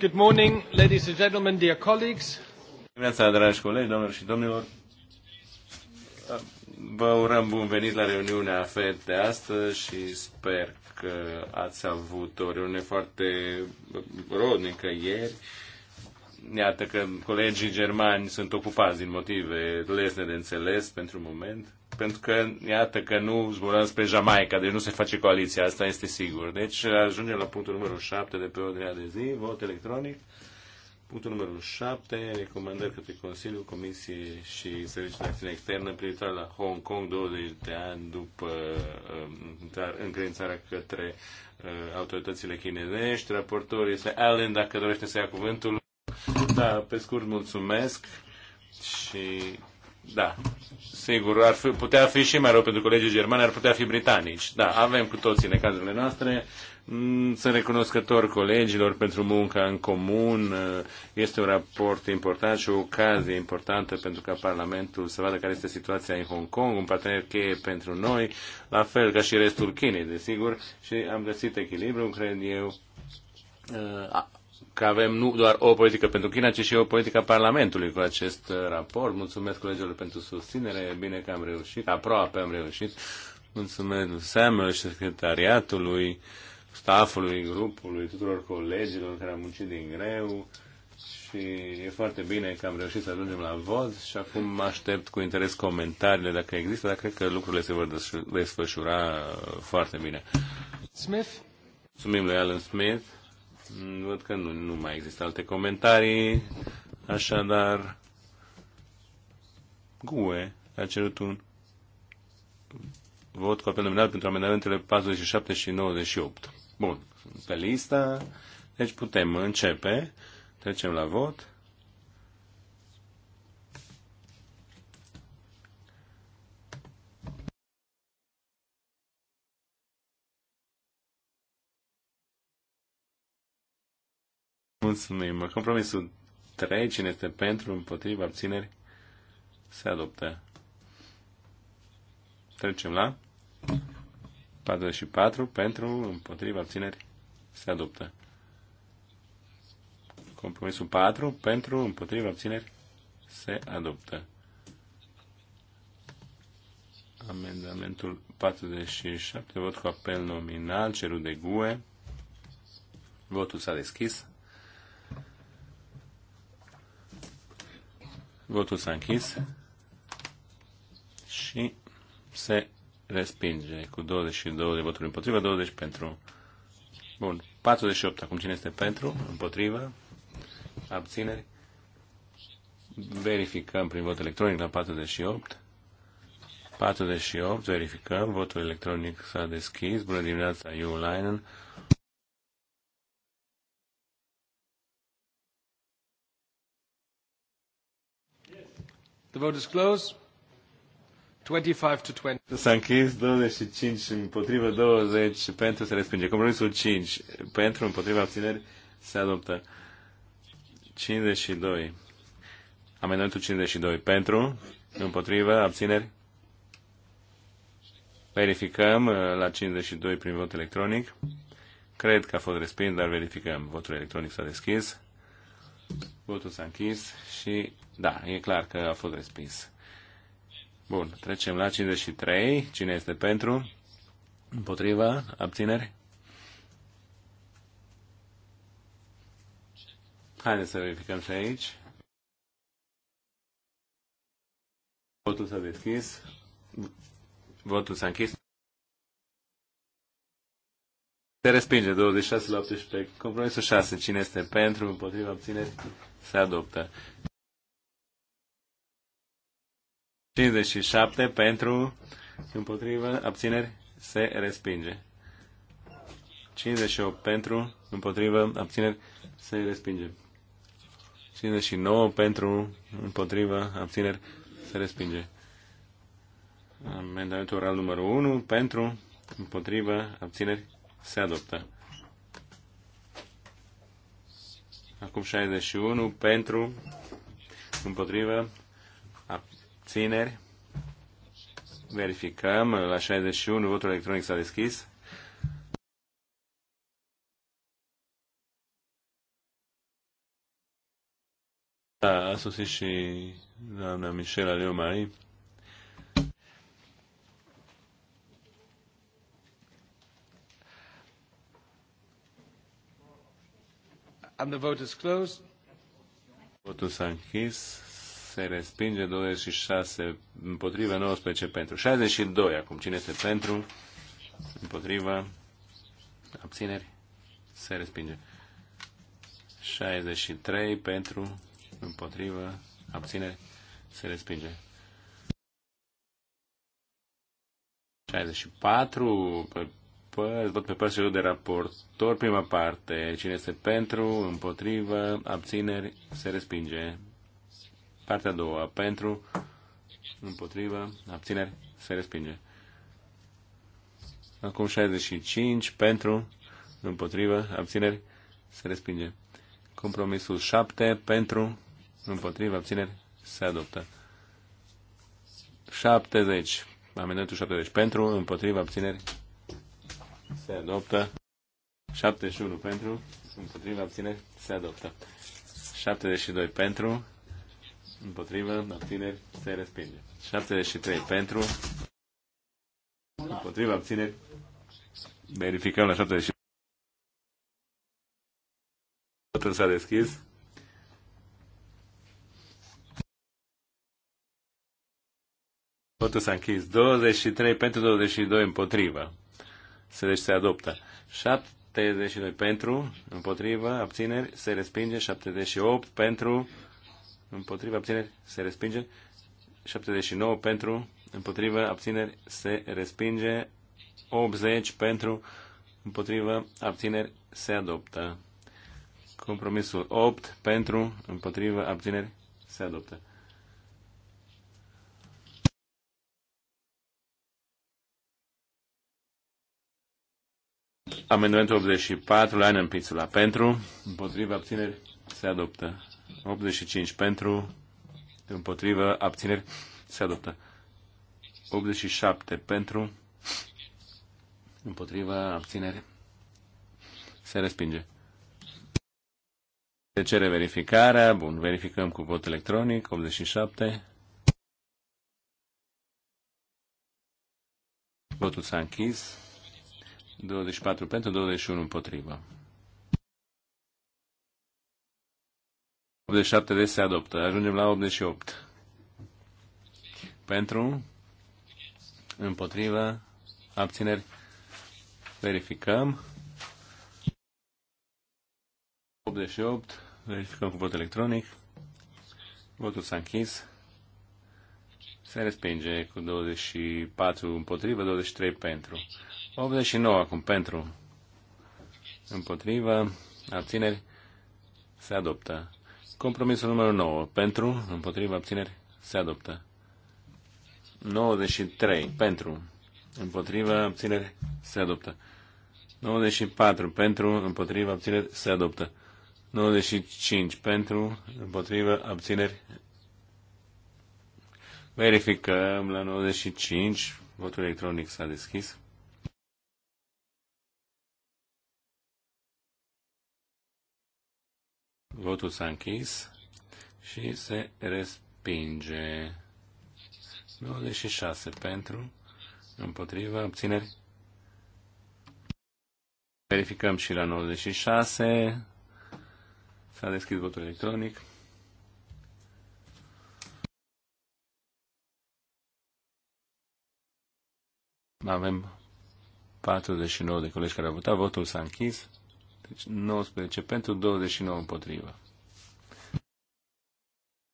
Good morning, ladies and gentlemen, dear colleagues. Dimineața, dragi colegi, doamnelor și domnilor. Vă urăm bun venit la reuniunea FED de astăzi și sper că ați avut o reuniune foarte rodnică ieri. Iată că colegii germani sunt ocupați din motive lesne de înțeles pentru moment pentru că, iată, că nu zburăm spre Jamaica, deci nu se face coaliția, asta este sigur. Deci ajungem la punctul numărul 7 de pe ordinea de zi, vot electronic. Punctul numărul 7, recomandări către Consiliul, Comisie și Serviciul de Acțiune Externă privitoare la Hong Kong 20 de ani după uh, încredințarea către uh, autoritățile chinezești. Raportor este Allen, dacă dorește să ia cuvântul. Da, pe scurt, mulțumesc și da. Sigur, ar fi, putea fi și mai rău pentru colegii germani, ar putea fi britanici. Da, avem cu toții cazurile noastre. Mm, sunt recunoscător colegilor pentru munca în comun. Este un raport important și o ocazie importantă pentru ca Parlamentul să vadă care este situația în Hong Kong, un partener cheie pentru noi, la fel ca și restul Chinei, desigur, și am găsit echilibru, cred eu, uh, că avem nu doar o politică pentru China, ci și o politică a Parlamentului cu acest uh, raport. Mulțumesc colegilor pentru susținere, bine că am reușit, aproape am reușit. Mulțumesc Samuel și secretariatului, staffului, grupului, tuturor colegilor care au muncit din greu și e foarte bine că am reușit să ajungem la vot și acum aștept cu interes comentariile dacă există, dar cred că lucrurile se vor desfășura foarte bine. Smith. Mulțumim lui Alan Smith. Văd că nu, nu mai există alte comentarii, așadar GUE a cerut un vot cu apel nominal pentru amendamentele 47 și 98. Bun, pe lista, deci putem începe, trecem la vot. Mulțumim. Compromisul 3. Cine este pentru, împotriva, abțineri, se adoptă. Trecem la 44. Pentru, împotriva, abțineri, se adoptă. Compromisul 4. Pentru, împotriva, abțineri, se adoptă. Amendamentul 47, vot cu apel nominal, cerut de GUE. Votul s-a deschis. Votul s-a închis și se respinge cu 22 de voturi împotriva, 20 pentru. Bun, 48 acum cine este pentru, împotriva, abțineri. Verificăm prin vot electronic la 48. 48, verificăm, votul electronic s-a deschis. Bună dimineața, Iulainen. The vote is closed. 25 to 20. S-a închis 25 împotrivă 20 pentru se respinge. Compromisul 5 pentru împotriva abțineri se adoptă. 52. Amendamentul 52 pentru împotriva abțineri. Verificăm uh, la 52 prin vot electronic. Cred că a fost respins, dar verificăm. Votul electronic s-a deschis. Votul s-a închis și, da, e clar că a fost respins. Bun, trecem la 53. Cine este pentru? Împotriva? Abțineri? Haideți să verificăm și aici. Votul s-a deschis. Votul s-a închis. Se respinge 26 la 18. Compromisul 6. Cine este pentru, împotriva, abțineri, se adoptă. 57 pentru, împotriva, abțineri, se respinge. 58 pentru, împotriva, abțineri, se respinge. 59 pentru, împotriva, abțineri, se respinge. Amendamentul oral numărul 1 pentru, împotriva, abțineri, se adoptă. Acum 61 pentru, împotrivă, abțineri. Verificăm. La 61 votul electronic s-a deschis. Da, a, sosit și doamna Michela Leomarie. And the vote is closed. Votul s-a închis. Se respinge 26 împotriva, 19 pentru. 62 acum. Cine este pentru? Împotriva. Abțineri. Se respinge. 63 pentru. Împotriva. Abțineri. Se respinge. 64 părți, vot pe părți cerut de raportor. Prima parte, cine este pentru, împotrivă, abțineri, se respinge. Partea a doua, pentru, împotrivă, abțineri, se respinge. Acum 65, pentru, împotrivă, abțineri, se respinge. Compromisul 7, pentru, împotrivă, abțineri, se adoptă. 70, amendamentul 70, pentru, împotrivă, abțineri, se adoptă. 71 pentru, împotriva abțineri, se adoptă. 72 pentru, împotriva abțineri, se respinge. 73 pentru, împotriva abțineri, verificăm la 72. Totul s-a deschis. Votul s-a închis. 23 pentru 22 împotriva se, deci se adoptă. 72 pentru, împotriva, abțineri, se respinge. 78 pentru, împotriva, abțineri, se respinge. 79 pentru, împotriva, abțineri, se respinge. 80 pentru, împotriva, abțineri, se adoptă. Compromisul 8 pentru, împotriva, abțineri, se adoptă. Amendamentul 84, la în Pițula. Pentru, împotriva abțineri, se adoptă. 85 pentru, împotriva abțineri, se adoptă. 87 pentru, împotriva abțineri, se respinge. Se cere verificarea. Bun, verificăm cu vot electronic. 87. Votul s-a închis. 24 pentru, 21 împotriva. 87 de se adoptă. Ajungem la 88. Pentru, împotriva, abțineri. Verificăm. 88. Verificăm cu vot electronic. Votul s-a închis. Se respinge cu 24 împotriva, 23 pentru. 89 acum pentru. Împotrivă. Abțineri. Se adoptă. Compromisul numărul 9. Pentru. Împotrivă. Abțineri. Se adoptă. 93. Pentru. Împotrivă. Abțineri. Se adoptă. 94. Pentru. Împotrivă. Abțineri. Se adoptă. 95. Pentru. Împotrivă. Abțineri. Verificăm la 95. Votul electronic s-a deschis. Votul s-a închis și se respinge. 96 pentru, împotriva, obțineri. Verificăm și la 96. S-a deschis votul electronic. Avem 49 de colegi care au votat, votul s-a închis 19 pentru, 29 împotrivă.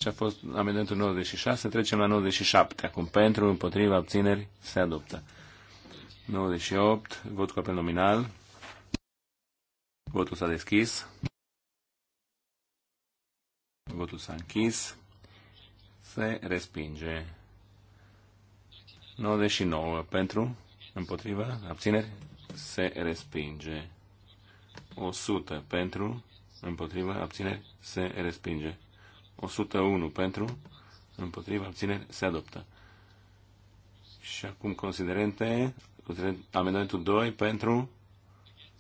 Și a fost amendamentul 96, trecem la 97. Acum pentru, împotriva, abțineri, se adoptă. 98, vot cu apel nominal. Votul s-a deschis. Votul s-a închis. Se respinge. 99 pentru, împotriva, abțineri, se respinge. 100 pentru, împotriva, abțineri, se respinge. 101 pentru, împotriva, abțineri, se adoptă. Și acum considerente, amendamentul 2 pentru,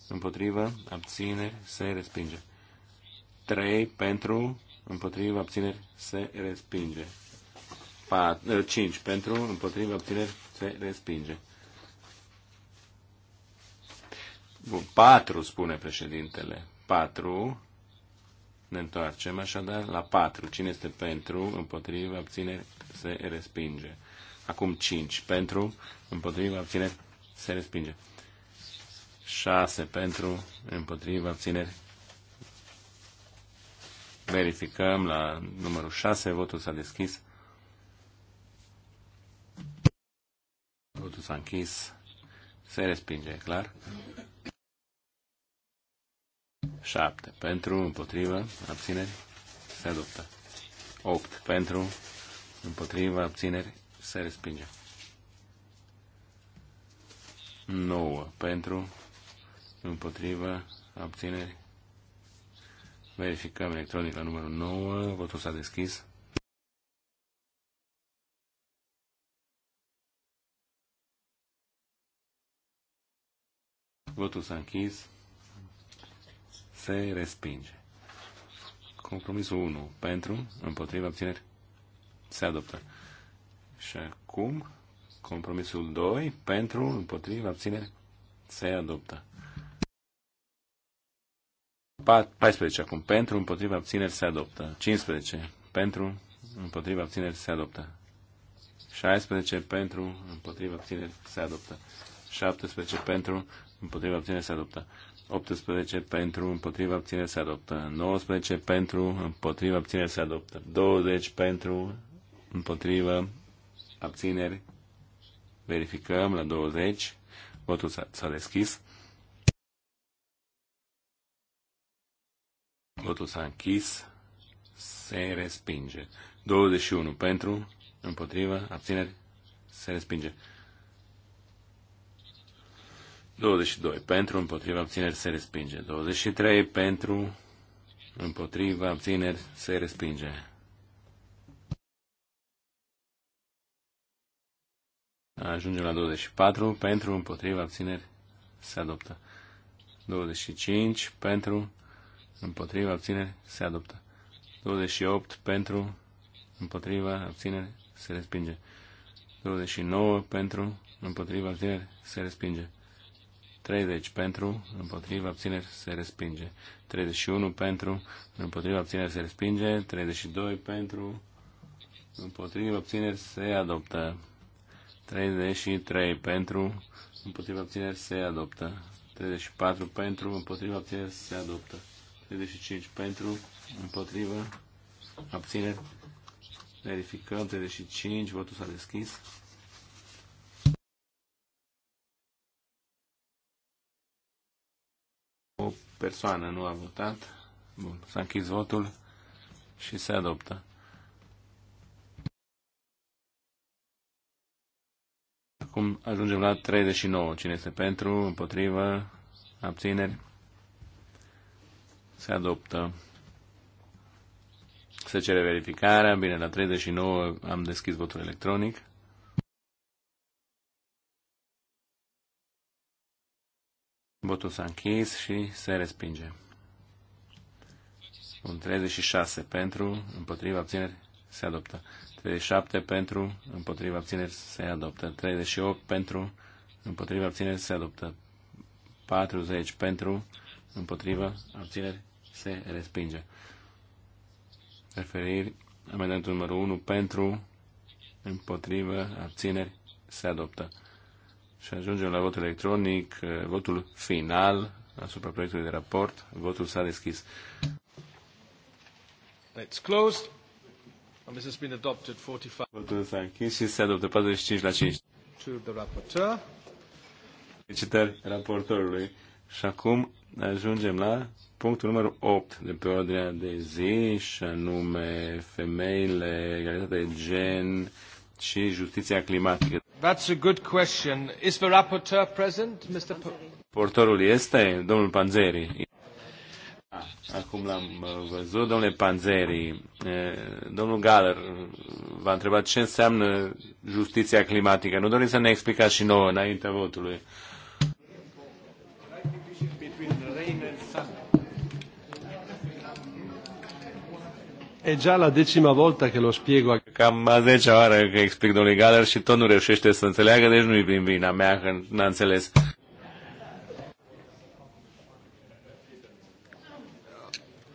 împotriva, abțineri, se respinge. 3 pentru, împotriva, abțineri, se respinge. 5 pentru, împotriva, abțineri, se respinge. Bun, patru, spune președintele. Patru. Ne întoarcem așadar la patru. Cine este pentru, împotriva, abțineri, se respinge. Acum cinci. Pentru, împotriva, abțineri, se respinge. 6 pentru, împotriva, abțineri. Verificăm la numărul 6, votul s-a deschis. Votul s-a închis. Se respinge, clar. 7 pentru, împotrivă, abțineri, se adoptă. 8 pentru, împotrivă, abțineri, se respinge. 9 pentru, împotrivă, abțineri. Verificăm electronic la numărul 9, votul s-a deschis. Votul s-a închis se respinge. Compromisul 1 pentru, împotriva abțineri, se adoptă. Și acum, compromisul 2 pentru, împotriva abțineri, se adoptă. 14 acum, pentru, împotriva abțineri, se adoptă. 15 pentru, împotriva abțineri, se adoptă. 16 pentru, împotriva abțineri, se adoptă. 17 pentru, împotriva abțineri, se adoptă. 18 pentru, împotriva abținere se adoptă. 19 pentru, împotriva abținere se adoptă. 20 pentru, împotriva abțineri. Verificăm la 20. Votul s-a deschis. Votul s-a închis. Se respinge. 21 pentru, împotriva, abțineri, se respinge. 22. Pentru, împotriva, abțineri, se respinge. 23. Pentru, împotriva, abțineri, se respinge. Ajungem la 24. Pentru, împotriva, abțineri, se adoptă. 25. Pentru, împotriva, abțineri, se adoptă. 28. Pentru, împotriva, abțineri, se respinge. 29. Pentru, împotriva, abțineri, se respinge. 30 pentru, împotriva abțineri se respinge. 31 pentru, împotriva abțineri se respinge. 32 pentru, împotriva abțineri se adoptă. 33 pentru, împotriva abțineri se adoptă. 34 pentru, împotriva abțineri se adoptă. 35 pentru, împotriva abțineri. Verificăm 35, votul s-a deschis. persoană nu a votat. Bun, s-a închis votul și se adoptă. Acum ajungem la 39. Cine este pentru, împotrivă, abțineri? Se adoptă. Se cere verificarea. Bine, la 39 am deschis votul electronic. Botul s-a închis și se respinge. Un 36 pentru, împotriva abțineri, se adoptă. 37 pentru, împotriva abțineri, se adoptă. 38 pentru, împotriva abțineri, se adoptă. 40 pentru, împotriva abțineri, se respinge. Referiri, amendamentul numărul 1 pentru, împotriva abțineri, se adoptă. Și ajungem la votul electronic, eh, votul final asupra proiectului de raport. Votul s-a deschis. It's closed. And this has been adopted 45. Votul s-a închis și se adoptă 45 la 5. To the rapporteur. Felicitări raportorului. Și acum ajungem la punctul numărul 8 de pe ordinea de zi, și anume femeile, egalitatea de gen și justiția climatică. That's a good question. Is the rapporteur present, Mr. Portorul este domnul Panzeri. Acum l-am uh, văzut, domnule Panzeri. Uh, domnul Galer uh, v-a întrebat ce înseamnă justiția climatică. Nu doriți să ne explicați și nouă înaintea votului. E già la decima volta che lo spiego. Cam a 10 oară că explic domnului Galer și tot nu reușește să înțeleagă, deci nu-i prin vina mea că n-a înțeles.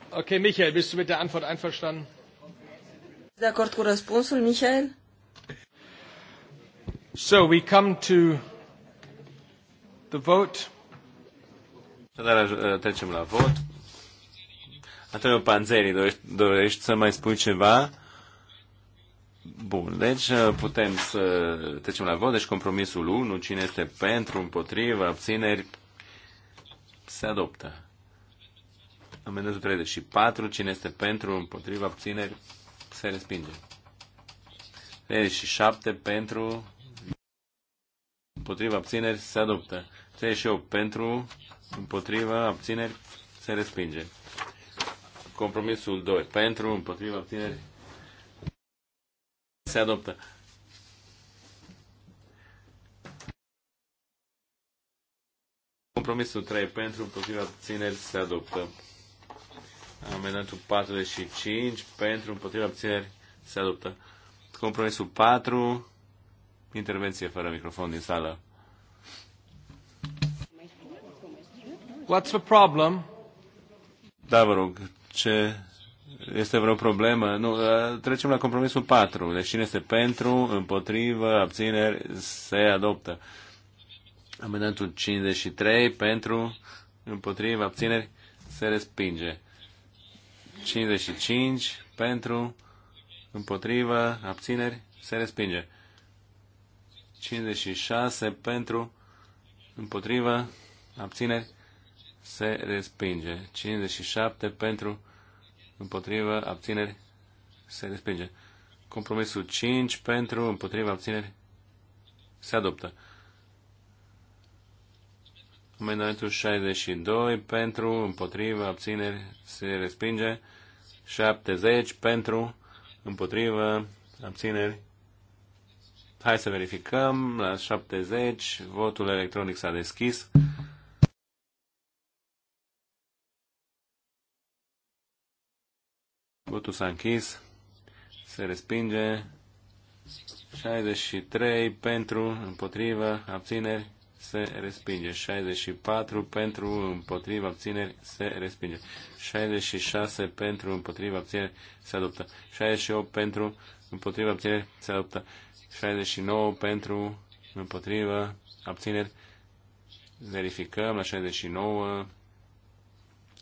Ok, Michael, bist du mit der Antwort einverstanden? De acord cu răspunsul, Michael? So, we come to the vote. Așadar, trecem la vot. Antonio Panzeri, dorești, dorești să mai spui ceva? Bun, deci uh, putem să trecem la vot. Deci compromisul 1, cine este pentru, împotriva, abțineri, se adoptă. Amendamentul 34, cine este pentru, împotriva, abțineri, se respinge. 37 pentru, împotriva, abțineri, se adoptă. 38 pentru, împotriva, abțineri, se respinge. Compromisul 2. Pentru, împotriva, abțineri. Se adoptă. Compromisul 3. Pentru, împotriva, abțineri. Se adoptă. Amendamentul 45. Pentru, împotriva, abțineri. Se adoptă. Compromisul 4. Intervenție fără microfon din sală. What's the problem? Da, vă rog, ce este vreo problemă. Nu, ă, trecem la compromisul 4. Deci cine este pentru, împotrivă, abțineri, se adoptă. Amendamentul 53 pentru, împotrivă, abțineri, se respinge. 55 pentru, împotrivă, abțineri, se respinge. 56 pentru, împotrivă, abțineri, se respinge. 57 pentru, împotrivă, abțineri, se respinge. Compromisul 5 pentru, împotrivă, abțineri, se adoptă. Amendamentul 62 pentru, împotrivă, abțineri, se respinge. 70 pentru, împotrivă, abțineri. Hai să verificăm. La 70, votul electronic s-a deschis. Votul s-a închis. Se respinge. 63 pentru, împotrivă, abțineri, se respinge. 64 pentru, împotrivă, abțineri, se respinge. 66 pentru, împotrivă, abțineri, se adoptă. 68 pentru, împotrivă, abțineri, se adoptă. 69 pentru, împotrivă, abțineri. Verificăm la 69.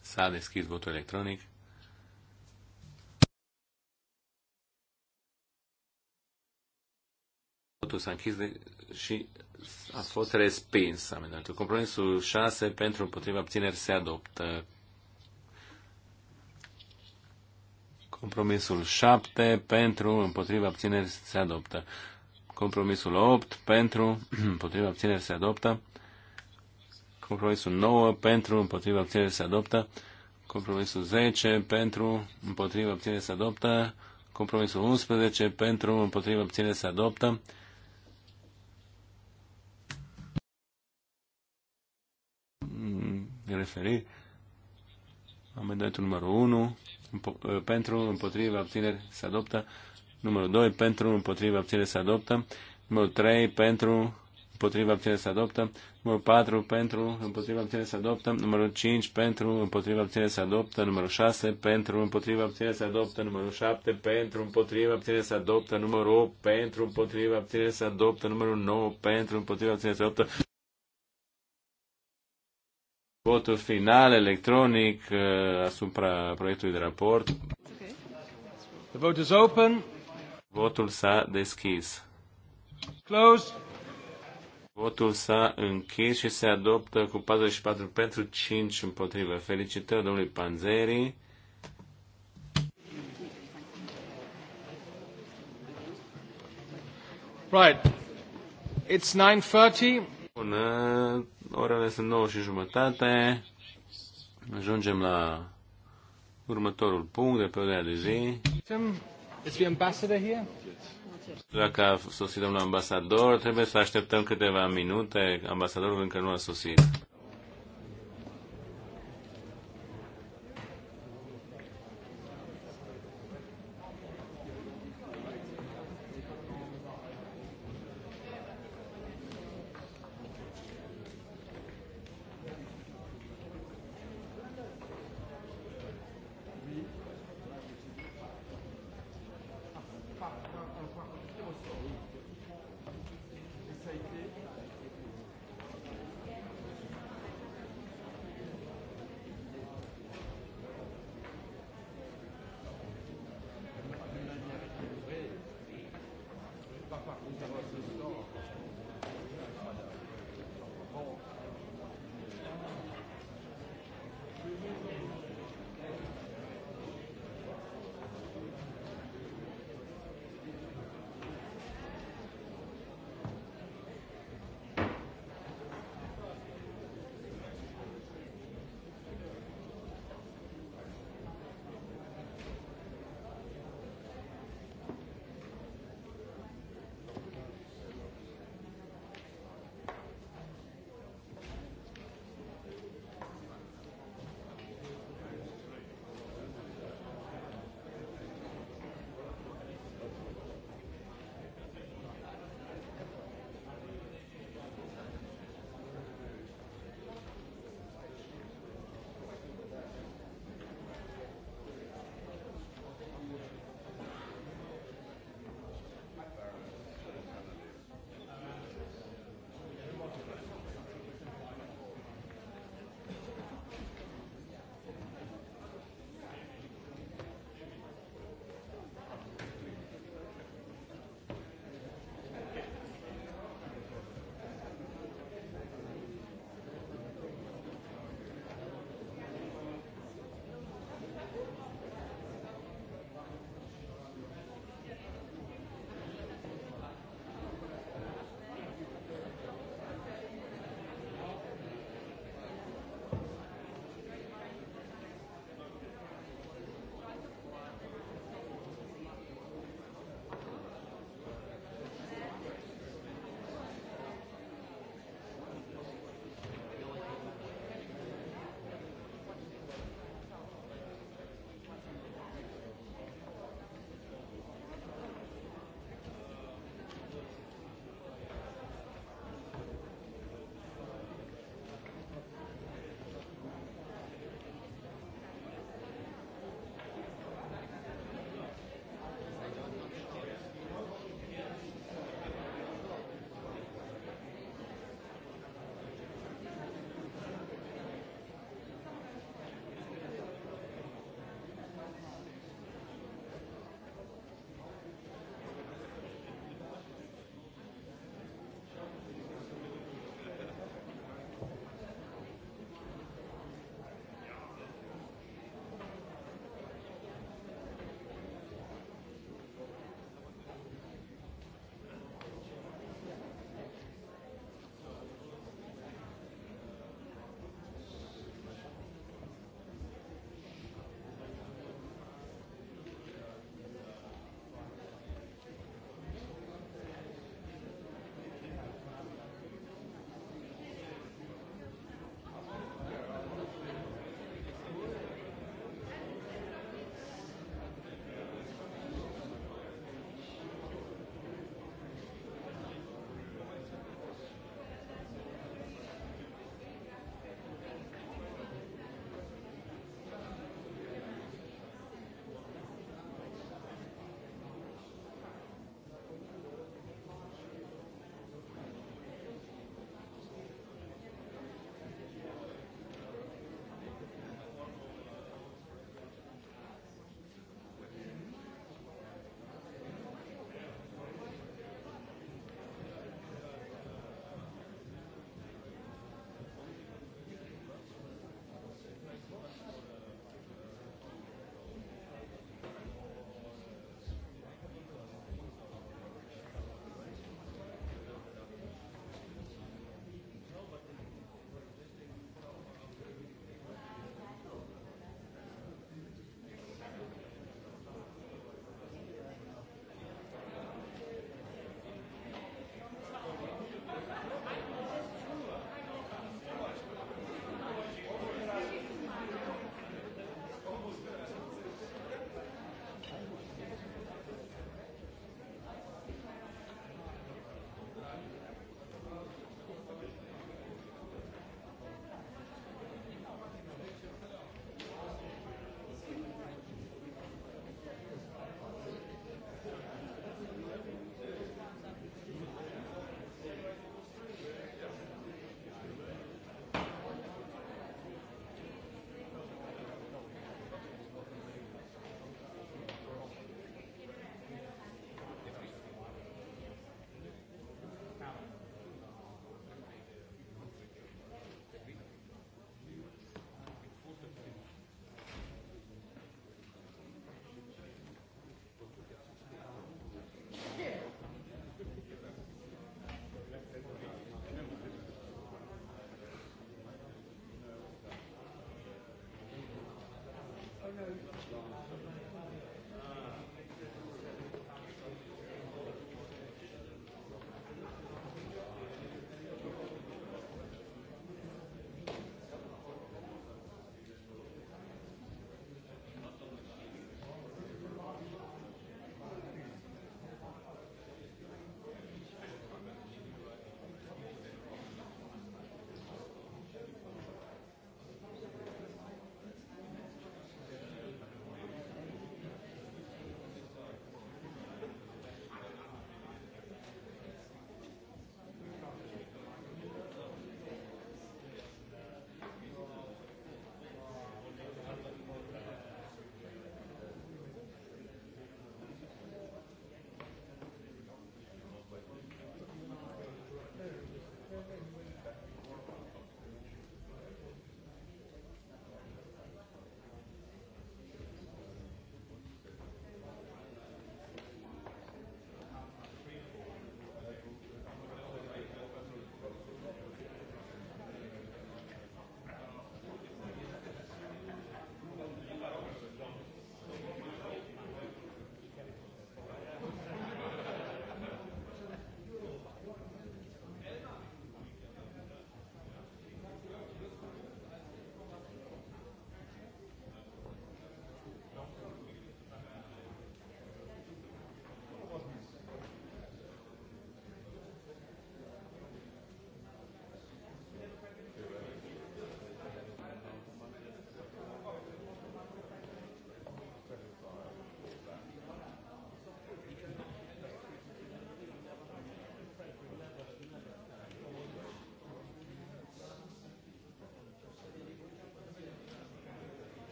S-a deschis votul electronic. Votul s-a închis de, și a fost respins amendamentul. Compromisul 6 pentru împotriva abțineri se adoptă. Compromisul 7 pentru împotriva abțineri se adoptă. Compromisul 8 pentru împotriva abțineri se adoptă. Compromisul 9 pentru împotriva abțineri se adoptă. Compromisul 10 pentru împotriva abțineri se adoptă. Compromisul 11 pentru împotriva abțineri se adoptă. referi. Amendamentul numărul 1, ă, pentru, împotriva, abțineri, se adoptă. Numărul 2, pentru, împotriva, abțineri, se adoptă. Numărul 3, pentru, împotriva, abțineri, se adoptă. Numărul 4, pentru, împotriva, abțineri, se adoptă. Numărul 5, pentru, împotriva, abțineri, se adoptă. Numărul 6, pentru, împotriva, abțineri, se adoptă. Numărul 7, pentru, împotriva, abțineri, se adoptă. Numărul 8, pentru, împotriva, abțineri, se adoptă. Numărul 9, pentru, împotriva, abțineri, se adoptă. Votul final electronic uh, asupra proiectului de raport. The vote is open. Votul s-a deschis. Closed. Votul s-a închis și se adoptă cu 44 pentru 5 împotrivă. Felicitări domnului Panzeri. Right. It's 9:30. Bună, orele sunt 9 și jumătate. Ajungem la următorul punct de pe ordinea de zi. Dacă a sosit ambasador, trebuie să așteptăm câteva minute. Ambasadorul încă nu a sosit.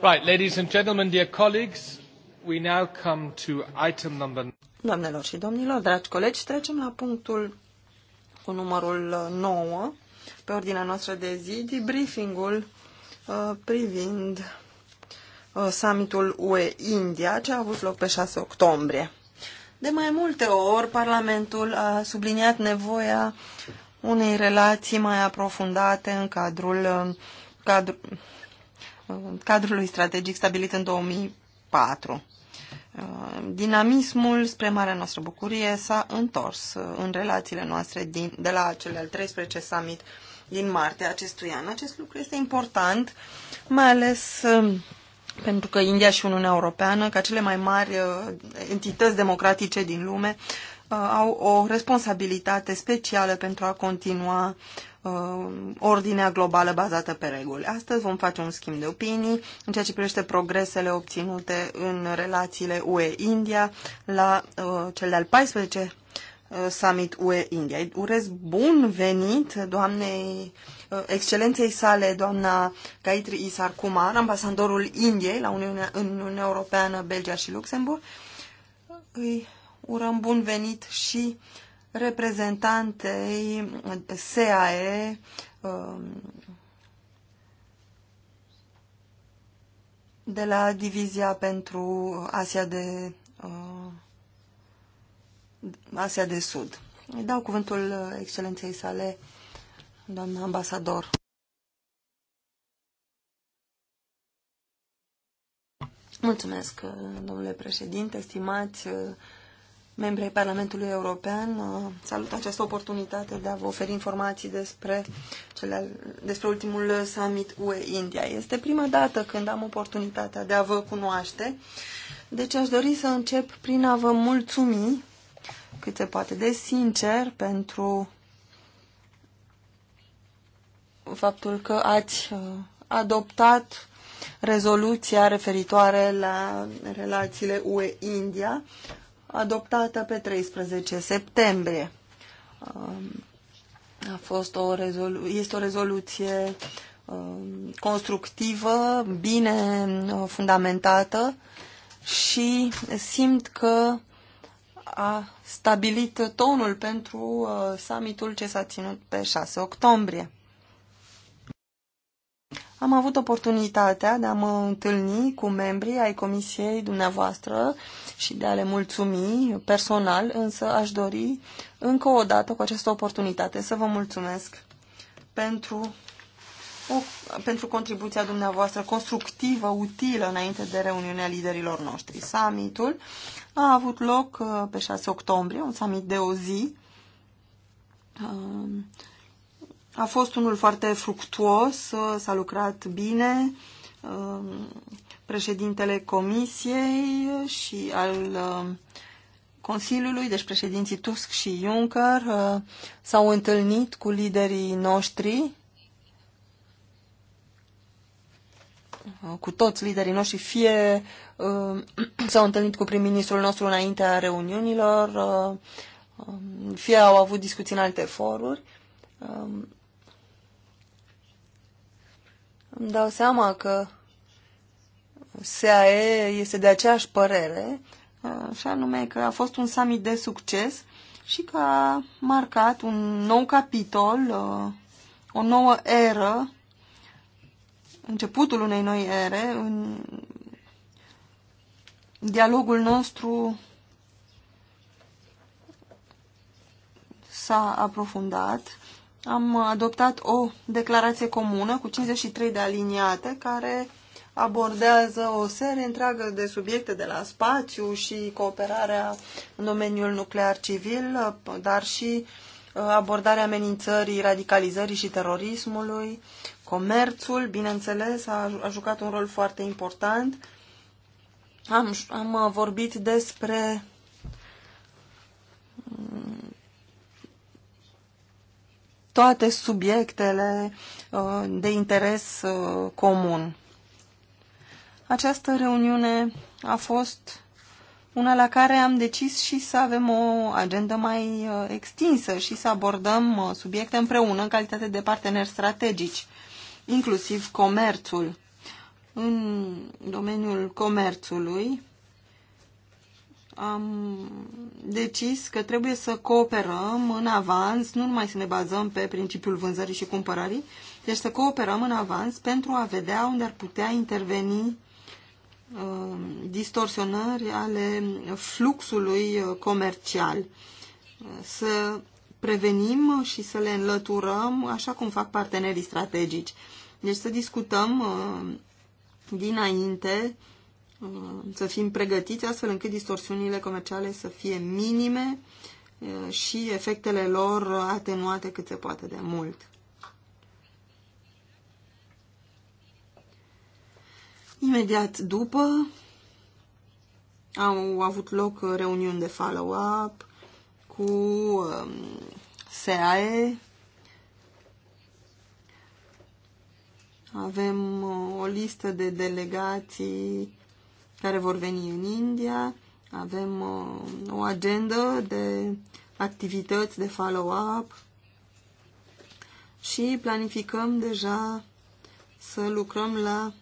Right, ladies and gentlemen, dear colleagues, we now come to item number... Doamnelor și domnilor, dragi colegi, trecem la punctul cu numărul 9 uh, pe ordinea noastră de zi, debriefingul uh, privind uh, summitul UE-India ce a avut loc pe 6 octombrie. De mai multe ori, Parlamentul a subliniat nevoia unei relații mai aprofundate în cadrul, uh, cadrul cadrului strategic stabilit în 2004. Uh, dinamismul, spre marea noastră bucurie, s-a întors uh, în relațiile noastre din, de la cel al 13 summit din martie acestui an. Acest lucru este important, mai ales uh, pentru că India și Uniunea Europeană, ca cele mai mari entități democratice din lume, au o responsabilitate specială pentru a continua Uh, ordinea globală bazată pe reguli. Astăzi vom face un schimb de opinii în ceea ce privește progresele obținute în relațiile UE-India la uh, cel de-al 14 uh, summit UE-India. Urez bun venit doamnei uh, excelenței sale, doamna Gaitri Isar Kumar, ambasadorul Indiei la Uniunea, în Uniunea Europeană, Belgia și Luxemburg. Îi urăm bun venit și uh, reprezentantei SAE um, de la Divizia pentru Asia de, uh, Asia de Sud. Îi dau cuvântul excelenței sale, doamna ambasador. Mulțumesc, domnule președinte, stimați uh, membrii Parlamentului European. Uh, salut această oportunitate de a vă oferi informații despre, cele, despre ultimul summit UE-India. Este prima dată când am oportunitatea de a vă cunoaște, deci aș dori să încep prin a vă mulțumi cât se poate de sincer pentru faptul că ați uh, adoptat rezoluția referitoare la relațiile UE-India adoptată pe 13 septembrie. Um, a fost o rezolu- este o rezoluție um, constructivă, bine uh, fundamentată și simt că a stabilit tonul pentru uh, summitul ce s-a ținut pe 6 octombrie. Am avut oportunitatea de a mă întâlni cu membrii ai comisiei dumneavoastră și de a le mulțumi personal, însă aș dori încă o dată cu această oportunitate să vă mulțumesc pentru, o, pentru contribuția dumneavoastră constructivă, utilă înainte de reuniunea liderilor noștri. Summitul a avut loc uh, pe 6 octombrie, un summit de o zi um, a fost unul foarte fructuos, s-a lucrat bine. Um, președintele Comisiei și al um, Consiliului, deci președinții Tusk și Juncker, uh, s-au întâlnit cu liderii noștri, cu toți liderii noștri, fie um, s-au întâlnit cu prim-ministrul nostru înaintea reuniunilor, uh, fie au avut discuții în alte foruri. Îmi dau seama că SAE este de aceeași părere, și anume că a fost un summit de succes și că a marcat un nou capitol, o nouă eră, începutul unei noi ere, în dialogul nostru s-a aprofundat am adoptat o declarație comună cu 53 de aliniate care abordează o serie întreagă de subiecte de la spațiu și cooperarea în domeniul nuclear civil, dar și uh, abordarea amenințării, radicalizării și terorismului, comerțul, bineînțeles, a, a jucat un rol foarte important. Am, am vorbit despre toate subiectele uh, de interes uh, comun. Această reuniune a fost una la care am decis și să avem o agendă mai uh, extinsă și să abordăm subiecte împreună în calitate de parteneri strategici, inclusiv comerțul. În domeniul comerțului am decis că trebuie să cooperăm în avans, nu numai să ne bazăm pe principiul vânzării și cumpărării, deci să cooperăm în avans pentru a vedea unde ar putea interveni uh, distorsionări ale fluxului uh, comercial. Să prevenim și să le înlăturăm așa cum fac partenerii strategici. Deci să discutăm uh, dinainte Uh, să fim pregătiți astfel încât distorsiunile comerciale să fie minime uh, și efectele lor atenuate cât se poate de mult. Imediat după au avut loc reuniuni de follow-up cu um, SAE. Avem uh, o listă de delegații care vor veni în India. Avem uh, o agendă de activități de follow-up și planificăm deja să lucrăm la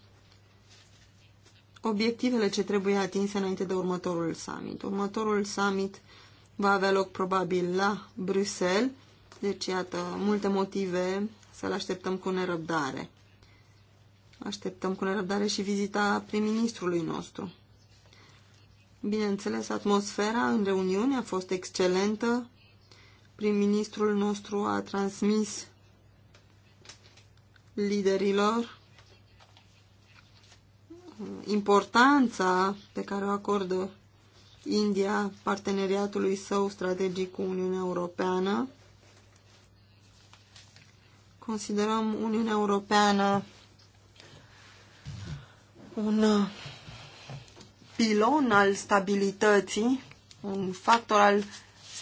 obiectivele ce trebuie atinse înainte de următorul summit. Următorul summit va avea loc probabil la Bruxelles, deci iată multe motive să-l așteptăm cu nerăbdare. Așteptăm cu nerăbdare și vizita prim-ministrului nostru. Bineînțeles, atmosfera în reuniune a fost excelentă. Prim-ministrul nostru a transmis liderilor importanța pe care o acordă India parteneriatului său strategic cu Uniunea Europeană. Considerăm Uniunea Europeană un uh, pilon al stabilității, un factor al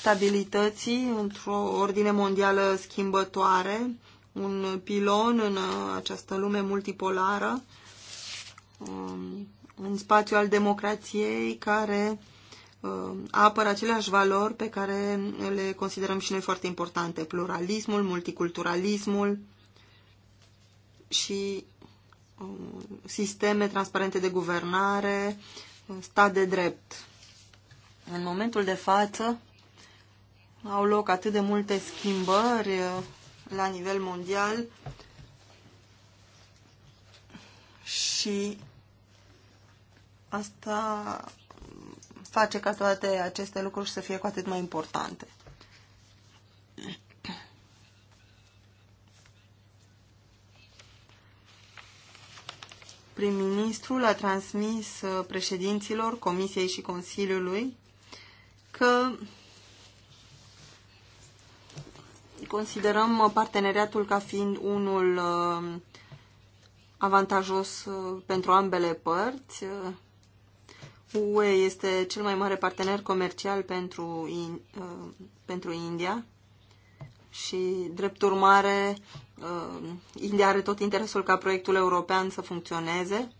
stabilității într-o ordine mondială schimbătoare, un pilon în uh, această lume multipolară, un um, spațiu al democrației care um, apără aceleași valori pe care le considerăm și noi foarte importante, pluralismul, multiculturalismul și Um, sisteme transparente de guvernare, uh, stat de drept. În momentul de față au loc atât de multe schimbări uh, la nivel mondial și asta face ca toate aceste lucruri să fie cu atât mai importante. Prim-ministrul a transmis uh, președinților Comisiei și Consiliului că considerăm uh, parteneriatul ca fiind unul uh, avantajos pentru ambele părți. UE este cel mai mare partener comercial pentru, pentru India și, drept urmare, Um, India are tot interesul ca proiectul european să funcționeze.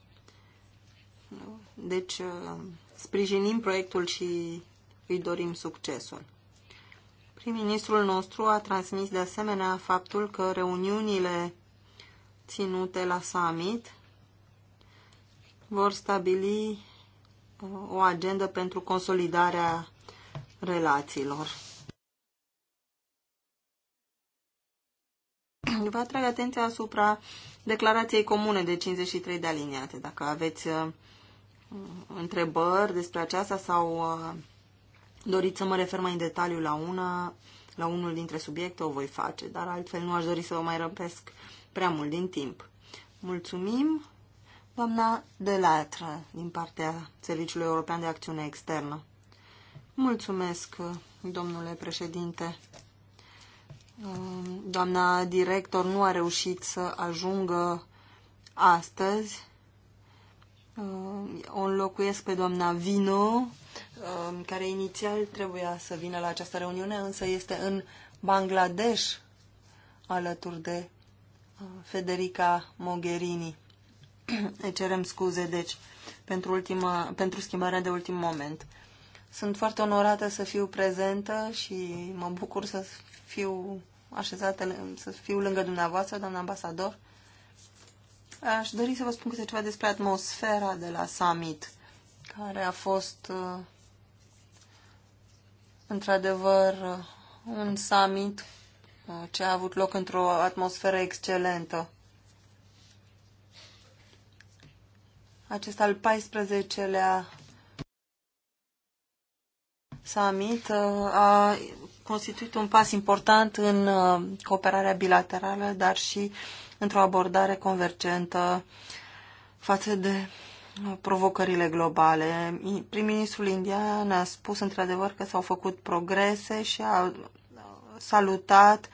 Deci um, sprijinim proiectul și îi dorim succesul. Prim-ministrul nostru a transmis de asemenea faptul că reuniunile ținute la summit vor stabili uh, o agendă pentru consolidarea relațiilor. Vă atrag atenția asupra declarației comune de 53 de aliniate. Dacă aveți uh, întrebări despre aceasta sau uh, doriți să mă refer mai în detaliu la una, la unul dintre subiecte, o voi face, dar altfel nu aș dori să vă mai răpesc prea mult din timp. Mulțumim, doamna Latră, din partea Serviciului European de Acțiune Externă. Mulțumesc, domnule președinte. Um, doamna director nu a reușit să ajungă astăzi. Um, o înlocuiesc pe doamna Vino, um, care inițial trebuia să vină la această reuniune, însă este în Bangladesh alături de uh, Federica Mogherini. Ne cerem scuze, deci, pentru, ultima, pentru schimbarea de ultim moment. Sunt foarte onorată să fiu prezentă și mă bucur să fiu așezată, să fiu lângă dumneavoastră, doamna ambasador. Aș dori să vă spun câte ceva despre atmosfera de la summit, care a fost uh, într-adevăr uh, un summit uh, ce a avut loc într-o atmosferă excelentă. Acest al 14-lea summit uh, a constituit un pas important în uh, cooperarea bilaterală, dar și într-o abordare convergentă față de uh, provocările globale. Prim-ministrul indian a spus într-adevăr că s-au făcut progrese și a salutat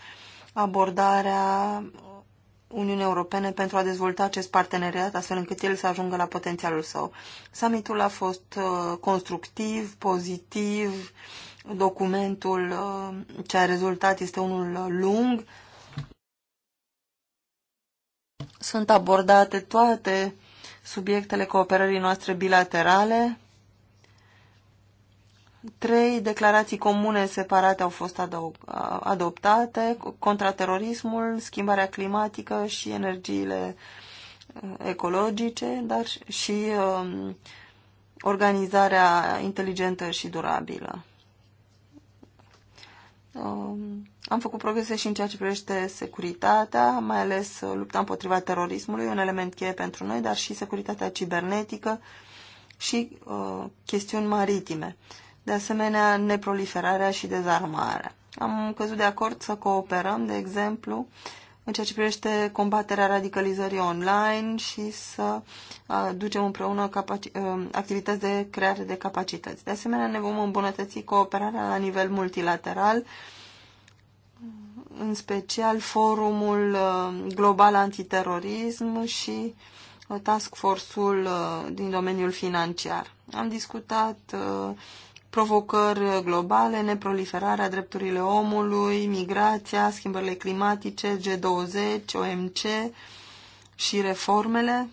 abordarea Uniunii Europene pentru a dezvolta acest parteneriat astfel încât el să ajungă la potențialul său. Summitul a fost uh, constructiv, pozitiv, documentul uh, ce a rezultat este unul uh, lung. Sunt abordate toate subiectele cooperării noastre bilaterale Trei declarații comune separate au fost adoptate, contraterorismul, schimbarea climatică și energiile uh, ecologice, dar și um, organizarea inteligentă și durabilă. Um, am făcut progrese și în ceea ce privește securitatea, mai ales uh, lupta împotriva terorismului, un element cheie pentru noi, dar și securitatea cibernetică și uh, chestiuni maritime. Uh, de asemenea neproliferarea și dezarmarea. Am căzut de acord să cooperăm, de exemplu, în ceea ce privește combaterea radicalizării online și să ducem împreună activități de creare de capacități. De asemenea, ne vom îmbunătăți cooperarea la nivel multilateral, în special forumul global antiterorism și task force-ul din domeniul financiar. Am discutat provocări globale, neproliferarea drepturile omului, migrația, schimbările climatice, G20, OMC și reformele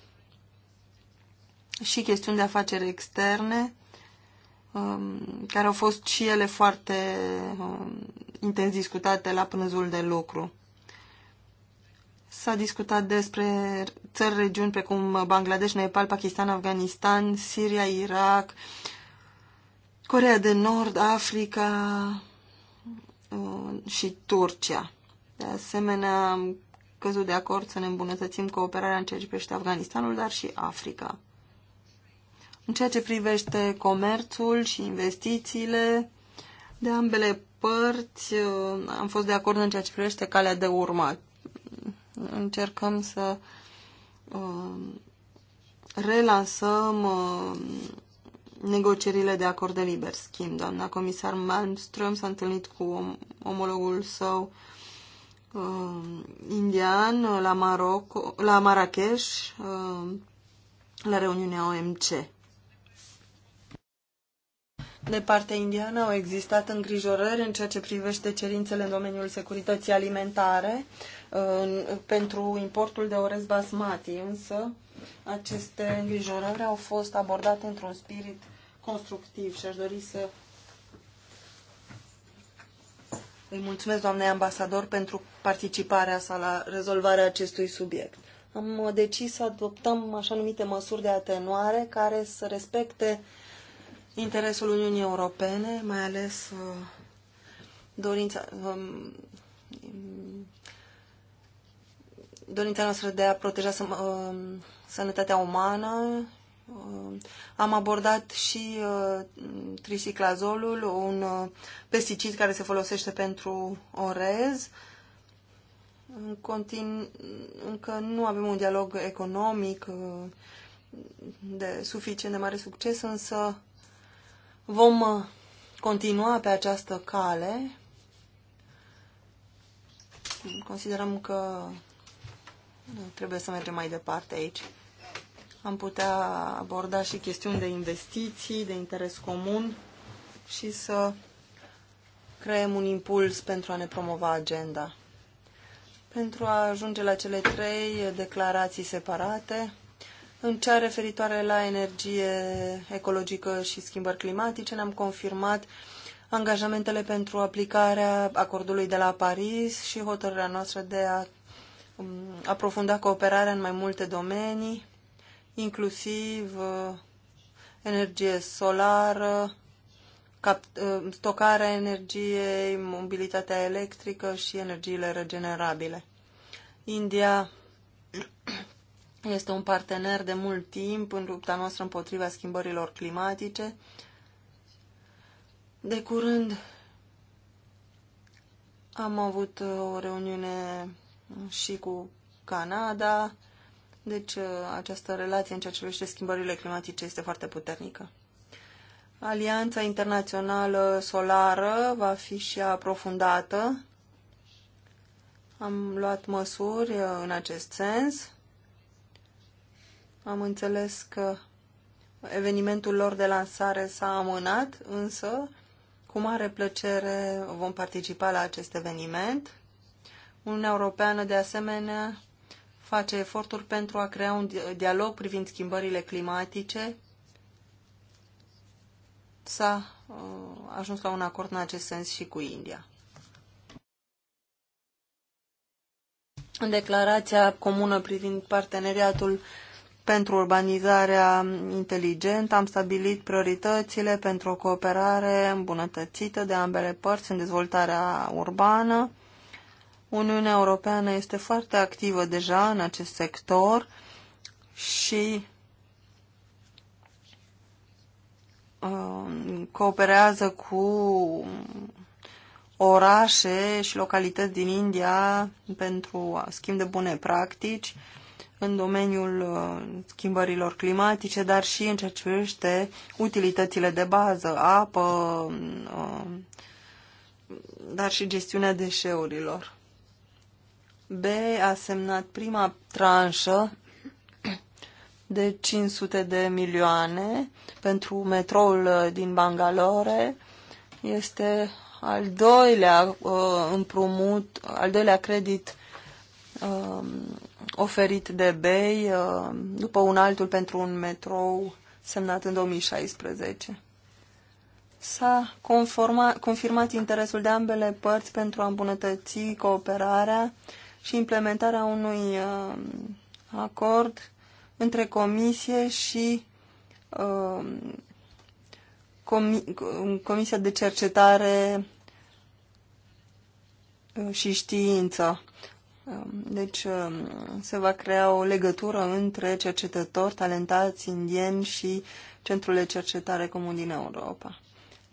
și chestiuni de afaceri externe, um, care au fost și ele foarte um, intens discutate la prânzul de lucru. S-a discutat despre țări, regiuni precum Bangladesh, Nepal, Pakistan, Afganistan, Siria, Irak, Corea de Nord, Africa uh, și Turcia. De asemenea, am căzut de acord să ne îmbunătățim cooperarea în ceea ce privește Afganistanul, dar și Africa. În ceea ce privește comerțul și investițiile, de ambele părți uh, am fost de acord în ceea ce privește calea de urmat. Încercăm să uh, relansăm negocierile de acord de liber schimb. Doamna comisar Malmström s-a întâlnit cu omologul său uh, indian la, Maroc, la Marrakesh uh, la reuniunea OMC. De partea indiană au existat îngrijorări în ceea ce privește cerințele în domeniul securității alimentare uh, pentru importul de orez basmati, însă aceste îngrijorări au fost abordate într-un spirit constructiv și aș dori să îi mulțumesc doamnei ambasador pentru participarea sa la rezolvarea acestui subiect. Am decis să adoptăm așa numite măsuri de atenuare care să respecte interesul Uniunii Europene, mai ales uh, dorința, um, dorința noastră de a proteja um, sănătatea umană. Uh, am abordat și uh, triciclazolul, un uh, pesticid care se folosește pentru orez. Continu- încă nu avem un dialog economic de suficient de mare succes, însă vom continua pe această cale. Considerăm că Trebuie să mergem mai departe aici. Am putea aborda și chestiuni de investiții, de interes comun și să creăm un impuls pentru a ne promova agenda. Pentru a ajunge la cele trei declarații separate, în cea referitoare la energie ecologică și schimbări climatice, ne-am confirmat angajamentele pentru aplicarea acordului de la Paris și hotărârea noastră de a Um, aprofunda cooperarea în mai multe domenii, inclusiv uh, energie solară, uh, stocarea energiei, mobilitatea electrică și energiile regenerabile. India este un partener de mult timp în lupta noastră împotriva schimbărilor climatice. De curând am avut uh, o reuniune și cu Canada. Deci uh, această relație în ceea ce privește schimbările climatice este foarte puternică. Alianța Internațională Solară va fi și aprofundată. Am luat măsuri uh, în acest sens. Am înțeles că evenimentul lor de lansare s-a amânat, însă cu mare plăcere vom participa la acest eveniment Uniunea Europeană, de asemenea, face eforturi pentru a crea un dialog privind schimbările climatice. S-a uh, ajuns la un acord în acest sens și cu India. În declarația comună privind parteneriatul pentru urbanizarea inteligentă am stabilit prioritățile pentru o cooperare îmbunătățită de ambele părți în dezvoltarea urbană Uniunea Europeană este foarte activă deja în acest sector și um, cooperează cu orașe și localități din India pentru schimb de bune practici în domeniul uh, schimbărilor climatice, dar și în ceea ce privește utilitățile de bază, apă, um, dar și gestiunea deșeurilor. B a semnat prima tranșă de 500 de milioane pentru metroul uh, din Bangalore. Este al doilea uh, împrumut, al doilea credit uh, oferit de BEI, uh, după un altul pentru un metrou semnat în 2016. S-a confirmat interesul de ambele părți pentru a îmbunătăți cooperarea și implementarea unui uh, acord între comisie și uh, um, Comisia de Cercetare uh, și Știință. Um, deci um, se va crea o legătură între cercetători talentați indieni și centrul de cercetare comun din Europa.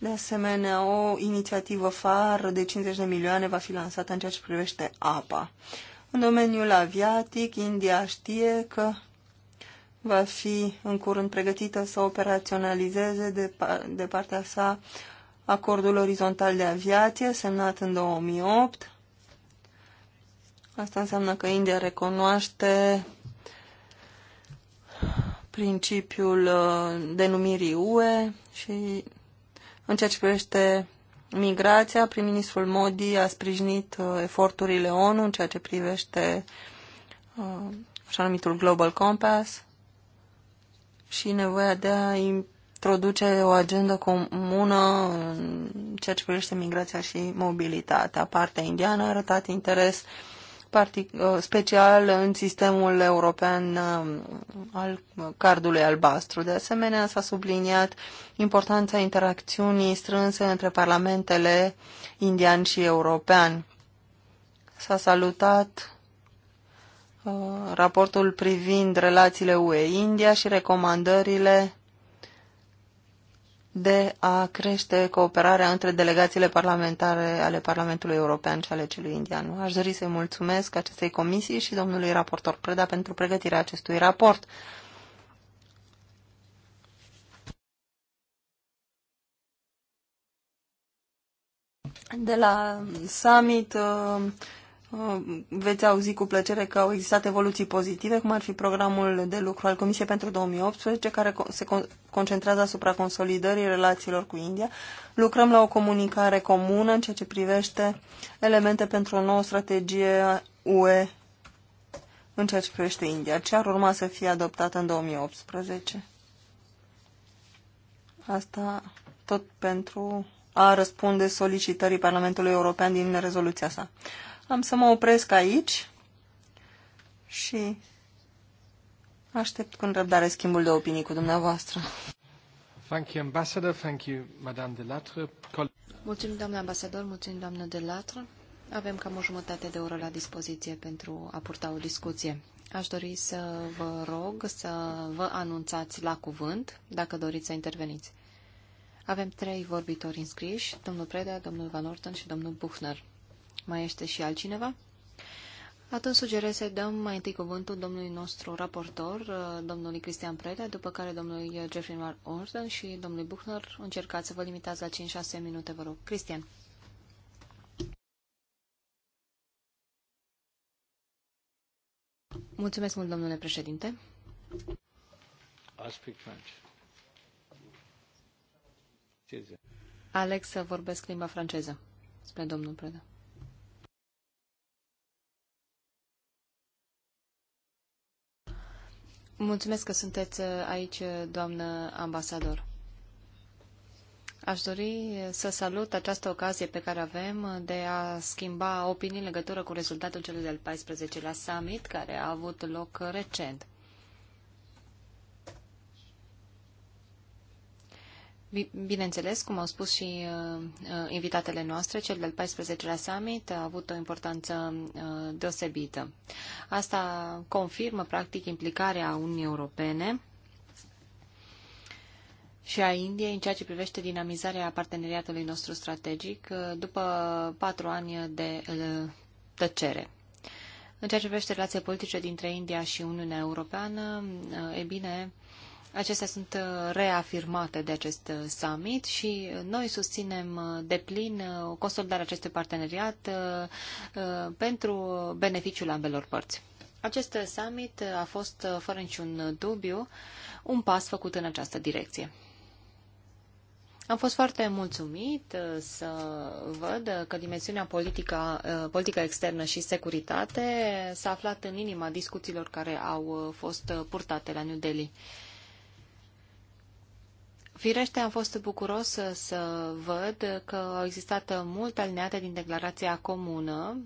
De asemenea, o inițiativă far de 50 de milioane va fi lansată în ceea ce privește apa. În domeniul aviatic, India știe că va fi în curând pregătită să operaționalizeze de, de partea sa acordul orizontal de aviație semnat în 2008. Asta înseamnă că India recunoaște principiul uh, denumirii UE și în ceea ce privește migrația, prim-ministrul Modi a sprijinit uh, eforturile ONU în ceea ce privește uh, așa numitul Global Compass și nevoia de a introduce o agendă comună în ceea ce privește migrația și mobilitatea. Partea indiană a arătat interes uh, Uh, special în sistemul european uh, al cardului albastru. De asemenea, s-a subliniat importanța interacțiunii strânse între parlamentele indian și european. S-a salutat uh, raportul privind relațiile UE-India și recomandările de a crește cooperarea între delegațiile parlamentare ale Parlamentului European și ale celui indian. Aș dori să-i mulțumesc acestei comisii și domnului raportor Preda pentru pregătirea acestui raport. De la summit uh, Uh, veți auzi cu plăcere că au existat evoluții pozitive, cum ar fi programul de lucru al Comisiei pentru 2018, care se concentrează asupra consolidării relațiilor cu India. Lucrăm la o comunicare comună în ceea ce privește elemente pentru o nouă strategie UE în ceea ce privește India, ce ar urma să fie adoptată în 2018. Asta tot pentru a răspunde solicitării Parlamentului European din rezoluția sa. Am să mă opresc aici și aștept cu răbdare schimbul de opinii cu dumneavoastră. Thank you, Ambassador. Thank you, Madame de Latre. Mulțumim, doamna ambasador, mulțumim, doamnă de Latre. Avem cam o jumătate de oră la dispoziție pentru a purta o discuție. Aș dori să vă rog să vă anunțați la cuvânt dacă doriți să interveniți. Avem trei vorbitori înscriși, domnul Preda, domnul Van Orten și domnul Buchner. Mai este și altcineva? Atunci sugerez să dăm mai întâi cuvântul domnului nostru raportor, uh, domnului Cristian Preda, după care domnului Jeffrey Mar Orden și domnului Buchner. Încercați să vă limitați la 5-6 minute, vă rog. Cristian. Mulțumesc mult, domnule președinte. Alex, să vorbesc limba franceză, spre domnul Preda. Mulțumesc că sunteți uh, aici, uh, doamnă ambasador. Aș dori uh, să salut această ocazie pe care avem de a schimba opinii în legătură cu rezultatul celui de-al 14-lea summit care a avut loc recent. Bineînțeles, cum au spus și uh, uh, invitatele noastre, cel de-al 14-lea summit a avut o importanță uh, deosebită. Asta confirmă, practic, implicarea Uniunii Europene și a Indiei în ceea ce privește dinamizarea parteneriatului nostru strategic după patru ani de tăcere. În ceea ce privește relațiile politice dintre India și Uniunea Europeană, e bine, Acestea sunt uh, reafirmate de acest uh, summit și uh, noi susținem de plin consolidarea acestui parteneriat pentru beneficiul ambelor părți. Acest summit a fost, fără niciun dubiu, un pas făcut în această direcție. Am fost foarte mulțumit să văd că dimensiunea politică, politică externă și securitate s-a aflat în inima discuțiilor care au fost purtate la New Delhi. Firește, am fost bucuros să, să văd că au existat multe alineate din declarația comună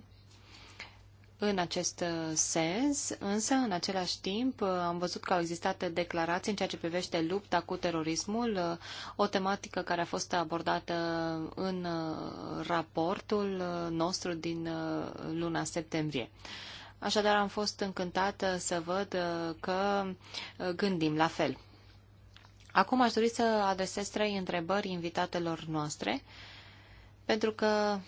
în acest sens, însă, în același timp, am văzut că au existat declarații în ceea ce privește lupta cu terorismul, o tematică care a fost abordată în raportul nostru din luna septembrie. Așadar, am fost încântată să văd că gândim la fel. Acum aș dori să adresez trei întrebări invitatelor noastre, pentru că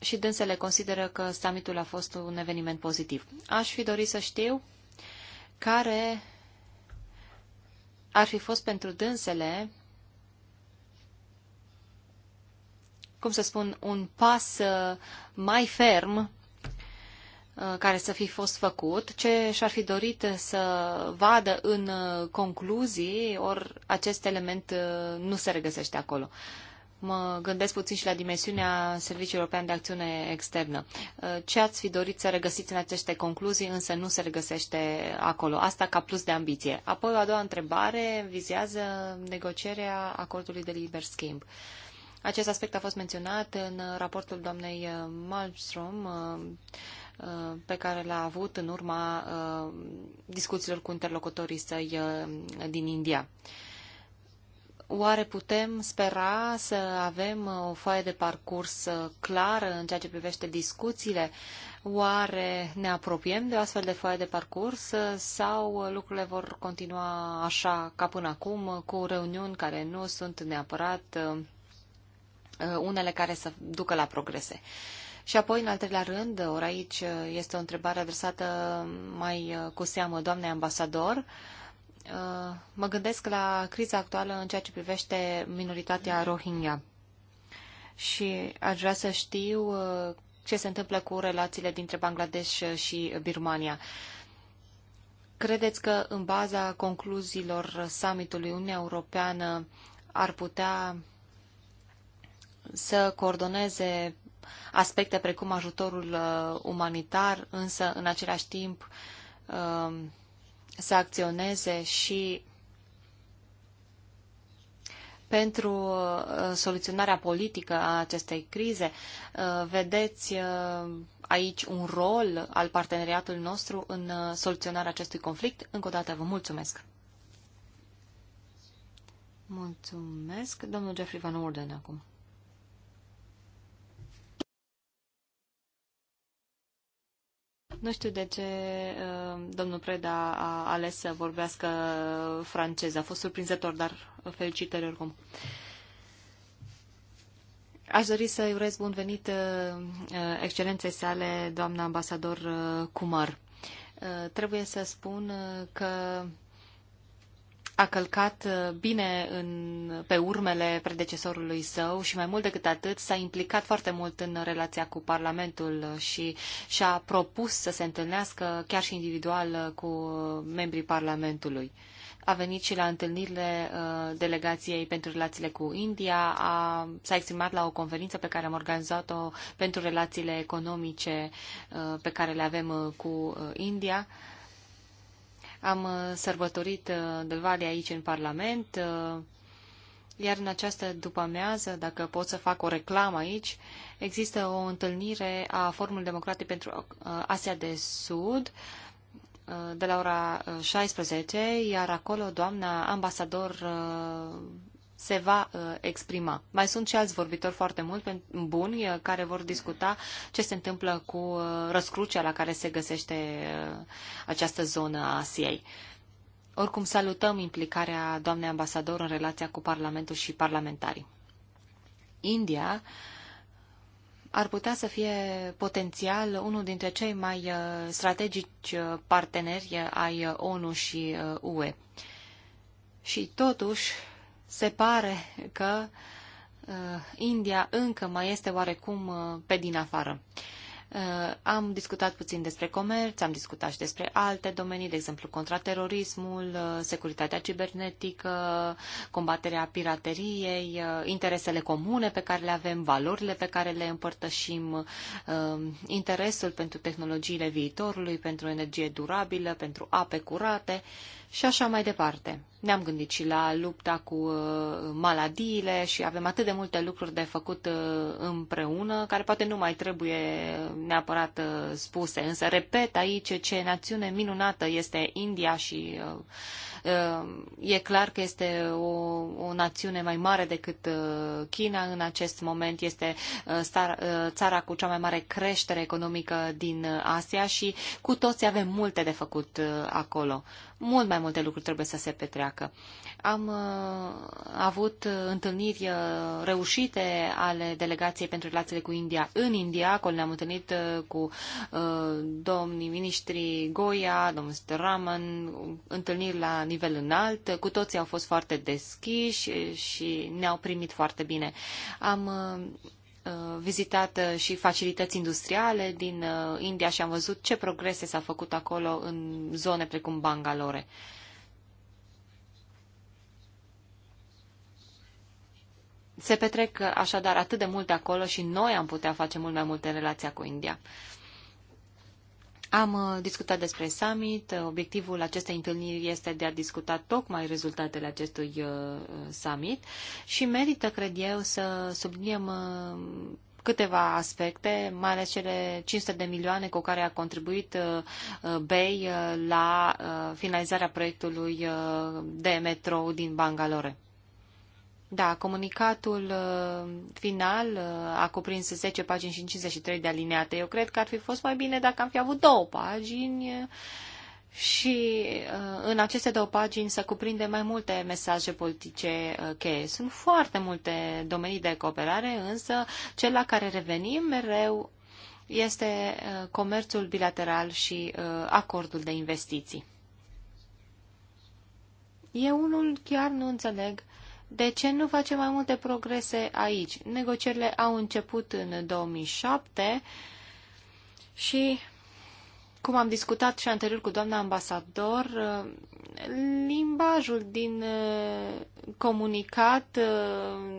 și dânsele consideră că summitul a fost un eveniment pozitiv. Aș fi dorit să știu care ar fi fost pentru dânsele, cum să spun, un pas uh, mai ferm Uh, care să fi fost făcut, ce și-ar fi dorit să vadă în uh, concluzii, ori acest element uh, nu se regăsește acolo. Mă gândesc puțin și la dimensiunea Serviciului European de Acțiune Externă. Ce ați fi dorit să regăsiți în aceste concluzii, însă nu se regăsește acolo? Asta ca plus de ambiție. Apoi, a doua întrebare vizează negocierea acordului de liber schimb. Uh, acest aspect a fost menționat în raportul doamnei uh, Malmström uh, uh, pe care l-a avut în urma discuțiilor cu interlocutorii săi din India. Oare putem spera să avem o foaie de parcurs clară în ceea ce privește discuțiile? Oare ne apropiem de o astfel de foaie de parcurs sau lucrurile vor continua așa ca până acum, cu reuniuni care nu sunt neapărat Uh, unele care să ducă la progrese. Și apoi, în al treilea rând, ori aici uh, este o întrebare adresată mai uh, cu seamă doamnei ambasador, mă gândesc la criza actuală în ceea ce privește minoritatea Rohingya. Și aș vrea să știu ce se întâmplă cu relațiile dintre Bangladesh și Birmania. Credeți că în baza concluziilor summitului Uniunea Europeană ar putea să coordoneze aspecte precum ajutorul uh, umanitar, însă în același timp uh, să acționeze și pentru uh, soluționarea politică a acestei crize. Uh, vedeți uh, aici un rol al parteneriatului nostru în uh, soluționarea acestui conflict. Încă o dată vă mulțumesc! Mulțumesc, domnul Jeffrey Van Orden, acum. Nu știu de ce uh, domnul Preda a ales să vorbească franceză. A fost surprinzător, dar felicitări oricum. Aș dori să-i urez bun venit uh, uh, excelenței sale, doamna ambasador Cumar. Trebuie să spun că a călcat uh, bine în, pe urmele predecesorului său și mai mult decât atât s-a implicat foarte mult în relația cu Parlamentul și și-a propus să se întâlnească chiar și individual uh, cu membrii Parlamentului. A venit și la întâlnirile uh, delegației pentru relațiile cu India, a, s-a exprimat la o conferință pe care am organizat-o pentru relațiile economice uh, pe care le avem uh, cu uh, India. Uh, am uh, sărbătorit uh, Dăvale aici în Parlament, uh, iar în această după-amiază, dacă pot să fac o reclamă aici, există o întâlnire a Forumului Democratic pentru Asia de Sud, de la ora 16, iar acolo doamna ambasador se va uh, exprima. Mai sunt și alți vorbitori foarte mult buni uh, care vor discuta ce se întâmplă cu uh, răscrucea la care se găsește uh, această zonă a Asiei. Oricum salutăm implicarea doamnei ambasador în relația cu Parlamentul și parlamentarii. India ar putea să fie potențial unul dintre cei mai uh, strategici uh, parteneri ai uh, ONU și UE. Și totuși, se pare că uh, India încă mai este oarecum uh, pe din afară. Uh, am discutat puțin despre comerț, am discutat și despre alte domenii, de exemplu contraterorismul, uh, securitatea cibernetică, combaterea pirateriei, uh, interesele comune pe care le avem, valorile pe care le împărtășim, uh, interesul pentru tehnologiile viitorului, pentru energie durabilă, pentru ape curate. Uh, și așa mai departe. Ne-am gândit și la lupta cu uh, maladiile și avem atât de multe lucruri de făcut uh, împreună, care poate nu mai trebuie neapărat uh, spuse. Însă, repet aici ce națiune minunată este India și e clar că este o, o națiune mai mare decât China în acest moment. Este țara cu cea mai mare creștere economică din Asia și cu toți avem multe de făcut acolo mult mai multe lucruri trebuie să se petreacă. Am uh, avut întâlniri uh, reușite ale delegației pentru relațiile cu India în India. Acolo ne-am întâlnit uh, cu domnii ministri Goia, domnul Raman, întâlniri la nivel înalt. Cu toții au fost foarte deschiși și ne-au primit foarte bine. Am Uh, vizitat uh, și facilități industriale din uh, India și am văzut ce progrese s-a făcut acolo în zone precum Bangalore. Se petrec așadar atât de multe acolo și noi am putea face mult mai multe în relația cu India. Am uh, discutat despre summit. Obiectivul acestei întâlniri este de a discuta tocmai rezultatele acestui uh, summit și merită, cred eu, să subliniem uh, câteva aspecte, mai ales cele 500 de milioane cu care a contribuit BEI la finalizarea proiectului de metrou din Bangalore. Da, comunicatul uh, final uh, a cuprins 10 pagini și 53 de alineate. Eu cred că ar fi fost mai bine dacă am fi avut două pagini și uh, în aceste două pagini să cuprinde mai multe mesaje politice cheie. Sunt foarte multe domenii de cooperare, însă cel la care revenim mereu este comerțul bilateral și acordul de investiții. Eu unul chiar nu înțeleg de ce nu facem mai multe progrese aici? Negocierile au început în 2007 și, cum am discutat și anterior cu doamna ambasador, limbajul din uh, comunicat uh,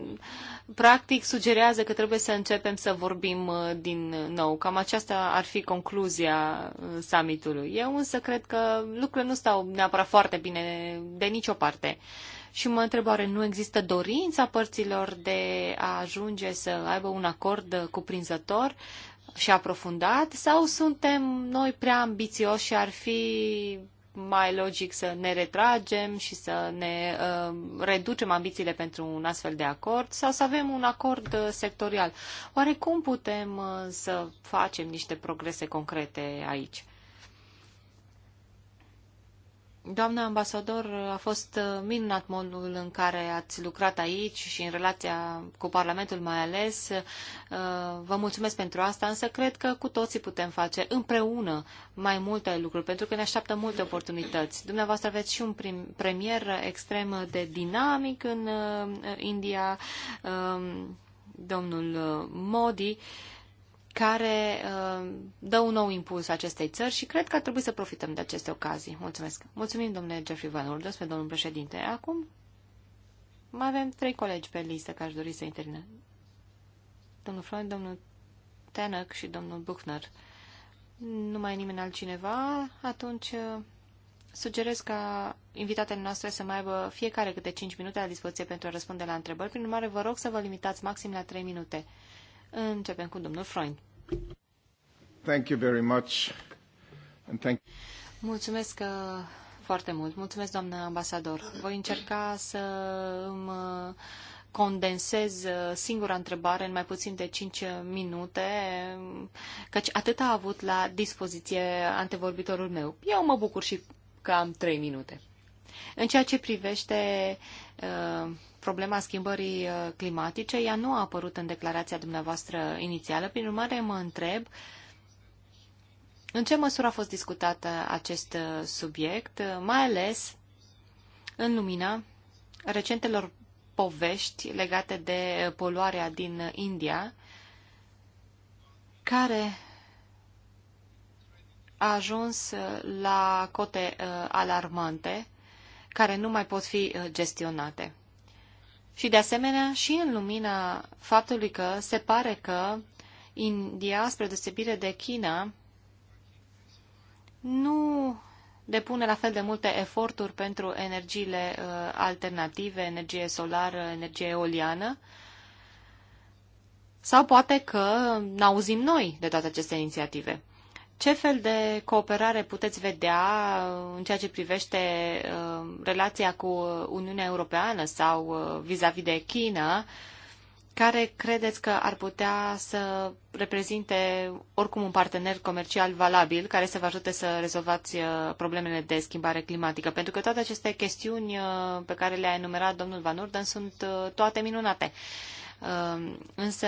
practic sugerează că trebuie să începem să vorbim uh, din nou. Cam aceasta ar fi concluzia summitului. Eu însă cred că lucrurile nu stau neapărat foarte bine de nicio parte și mă întreb oare nu există dorința părților de a ajunge să aibă un acord cuprinzător și aprofundat sau suntem noi prea ambițioși și ar fi mai logic să ne retragem și să ne uh, reducem ambițiile pentru un astfel de acord sau să avem un acord uh, sectorial. Oare cum putem uh, să facem niște progrese concrete aici? Doamna ambasador, a fost uh, minunat modul în care ați lucrat aici și în relația cu Parlamentul mai ales. Uh, vă mulțumesc pentru asta, însă cred că cu toții putem face împreună mai multe lucruri, pentru că ne așteaptă multe oportunități. Dumneavoastră aveți și un premier extrem de dinamic în uh, India, um, domnul Modi care uh, dă un nou impuls acestei țări și cred că ar trebui să profităm de aceste ocazii. Mulțumesc. Mulțumim, domnule Jeffrey Van Urdos, pe domnul președinte. Acum mai avem trei colegi pe listă care aș dori să intervină. Domnul Freund, domnul Tenek și domnul Buchner. Nu mai e nimeni altcineva, atunci uh, sugerez ca invitatele noastre să mai aibă fiecare câte 5 minute la dispoziție pentru a răspunde la întrebări. Prin urmare, vă rog să vă limitați maxim la 3 minute. Începem cu domnul Freund. Thank you very much. And thank Mulțumesc că uh, foarte mult. Mulțumesc, doamnă ambasador. Voi încerca să îmi uh, condensez uh, singura întrebare în mai puțin de 5 minute, căci atât a avut la dispoziție antevorbitorul meu. Eu mă bucur și că am 3 minute. În ceea ce privește uh, problema schimbării uh, climatice, ea nu a apărut în declarația dumneavoastră inițială, prin urmare mă întreb în ce măsură a fost discutat uh, acest subiect, mai ales în lumina recentelor povești legate de poluarea din India, care a ajuns la cote alarmante care nu mai pot fi uh, gestionate. Și de asemenea, și în lumina faptului că se pare că India, spre deosebire de China, nu depune la fel de multe eforturi pentru energiile uh, alternative, energie solară, energie eoliană, sau poate că n-auzim noi de toate aceste inițiative. Ce fel de cooperare puteți vedea în ceea ce privește uh, relația cu Uniunea Europeană sau uh, vis-a-vis -vis de China? Care credeți că ar putea să reprezinte oricum un partener comercial valabil care să vă ajute să rezolvați uh, problemele de schimbare climatică? Pentru că toate aceste chestiuni pe care le-a enumerat domnul Van Urden sunt toate minunate. Însă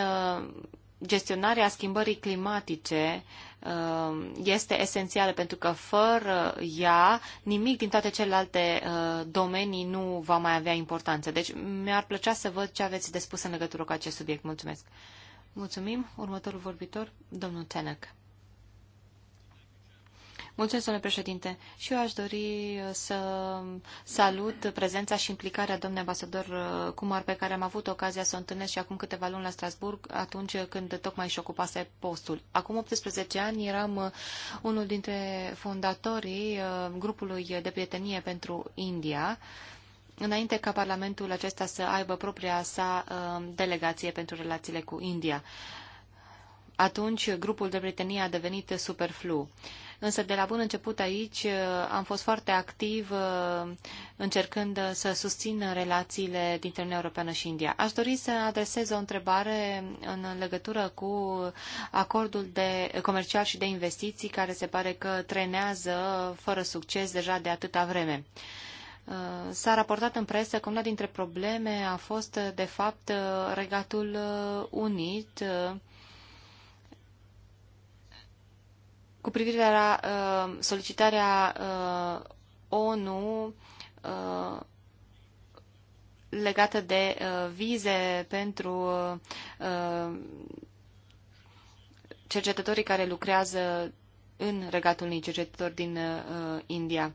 gestionarea schimbării climatice uh, este esențială pentru că fără ea nimic din toate celelalte uh, domenii nu va mai avea importanță. Deci mi-ar plăcea să văd ce aveți de spus în legătură cu acest subiect. Mulțumesc! Mulțumim! Următorul vorbitor, domnul Tenec. Mulțumesc, domnule președinte. Și eu aș dori uh, să salut prezența și implicarea domnului ambasador Cumar, uh, pe care am avut ocazia să o întâlnesc și acum câteva luni la Strasburg, atunci când tocmai și ocupase postul. Acum 18 ani eram uh, unul dintre fondatorii grupului de prietenie pentru India, înainte ca Parlamentul acesta să aibă propria sa delegație pentru relațiile cu India. Atunci, grupul de prietenie a devenit superflu. Însă de la bun început aici uh, am fost foarte activ uh, încercând uh, să susțin relațiile dintre Uniunea Europeană și India. Aș dori să adresez o întrebare în legătură cu acordul de comercial și de investiții care se pare că trenează fără succes deja de atâta vreme. S-a raportat în presă că una dintre probleme a fost, de fapt, Regatul Unit, cu privire la uh, solicitarea uh, ONU uh, legată de uh, vize pentru uh, cercetătorii care lucrează în Regatul unui cercetător din uh, India.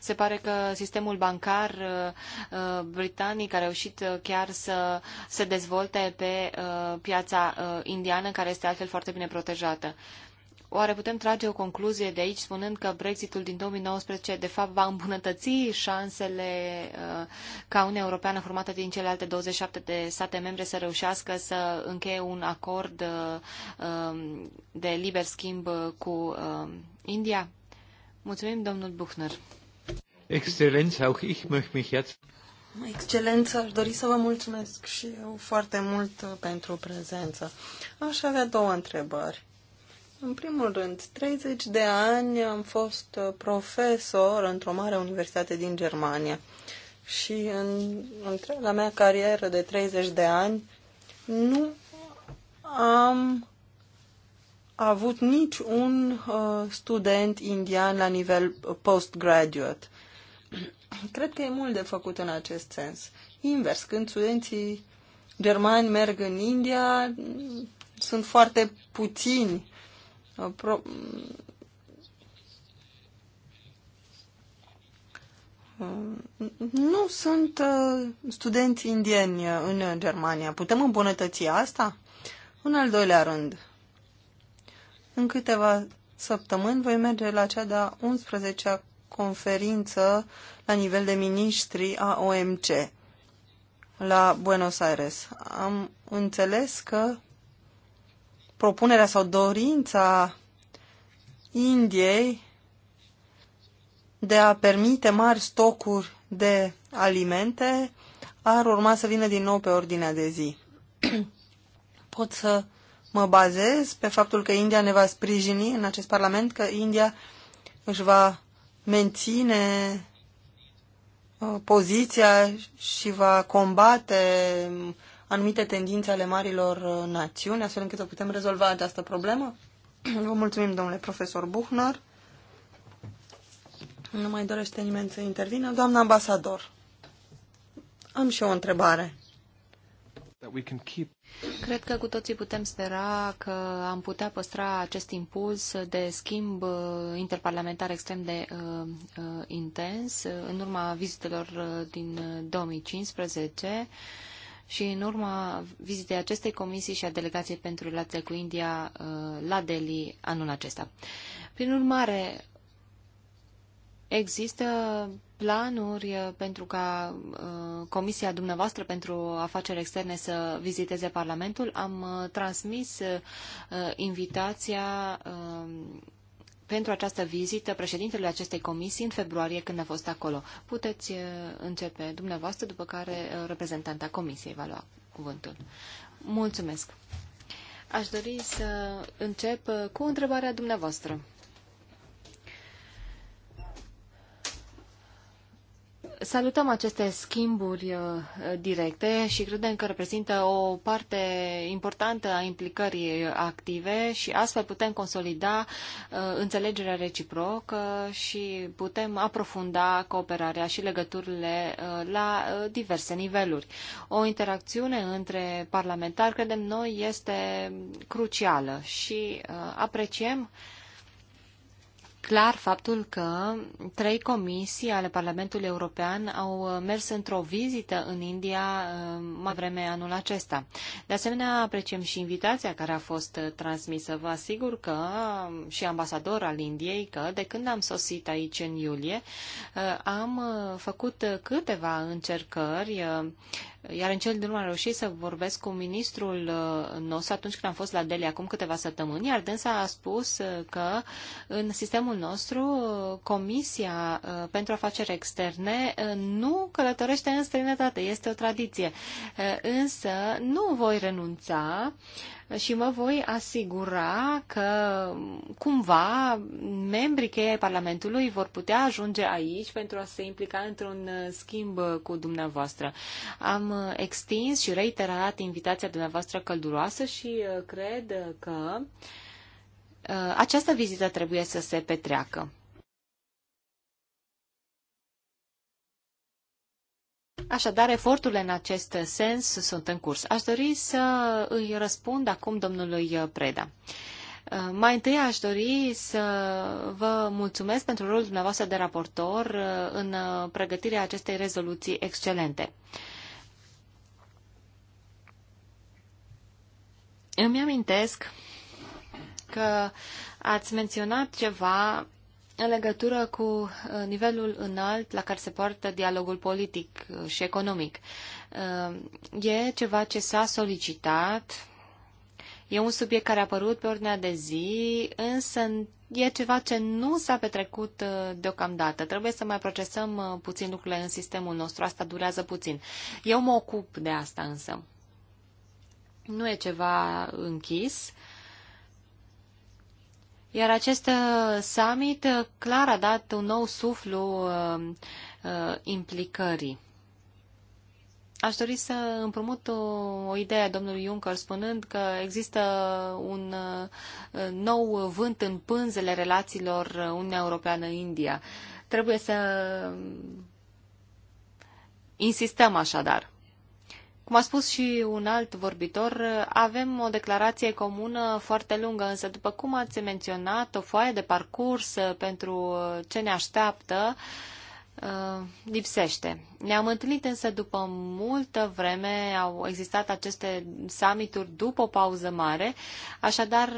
Se pare că sistemul bancar uh, uh britanic a reușit uh, chiar să se dezvolte pe uh, piața uh, indiană, care este altfel foarte bine protejată. Uh, Oare putem trage o concluzie de aici spunând că Brexitul din 2019 de fapt va îmbunătăți șansele uh, ca Uniunea Europeană formată din celelalte 27 de state membre să reușească să încheie un acord uh, um, de liber schimb cu um, India? Mulțumim, domnul Buchner. Excelență, auch ich möchte mich jetzt... Excelență, aș dori să vă mulțumesc și eu foarte mult uh, pentru prezență. Aș avea două întrebări. În primul rând, 30 de ani am fost uh, profesor într-o mare universitate din Germania și în întreaga mea carieră de 30 de ani nu am avut nici un uh, student indian la nivel uh, postgraduate. Cred că e mult de făcut în acest sens. Invers, când studenții germani merg în India, sunt foarte puțini pro, nu sunt uh, studenți indieni uh, în Germania. Putem îmbunătăți asta? În al doilea rând, în câteva săptămâni voi merge la cea de-a 11-a conferință la nivel de ministri a OMC la Buenos Aires. Am înțeles că propunerea sau dorința Indiei de a permite mari stocuri de alimente ar urma să vină din nou pe ordinea de zi. Pot să mă bazez pe faptul că India ne va sprijini în acest Parlament, că India își va menține uh, poziția și va combate anumite tendințe ale marilor uh, națiuni, astfel încât să putem rezolva această problemă? Vă mulțumim, domnule profesor Buchner. Nu mai dorește nimeni să intervină. Doamna ambasador, am și eu o întrebare. Cred că cu toții putem spera că am putea păstra acest impuls de schimb uh, interparlamentar extrem de uh, uh intens în urma vizitelor din 2015 și în urma vizitei acestei comisii și a delegației pentru relații cu India uh, la Delhi anul acesta. Prin urmare, există planuri uh, pentru ca uh, Comisia dumneavoastră pentru afaceri externe să viziteze Parlamentul. Am transmis invitația pentru această vizită președintele acestei comisii în februarie când a fost acolo. Puteți uh, începe dumneavoastră, după care uh, reprezentanta comisiei va lua cuvântul. Mulțumesc! Aș dori să încep uh, cu întrebarea dumneavoastră. Salutăm aceste schimburi uh, directe și credem că reprezintă o parte importantă a implicării active și astfel putem consolida uh, înțelegerea reciprocă și putem aprofunda cooperarea și legăturile uh, la diverse niveluri. O interacțiune între parlamentari, credem noi, este crucială și apreciem clar faptul că trei comisii ale Parlamentului European au uh, mers într-o vizită în India uh, mai vreme anul acesta. De asemenea, apreciem și invitația care a fost uh, transmisă. Vă asigur că și ambasador al Indiei că de când am sosit aici în iulie am făcut câteva încercări iar în cel din urmă am reușit să vorbesc cu ministrul uh, nostru atunci când am fost la Delhi acum câteva săptămâni, iar dânsa a spus uh, că în sistemul nostru uh, Comisia pentru Afaceri Externe nu călătorește în străinătate, este o tradiție. Însă nu voi renunța uh, și mă voi asigura că cumva membrii cheie ai Parlamentului vor putea ajunge aici pentru a se implica într-un uh, schimb uh, cu dumneavoastră. Am uh, extins și reiterat invitația dumneavoastră călduroasă și cred că această vizită trebuie să se petreacă. Așadar, eforturile în acest sens sunt în curs. Aș dori să îi răspund acum domnului Preda. Uh, mai întâi aș dori să vă mulțumesc pentru rolul dumneavoastră de raportor uh, în uh, pregătirea acestei rezoluții excelente. Îmi amintesc că ați menționat ceva în legătură cu uh, nivelul înalt la care se poartă dialogul politic uh, și economic. Uh, e ceva ce s-a solicitat, e un subiect care a apărut pe ordinea de zi, însă e ceva ce nu s-a petrecut deocamdată. Trebuie să mai procesăm puțin lucrurile în sistemul nostru, asta durează puțin. Eu mă ocup de asta însă. Nu e ceva închis, iar acest uh, summit uh, clar a dat un nou suflu uh, implicării. Aș dori să împrumut o, o idee a domnului Juncker spunând că există un nou vânt în pânzele relațiilor Uniunea Europeană-India. Trebuie să um, insistăm așadar. Cum a spus și un alt vorbitor, avem o declarație comună foarte lungă, însă după cum ați menționat, o foaie de parcurs pentru ce ne așteaptă uh, lipsește. Ne-am întâlnit însă după multă vreme, au existat aceste summituri după o pauză mare, așadar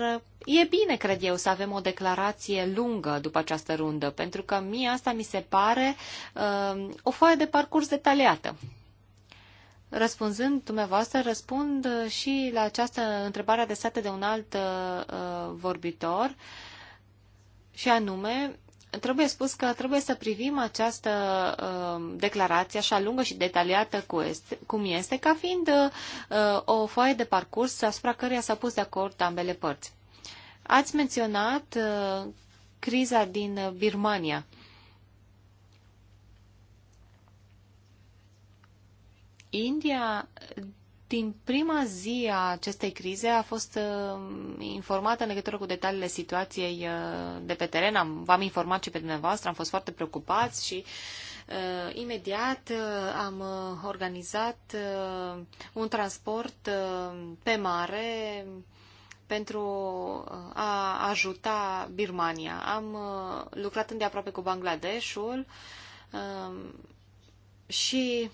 e bine, cred eu, să avem o declarație lungă după această rundă, pentru că mie asta mi se pare uh, o foaie de parcurs detaliată. Răspunzând dumneavoastră, răspund și la această întrebare adresată de un alt uh, vorbitor, și anume, trebuie spus că trebuie să privim această uh, declarație așa lungă și detaliată cu este, cum este, ca fiind uh, o foaie de parcurs asupra căreia s-au pus de acord ambele părți. Ați menționat uh, criza din Birmania. Uh, India, din prima zi a acestei crize, a fost uh, informată în legătură cu detaliile situației uh, de pe teren. Am, v-am informat și pe dumneavoastră, am fost foarte preocupați și uh, imediat uh, am uh, organizat uh, un transport uh, pe mare pentru a ajuta Birmania. Am uh, lucrat îndeaproape cu Bangladeshul uh, și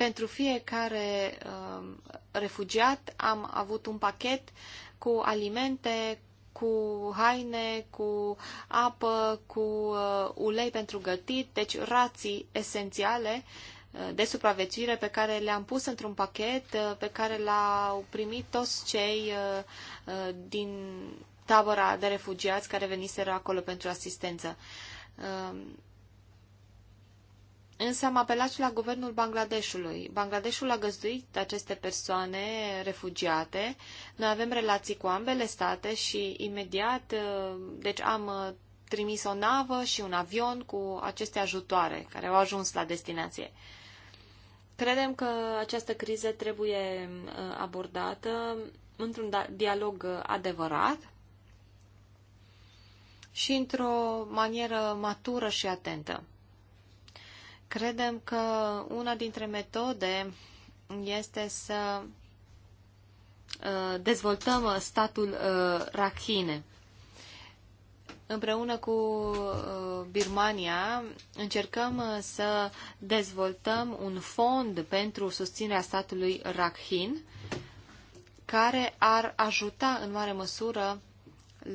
Pentru fiecare uh, refugiat am avut un pachet cu alimente, cu haine, cu apă, cu uh, ulei pentru gătit, deci rații esențiale uh, de supraviețuire pe care le-am pus într-un pachet, uh, pe care l-au primit toți cei uh, uh, din tabăra de refugiați care veniseră acolo pentru asistență. Um, Însă am apelat și la guvernul Bangladeshului. Bangladeshul a găzduit aceste persoane refugiate. Noi avem relații cu ambele state și imediat, uh, deci am uh, trimis o navă și un avion cu aceste ajutoare care au ajuns la destinație. Credem că această criză trebuie uh, abordată într-un da, dialog adevărat și într-o manieră matură și atentă. Credem că una dintre metode este să uh, dezvoltăm uh, statul uh, Rakhine. Împreună cu Birmania încercăm să dezvoltăm un fond pentru susținerea statului Rakhine care ar ajuta în mare măsură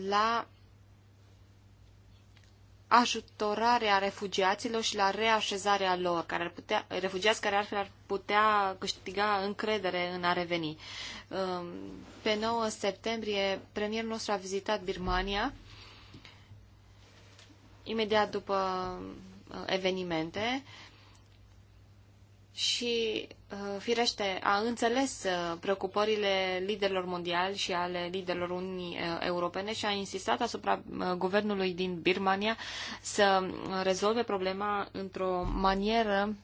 la ajutorarea refugiaților și la reașezarea lor, care ar putea, refugiați care altfel ar putea câștiga încredere în a reveni. Um, pe 9 septembrie, premierul nostru a vizitat Birmania, imediat după uh, evenimente, și, uh, firește, a înțeles uh, preocupările liderilor mondiali și ale liderilor Unii uh, Europene și a insistat asupra guvernului din Birmania să rezolve problema într-o manieră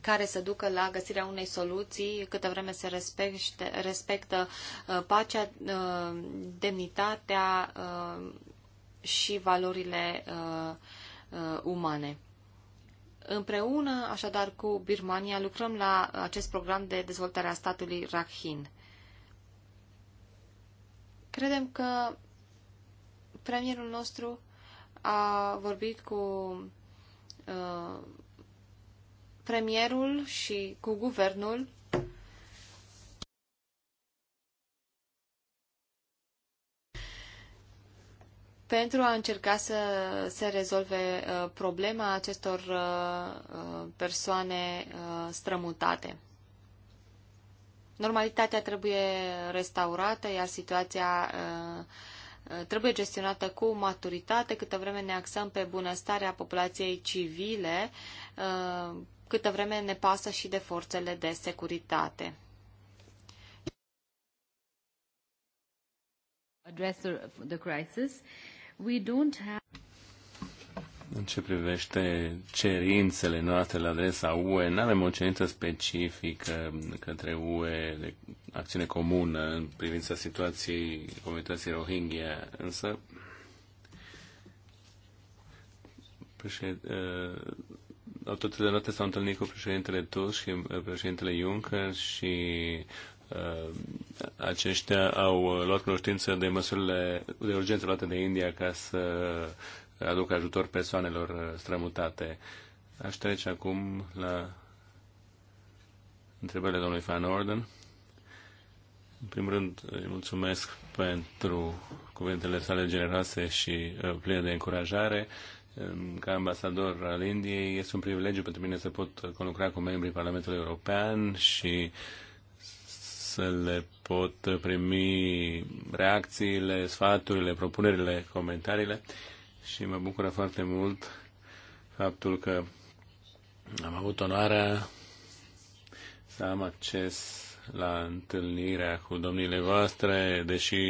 care să ducă la găsirea unei soluții câtă vreme se respecte, respectă pacea, demnitatea și valorile umane. Împreună, așadar, cu Birmania lucrăm la acest program de dezvoltare a statului Rakhine. Credem că premierul nostru a vorbit cu uh, premierul și cu guvernul pentru a încerca să se rezolve uh, problema acestor uh, uh, persoane strămutate. Normalitatea trebuie restaurată, iar situația trebuie gestionată cu maturitate, câtă vreme ne axăm pe bunăstarea populației civile, câtă vreme ne pasă și de forțele de securitate. Address the crisis. În ce privește cerințele noastre la adresa UE, nu avem o cerință specifică către UE de acțiune comună în privința situației comunității Rohingya, însă președ, ă, autoritățile noastre s-au întâlnit cu președintele Tusk și președintele Juncker și Uh, aceștia au luat cunoștință de măsurile de urgență luate de India ca să aducă ajutor persoanelor strămutate. Aș trece acum la întrebările domnului Van Orden. În primul rând, îi mulțumesc pentru cuvintele sale generoase și uh, pline de încurajare. Ca ambasador al Indiei, este un privilegiu pentru mine să pot uh, conlucra cu membrii Parlamentului European și uh, să le pot primi reacțiile, sfaturile, propunerile, comentariile și mă bucură foarte mult faptul că am avut onoarea să am acces la întâlnirea cu domnile voastre, deși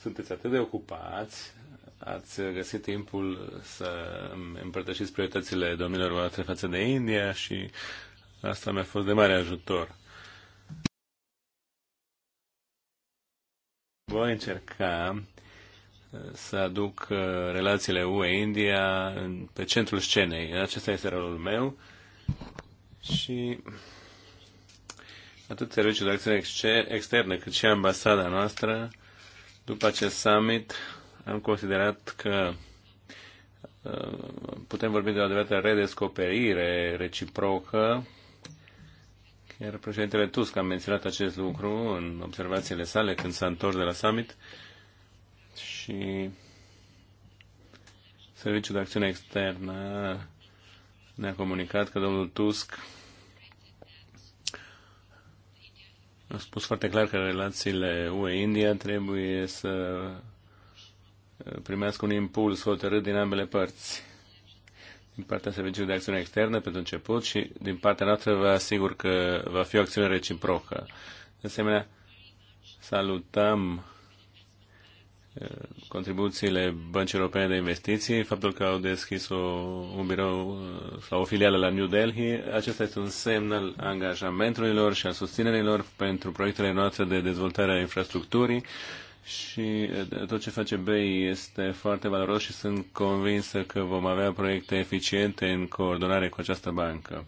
sunteți atât de ocupați, ați găsit timpul să împărtășiți prioritățile domnilor voastre față de India și asta mi-a fost de mare ajutor. voi încerca uh, să aduc uh, relațiile UE-India pe centrul scenei. Acesta este rolul meu și atât Serviciul de Acțiune Externe cât și ambasada noastră, după acest summit, am considerat că uh, putem vorbi de o adevărată redescoperire reciprocă iar președintele Tusk a menționat acest lucru în observațiile sale când s-a întors de la summit și Serviciul de Acțiune Externă ne-a comunicat că domnul Tusk a spus foarte clar că relațiile UE-India trebuie să primească un impuls hotărât din ambele părți din partea Serviciului de Acțiune Externă pentru început și din partea noastră vă asigur că va fi o acțiune reciprocă. De asemenea, salutăm contribuțiile Băncii Europene de Investiții, faptul că au deschis o, un birou sau o filială la New Delhi, acesta este un semn al angajamentului lor și al susținerilor pentru proiectele noastre de dezvoltare a infrastructurii și tot ce face BEI este foarte valoros și sunt convinsă că vom avea proiecte eficiente în coordonare cu această bancă.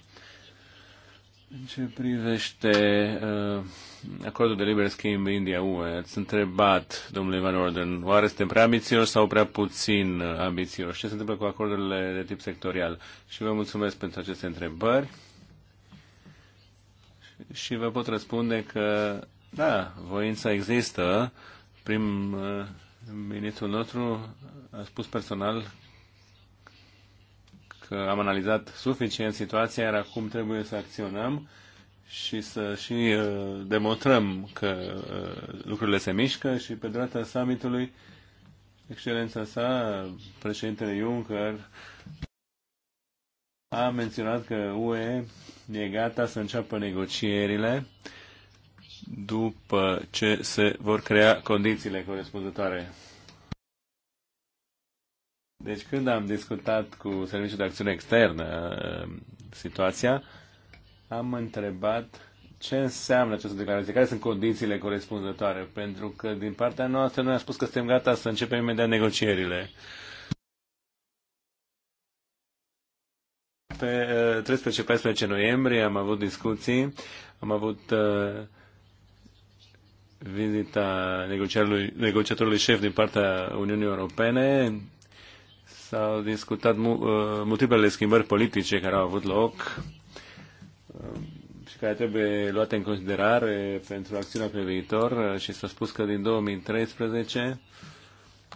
În ce privește uh, acordul de liber schimb India-UE, ați întrebat, domnule Van Orden, oare suntem prea ambițioși sau prea puțin ambițioși? Ce se întâmplă cu acordurile de tip sectorial? Și vă mulțumesc pentru aceste întrebări. Și vă pot răspunde că, da, voința există Prim-ministrul uh, nostru a spus personal că am analizat suficient situația, iar acum trebuie să acționăm și să și uh, demonstrăm că uh, lucrurile se mișcă și pe data summitului, excelența sa, președintele Juncker, a menționat că UE e gata să înceapă negocierile după ce se vor crea condițiile corespunzătoare. Deci când am discutat cu Serviciul de Acțiune Externă eh, situația, am întrebat ce înseamnă această declarație, care sunt condițiile corespunzătoare, pentru că din partea noastră noi am spus că suntem gata să începem imediat negocierile. Pe 13-14 eh, noiembrie am avut discuții, am avut uh, vizita negociatorului, negociatorului șef din partea Uniunii Europene. S-au discutat mu, uh, multiplele schimbări politice care au avut loc uh, și care trebuie luate în considerare pentru acțiunea pe viitor uh, și s-a spus că din 2013,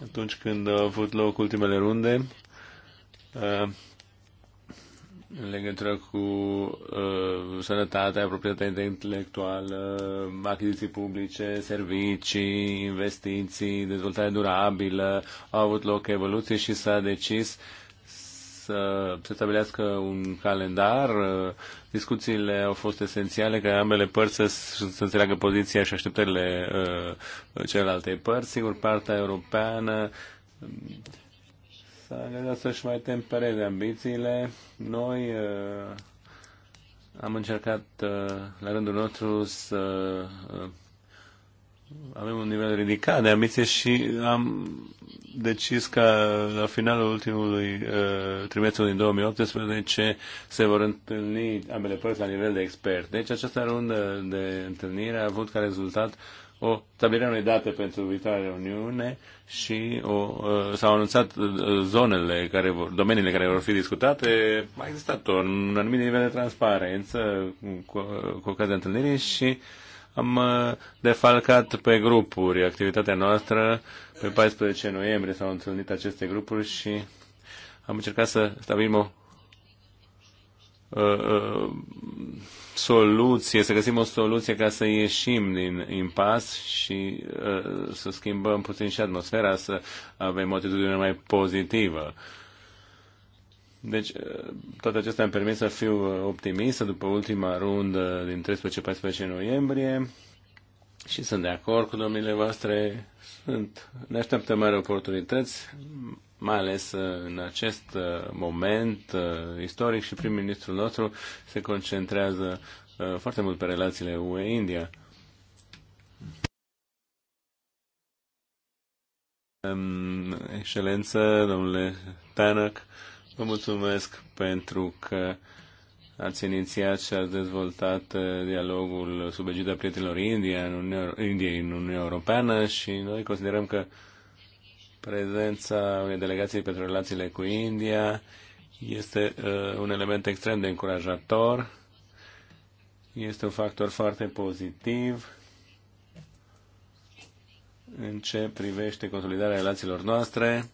atunci când au avut loc ultimele runde, în legătură cu uh, sănătatea, proprietatea intelectuală, achiziții publice, servicii, investiții, dezvoltare durabilă, au avut loc evoluții și s-a decis să se stabilească un calendar. Uh, discuțiile au fost esențiale ca ambele părți să, să înțeleagă poziția și așteptările uh, celelalte părți. Sigur, partea europeană să le dea să-și mai tempereze ambițiile. Noi uh, am încercat uh, la rândul nostru să uh, avem un nivel ridicat de ambiție și am decis ca la finalul ultimului uh, trimestru din 2018 se vor întâlni ambele părți la nivel de expert. Deci această rundă de întâlnire a avut ca rezultat uh, o stabilirea unei date pentru viitoarea Uniune și o, uh, s-au anunțat uh, zonele care vor, domeniile care vor fi discutate. A existat un anumit nivel de transparență cu, cu ocazia întâlnirii și am uh, defalcat pe grupuri activitatea noastră. Pe 14 noiembrie s-au întâlnit aceste grupuri și am încercat să stabilim o uh, uh, soluție, să găsim o soluție ca să ieșim din impas și uh, să schimbăm puțin și atmosfera, să avem o atitudine mai pozitivă. Deci, uh, toate acestea am permis să fiu uh, optimistă după ultima rundă din 13-14 noiembrie și sunt de acord cu domnile voastre sunt, ne așteaptă mari oportunități, mai ales uh, în acest uh, moment uh, istoric și prim-ministrul nostru se concentrează foarte mult pe relațiile UE-India. Um, excelență, domnule Tanak, vă mulțumesc pentru că ați inițiat și ați dezvoltat uh, dialogul sub egida prietenilor India în Uniunea, Indiei în Uniunea Europeană și noi considerăm că prezența unei delegații pentru relațiile cu India este uh, un element extrem de încurajator, este un factor foarte pozitiv în ce privește consolidarea relațiilor noastre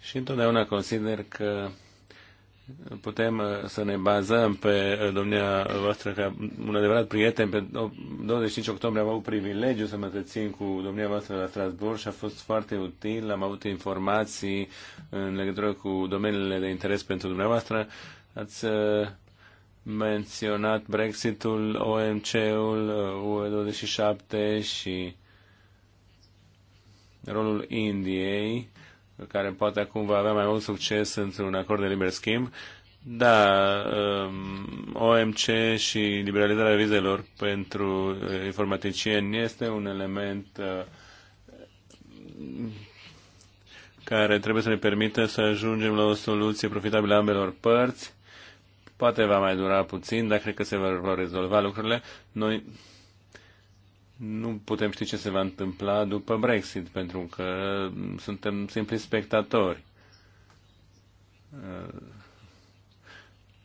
și întotdeauna consider că putem uh, să ne bazăm pe uh, domnia voastră ca un adevărat prieten. Pe 25 octombrie am avut privilegiu să mă întrețin cu domnia voastră la Strasbourg și a fost foarte util. Am avut informații în legătură cu domeniile de interes pentru dumneavoastră. Ați uh, menționat Brexitul, OMC-ul, UE27 și rolul Indiei care poate acum va avea mai mult succes într-un acord de liber schimb. Da, um, OMC și liberalizarea vizelor pentru uh, informaticieni este un element uh, care trebuie să ne permită să ajungem la o soluție profitabilă ambelor părți. Poate va mai dura puțin, dar cred că se vor rezolva lucrurile. Noi nu putem ști ce se va întâmpla după Brexit, pentru că suntem simpli spectatori.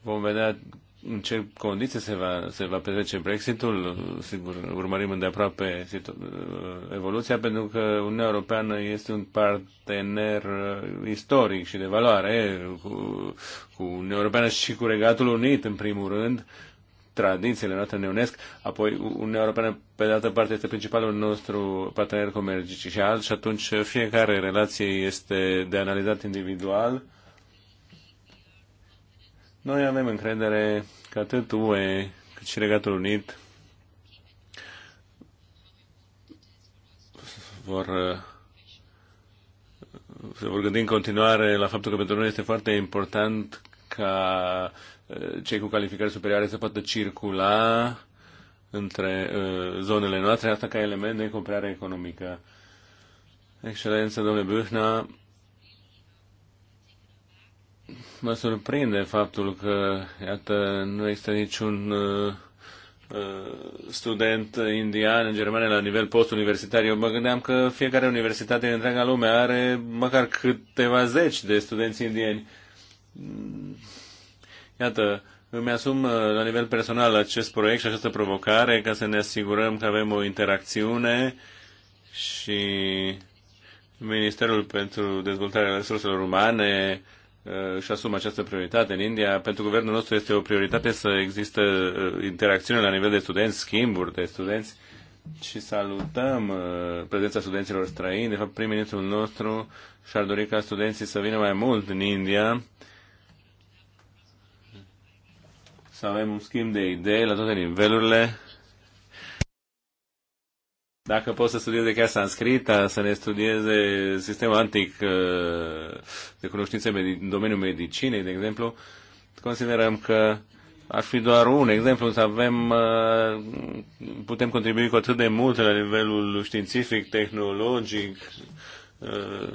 Vom vedea în ce condiții se va, se va petrece Brexitul. Sigur, urmărim îndeaproape evoluția, pentru că Uniunea Europeană este un partener uh, istoric și de valoare uh, cu, cu Uniunea Europeană și cu Regatul Unit, în primul rând. Uh, tradițiile noastre ne unesc, apoi Uniunea Europeană, pe de altă parte, este principalul nostru partener comercial și atunci fiecare relație este de analizat individual. Noi avem încredere că atât UE cât și Regatul Unit vor se vor gândi în continuare la faptul că pentru noi este foarte important ca Eh, cei cu calificări superioare să poată circula între eh, zonele noastre, asta ca element de cooperare economică. Excelență, domnule Bühna, mă surprinde faptul că, iată, nu există niciun eh, student indian în Germania la nivel postuniversitar. Eu mă gândeam că fiecare universitate în întreaga lume are măcar câteva zeci de studenți indieni. Iată, îmi asum uh, la nivel personal acest proiect și această provocare ca să ne asigurăm că avem o interacțiune și Ministerul pentru Dezvoltarea Resurselor Umane uh, și asumă această prioritate în India. Pentru guvernul nostru este o prioritate să există uh, interacțiune la nivel de studenți, schimburi de studenți și salutăm prezența studenților străini. De fapt, prim-ministrul nostru și-ar dori ca studenții să vină mai mult în India să avem un schimb de idei la toate nivelurile. Dacă poți să studieze chiar sanscrita, să ne studieze sistemul antic uh, de cunoștințe în domeniul medicinei, de exemplu, considerăm că ar fi doar un exemplu, să avem, uh, putem contribui cu atât de mult la nivelul științific, tehnologic, uh,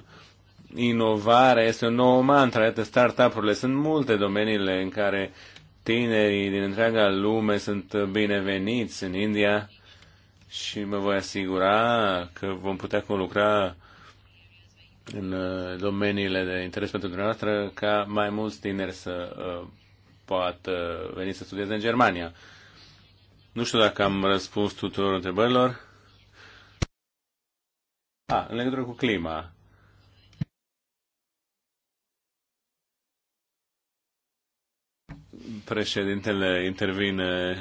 inovare, este un nou mantra, iată, start-up-urile, sunt multe domeniile în care uh, tinerii din întreaga lume sunt bineveniți în India și mă voi asigura că vom putea conlucra în uh, domeniile de interes pentru dumneavoastră ca mai mulți tineri să uh, poată veni să studieze în Germania. Nu știu dacă am răspuns tuturor întrebărilor. A, ah, în legătură cu clima. președintele intervine.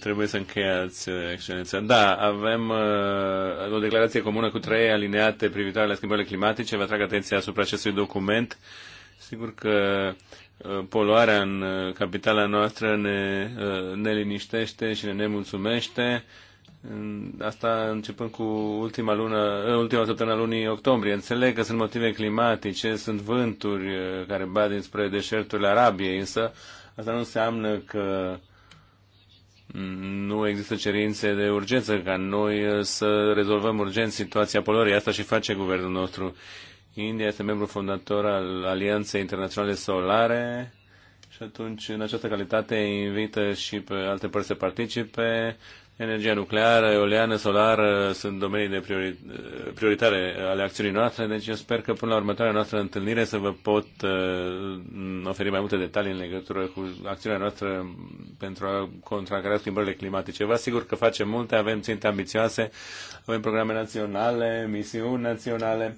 Trebuie să încheiați, uh, excelență. Da, avem uh, o declarație comună cu trei alineate privitoare la schimbările climatice. Vă atrag atenția asupra acestui document. Sigur că uh, poluarea în uh, capitala noastră ne, uh, ne liniștește și ne nemulțumește. Asta începând cu ultima lună, uh, ultima săptămână lunii octombrie. Înțeleg că sunt motive climatice, sunt vânturi uh, care bat dinspre deșertul Arabiei, însă uh, Asta nu înseamnă că nu există cerințe de urgență ca noi uh, să rezolvăm urgent situația poluării. Asta și face guvernul nostru. India este membru fondator al Alianței Internaționale Solare și atunci, în această calitate, invită și pe alte părți să participe. Energia nucleară, eoliană, solară sunt domenii de priori, prioritare ale acțiunii noastre, deci eu sper că până la următoarea noastră întâlnire să vă pot uh, oferi mai multe detalii în legătură cu acțiunea noastră pentru a contracara schimbările climatice. Vă asigur că facem multe, avem ținte ambițioase, avem programe naționale, misiuni naționale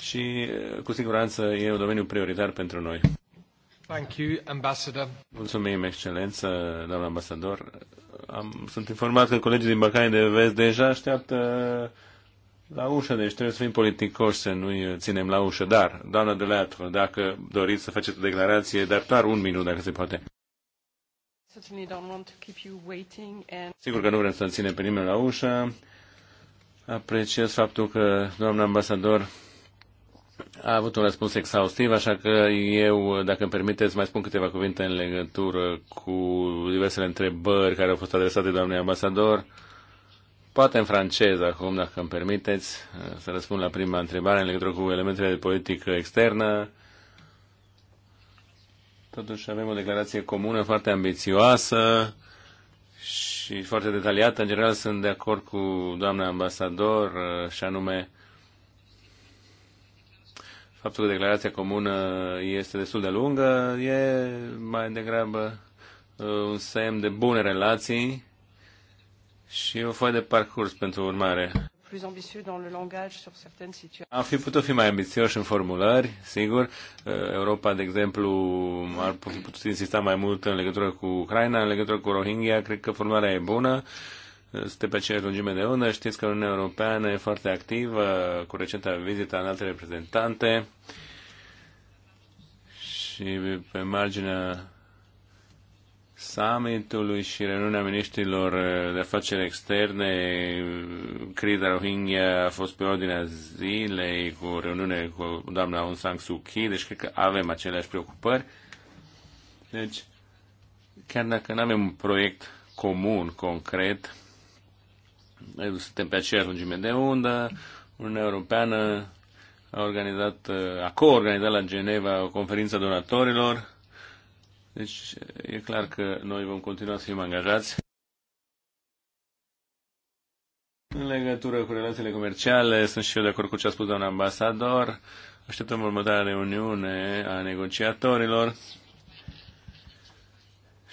și uh, cu siguranță e un domeniu prioritar pentru noi. Thank you, Ambassador. Mulțumim, excelență, doamnă ambasador am, sunt informat că colegii din Băcani de Vest deja așteaptă la ușă, deci trebuie să fim politicoși, să nu-i ținem la ușă. Dar, doamna de Leatru, dacă doriți să faceți o declarație, dar doar un minut, dacă se poate. Sigur că nu vrem să ținem pe nimeni la ușă. Apreciez faptul că doamna ambasador a avut un răspuns exhaustiv, așa că eu, dacă îmi permiteți, mai spun câteva cuvinte în legătură cu diversele întrebări care au fost adresate doamnei ambasador. Poate în franceză acum, dacă îmi permiteți, să răspund la prima întrebare în legătură cu elementele de politică externă. Totuși avem o declarație comună foarte ambițioasă și foarte detaliată. În general sunt de acord cu doamna ambasador și anume faptul că declarația comună este destul de lungă e mai degrabă uh, un semn de bune relații și o foaie de parcurs pentru urmare. Am fi putut fi mai ambițioși în formulări, sigur. Uh, Europa, de exemplu, ar fi putut insista mai mult în legătură cu Ucraina, în legătură cu Rohingya. Cred că formularea e bună. Uh, suntem pe aceeași lungime de undă. Știți că Uniunea Europeană e foarte activă cu recenta vizită în alte reprezentante și pe marginea summitului și reuniunea ministrilor de afaceri externe, Crida Rohingya a fost pe ordinea zilei cu reuniune cu doamna Aung San Suu Kyi, deci cred că avem aceleași preocupări. Deci, chiar dacă nu avem un proiect comun, concret, suntem pe aceeași lungime de undă, Uniunea Europeană a organizat, uh, a co-organizat la Geneva o conferință donatorilor, deci e clar că noi vom continua să fim angajați. În legătură cu relațiile comerciale, sunt și eu de acord cu ce a spus doamna ambasador. Așteptăm următoarea reuniune a negociatorilor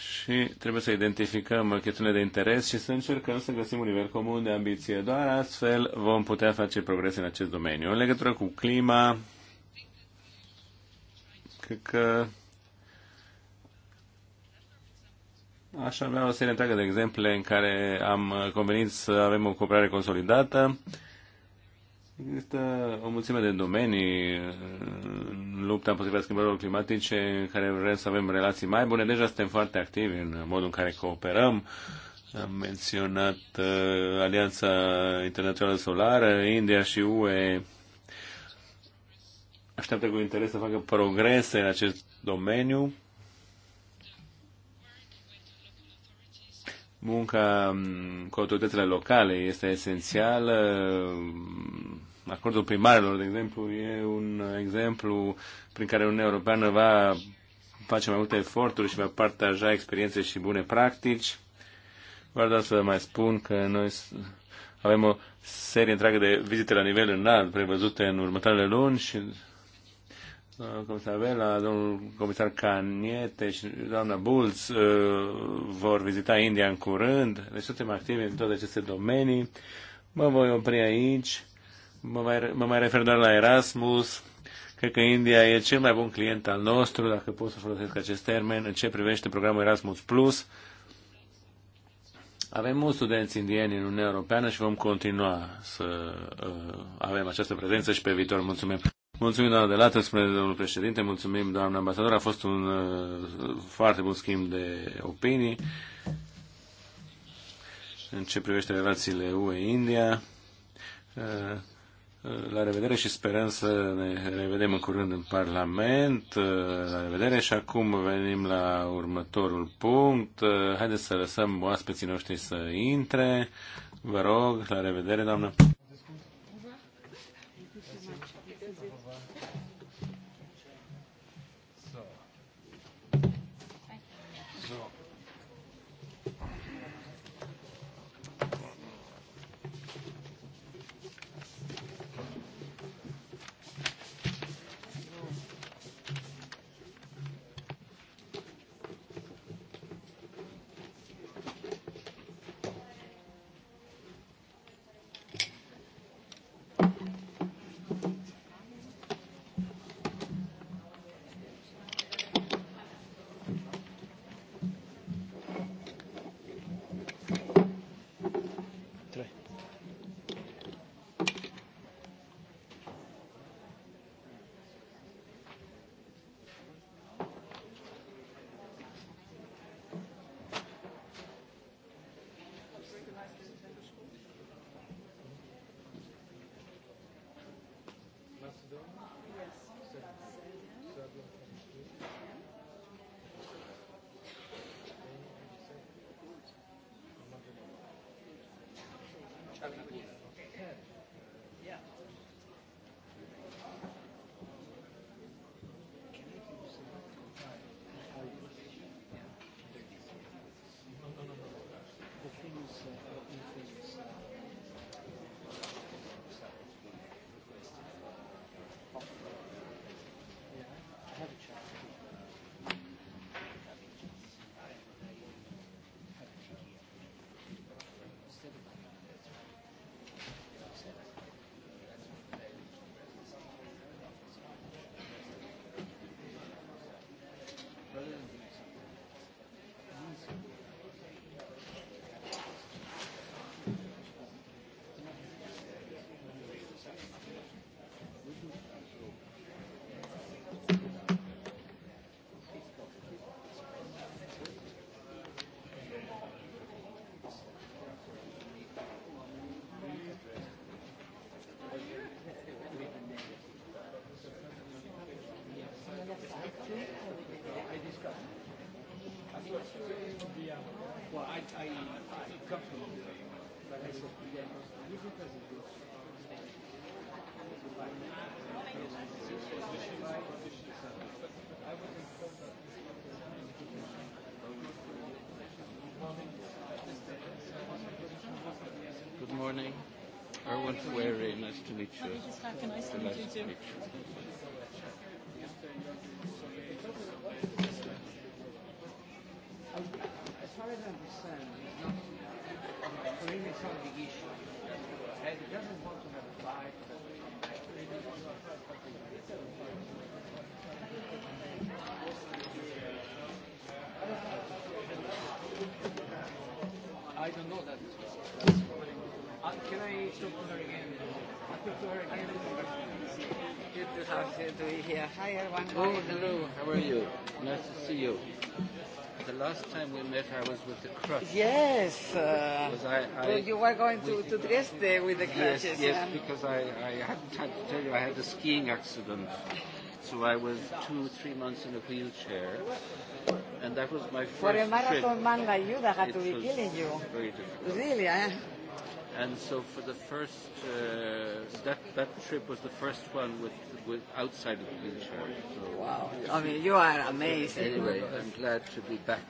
și trebuie să identificăm chestiunile de interes și să încercăm să găsim un nivel comun de ambiție. Doar astfel vom putea face progrese în acest domeniu. În legătură cu clima, cred că aș avea o serie întreagă de exemple în care am convenit să avem o cooperare consolidată Există o mulțime de domenii în lupta împotriva schimbărilor climatice în care vrem să avem relații mai bune. Deja suntem foarte activi în modul în care cooperăm. Am menționat uh, Alianța Internațională Solară, India și UE așteaptă cu interes să facă progrese în acest domeniu. Munca mm, cu autoritățile locale este esențială Acordul primarilor, de exemplu, e un exemplu prin care Uniunea Europeană va face mai multe eforturi și va partaja experiențe și bune practici. Vreau doar să mai spun că noi avem o serie întreagă de vizite la nivel înalt prevăzute în următoarele luni și cum să avem, la domnul comisar Caniete și doamna Bulz uh, vor vizita India în curând. Deci suntem activi în toate aceste domenii. Mă voi opri aici Mă mai, mă mai refer doar la Erasmus. Cred că India e cel mai bun client al nostru, dacă pot să folosesc acest termen, în ce privește programul Erasmus+. Plus. Avem mulți studenți indieni în Uniunea Europeană și vom continua să uh, avem această prezență și pe viitor. Mulțumim! Mulțumim, doamna Delată, spune domnul președinte, mulțumim, doamna ambasador, a fost un uh, foarte bun schimb de opinii în ce privește relațiile UE-India. Uh, la revedere și sperăm să ne revedem în curând în Parlament. Uh, la revedere și acum venim la următorul punct. Uh, Haideți să lăsăm oaspeții noștri să intre. Vă rog, la revedere, doamnă. Good morning. I, I come from but I Good morning. nice to meet you. you too? understand is not not a big issue. doesn't want to have a fight. I don't know that. Uh, can I talk to her again? I talk to her again. Good to, to be here. Hi, everyone. Oh, hello. How are you? Nice to see you the last time we met, I was with the crutches. Yes. Uh, I, I, well, you were going to, to Dresde with the crutches. Yes, yes because I, I hadn't time to tell you, I had a skiing accident. So I was two, three months in a wheelchair. And that was my first For a marathon trip. man like you, that had it to be killing you. Very difficult. Really, eh? and so for the first uh, that that trip was the first one with with outside of the Green So wow! I mean, you are amazing. Anyway, I'm glad to be back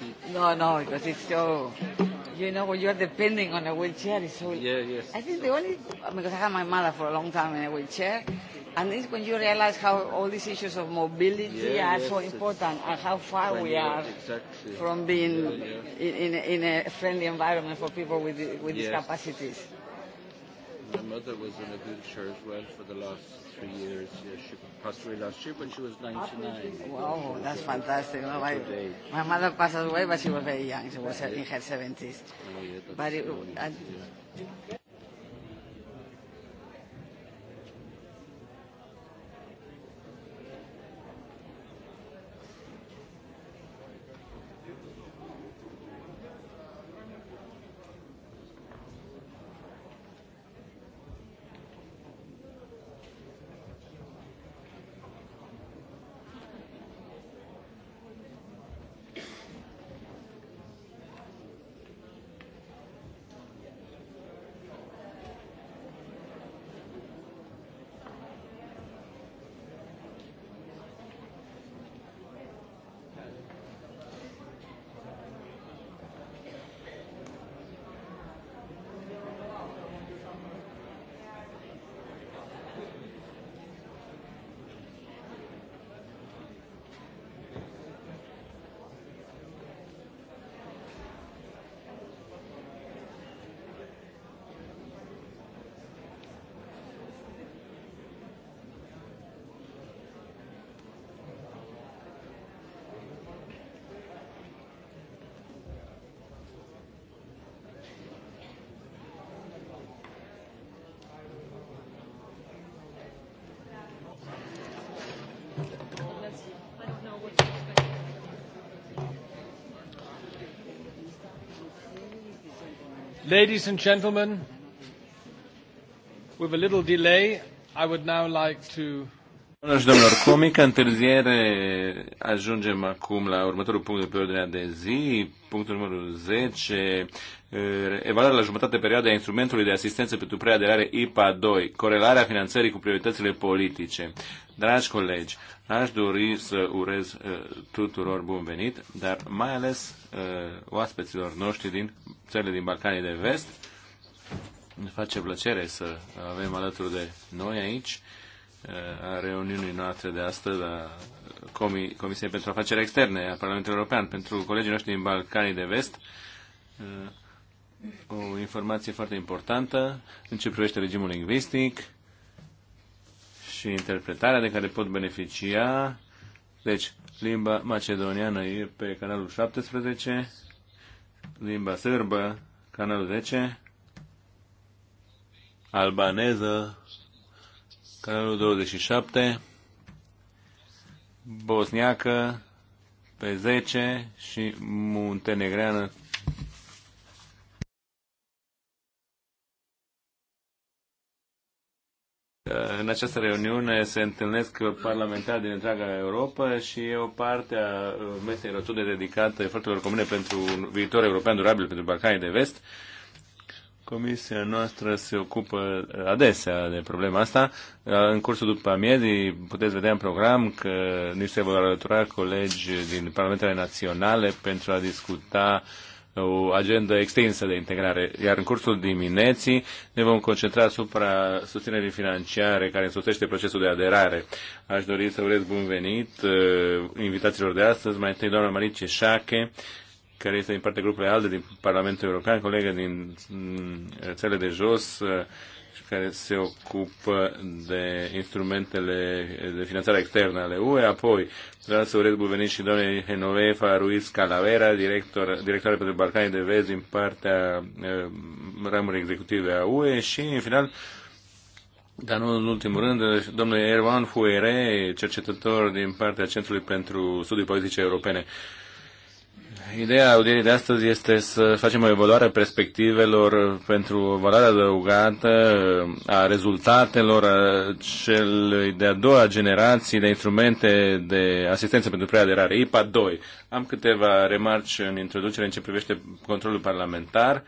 heat. No, no, because it's so. You know, when you're depending on a wheelchair, it's so. Yeah, yes. I think so. the only because I had my mother for a long time in a wheelchair, and it's when you realize how all these issues of mobility yeah, are yes, so important and how far we are exactly. from being yeah, yeah. In, in, a, in a friendly environment for people with with yes. capacities. My mother was in a wheelchair as well for the last three years. Yeah, she passed away last year when she was 99. Ah, wow, was that's fantastic. No, my, my mother passed away, but she was very young. She was yeah. in her 70s. Oh, yeah, that's but it, and, yeah. Ladies and gentlemen, with a little delay, I would now like to Doamnelor și domnilor, cu o mică întârziere ajungem acum la următorul punct de pe ordinea de zi, punctul numărul 10, eh, evaluarea la jumătate perioadă a instrumentului de asistență pentru preaderare IPA 2, corelarea finanțării cu prioritățile politice. Dragi colegi, aș dori să urez eh, tuturor bun venit, dar mai ales eh, oaspeților noștri din țările din Balcanii de Vest. Ne face plăcere să avem alături de noi aici uh, a reuniunii noastre de astăzi a Comisiei pentru Afaceri Externe a Parlamentului European pentru colegii noștri din Balcanii de Vest. Uh, o informație foarte importantă în ce privește regimul lingvistic și interpretarea de care pot beneficia. Deci, limba macedoniană e pe canalul 17, limba sârbă, canalul 10, albaneză, canalul 27, bosniacă pe 10 și muntenegreană În această reuniune se întâlnesc parlamentari din întreaga Europa și e o parte a mesei rotunde dedicată eforturilor comune pentru un viitor european durabil pentru Balcanii de Vest. Comisia noastră se ocupă adesea de problema asta. În cursul după amiezii puteți vedea în program că ni se vor alătura colegi din Parlamentele Naționale pentru a discuta uh, o agendă extinsă de integrare. Iar în cursul dimineții ne vom concentra asupra susținerii financiare care însoțește procesul de aderare. Aș dori să urez bun venit uh, invitațiilor de astăzi, mai întâi doamna Marie Ceșache, care este din partea grupului ALDE din Parlamentul European, colegă din mm, țările de jos, uh, care se ocupă de instrumentele de finanțare externă ale UE. Apoi vreau să urez bun venit și doamnei Genoveva Ruiz Calavera, director, directoare pentru Balcanii de Vest din partea uh, eh, ramurii executive a UE și, în final, dar nu în ultimul rând, domnul Erwan Fuere, cercetător din partea Centrului pentru Studii Politice Europene. Uh, Ideea audierii de astăzi este să facem o evaluare a perspectivelor pentru valoarea adăugată a rezultatelor a celui de-a doua generații de instrumente de asistență pentru preaderare, IPA 2. Am câteva remarci în introducere în ce privește controlul parlamentar.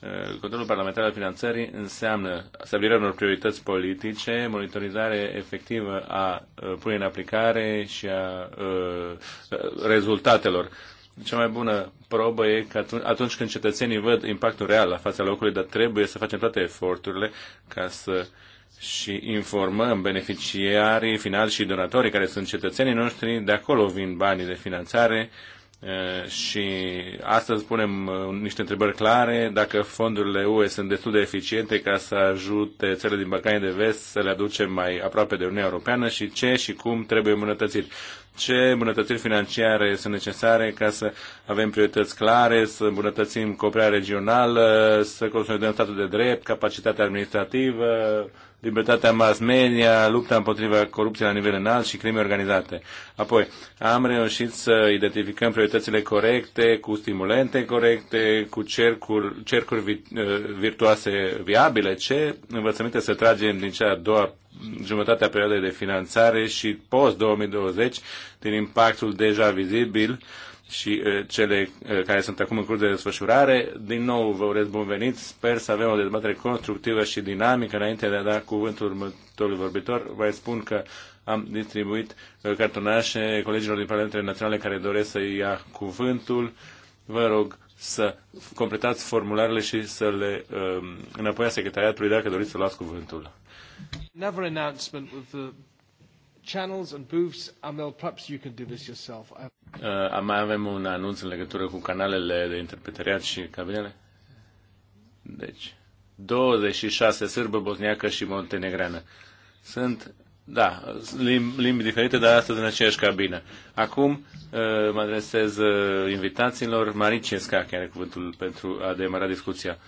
Eh, controlul parlamentar al finanțării înseamnă stabilirea unor priorități politice, monitorizare efectivă a eh, punerii în aplicare și a eh, rezultatelor cea mai bună probă e că atunci când cetățenii văd impactul real la fața locului, dar trebuie să facem toate eforturile ca să și informăm beneficiarii finali și donatorii care sunt cetățenii noștri, de acolo vin banii de finanțare eh, și astăzi punem eh, niște întrebări clare dacă fondurile UE sunt destul de eficiente ca să ajute țările din Balcanii de Vest să le aducem mai aproape de Uniunea Europeană și ce și cum trebuie îmbunătățit ce îmbunătățiri financiare sunt necesare ca să avem priorități clare, să îmbunătățim cooperarea regională, să consolidăm statul de drept, capacitatea administrativă, libertatea mass media, lupta împotriva corupției la nivel înalt și crime organizate. Apoi, am reușit să identificăm prioritățile corecte, cu stimulente corecte, cu cercuri, cercuri vi, eh, virtuoase viabile. Ce învățăminte să tragem din cea a doua jumătate a perioadei de finanțare și post-2020 din impactul deja vizibil și cele care sunt acum în curs de desfășurare. Din nou vă urez bun venit, sper să avem o dezbatere constructivă și dinamică înainte de a da cuvântul următorului vorbitor. Vă spun că am distribuit cartonașe colegilor din Parlamentele Naționale care doresc să ia cuvântul. Vă rog să completați formularele și să le um, înapoia secretariatului dacă doriți să luați cuvântul. announcement with the channels and booths. Amel, perhaps you can do this yourself. Uh, mai avem un anunț în legătură cu canalele de interpretariat și cabinele. Deci, 26 sârbă, bosniacă și montenegreană. Sunt, da, limbi, limbi diferite, dar astăzi în aceeași cabină. Acum uh, mă adresez uh, invitațiilor. Marie Cesca, care are cuvântul pentru a demara discuția.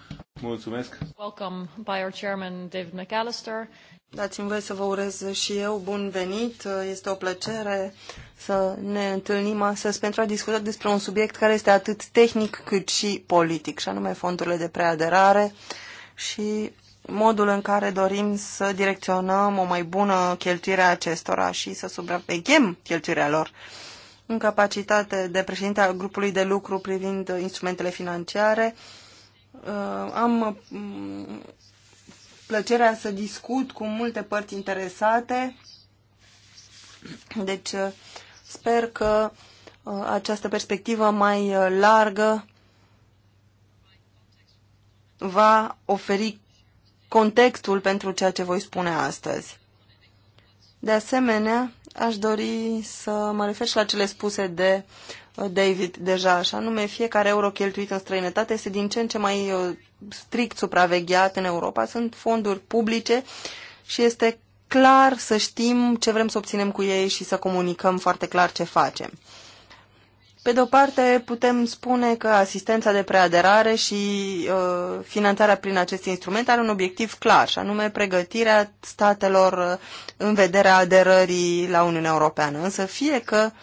Mulțumesc. Welcome by our chairman David McAllister. Dați-mi voie să vă urez și eu bun venit. Este o plăcere să ne întâlnim astăzi pentru a discuta despre un subiect care este atât tehnic cât și politic, și anume fondurile de preaderare și modul în care dorim să direcționăm o mai bună cheltuire a acestora și să supraveghem cheltuirea lor. În capacitate de președinte al grupului de lucru privind instrumentele financiare, Uh, am mm, plăcerea să discut cu multe părți interesate. Deci uh, sper că uh, această perspectivă mai largă va oferi contextul pentru ceea ce voi spune astăzi. De asemenea, aș dori să mă refer și la cele spuse de David deja, așa nume fiecare euro cheltuit în străinătate este din ce în ce mai uh, strict supravegheat în Europa. Sunt fonduri publice și este clar să știm ce vrem să obținem cu ei și să comunicăm foarte clar ce facem. Pe de o parte, putem spune că asistența de preaderare și uh, finanțarea prin acest instrument are un obiectiv clar, și anume pregătirea statelor uh, în vederea aderării la Uniunea Europeană. Însă fie că uh,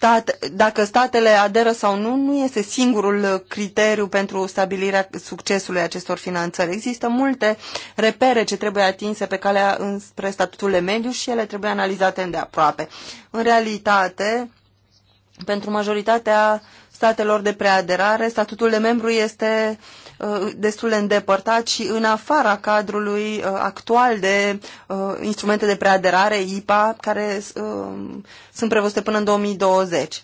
stat, dacă statele aderă sau nu, nu este singurul criteriu pentru stabilirea succesului acestor finanțări. Există multe repere ce trebuie atinse pe calea înspre statutul de mediu și ele trebuie analizate îndeaproape. În realitate, pentru majoritatea statelor de preaderare, statutul de membru este uh, Uh, destul de îndepărtat și în afara cadrului uh, actual de uh, instrumente de preaderare, IPA, care sunt prevăzute până în 2020.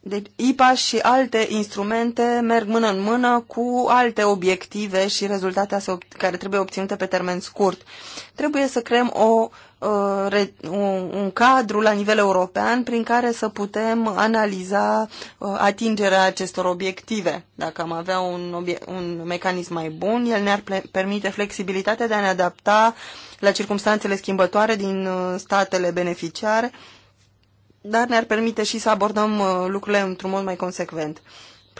Deci IPA și alte instrumente merg mână în mână cu alte obiective și rezultate care trebuie obținute pe termen scurt. Trebuie să creăm o Uh, un cadru la nivel european prin care să putem analiza uh, atingerea acestor obiective. Dacă am avea un, un mecanism mai bun, el ne-ar permite flexibilitatea de a ne adapta la circumstanțele schimbătoare din uh, statele beneficiare, dar ne-ar permite și să abordăm lucrurile într-un mod mai consecvent.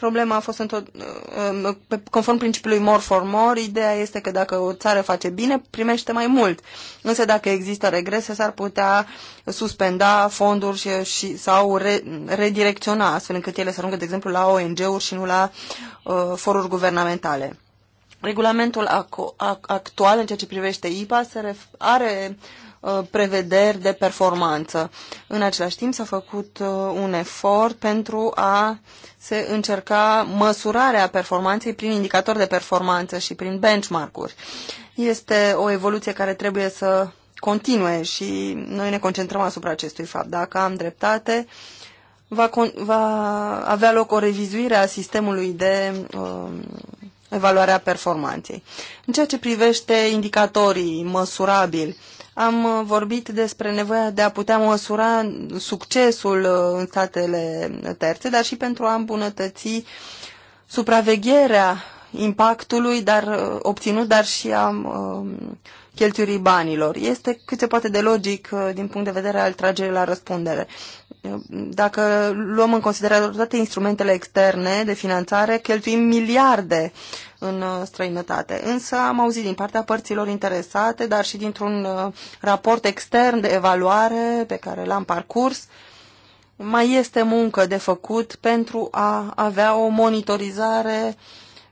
Problema a fost întotdeauna, uh, uh, conform principiului more for more, ideea este că dacă o țară face bine, primește mai mult. Însă dacă există regrese, s-ar putea suspenda fonduri și, și, sau re, redirecționa, astfel încât ele să ajungă, de exemplu, la ONG-uri și nu la uh, foruri guvernamentale. Regulamentul actual în ceea ce privește IPA se ref, are uh, Uh, prevederi de performanță. În același timp s-a făcut uh, un efort pentru a se încerca măsurarea performanței prin indicatori de performanță și prin benchmark-uri. Este o evoluție care trebuie să continue și noi ne concentrăm asupra acestui fapt. Dacă am dreptate, va, va avea loc o revizuire a sistemului de uh, evaluare a performanței. În ceea ce privește indicatorii măsurabili, am uh, vorbit despre nevoia de a putea măsura succesul uh, în statele terțe, dar și pentru a îmbunătăți supravegherea impactului dar, uh, obținut, dar și a um, cheltuirii banilor. Este cât se poate de logic din punct de vedere al tragerii la răspundere. Dacă luăm în considerare toate instrumentele externe de finanțare, cheltuim miliarde în uh, străinătate. Însă am auzit din partea părților interesate, dar și dintr-un uh, raport extern de evaluare pe care l-am parcurs, mai este muncă de făcut pentru a avea o monitorizare,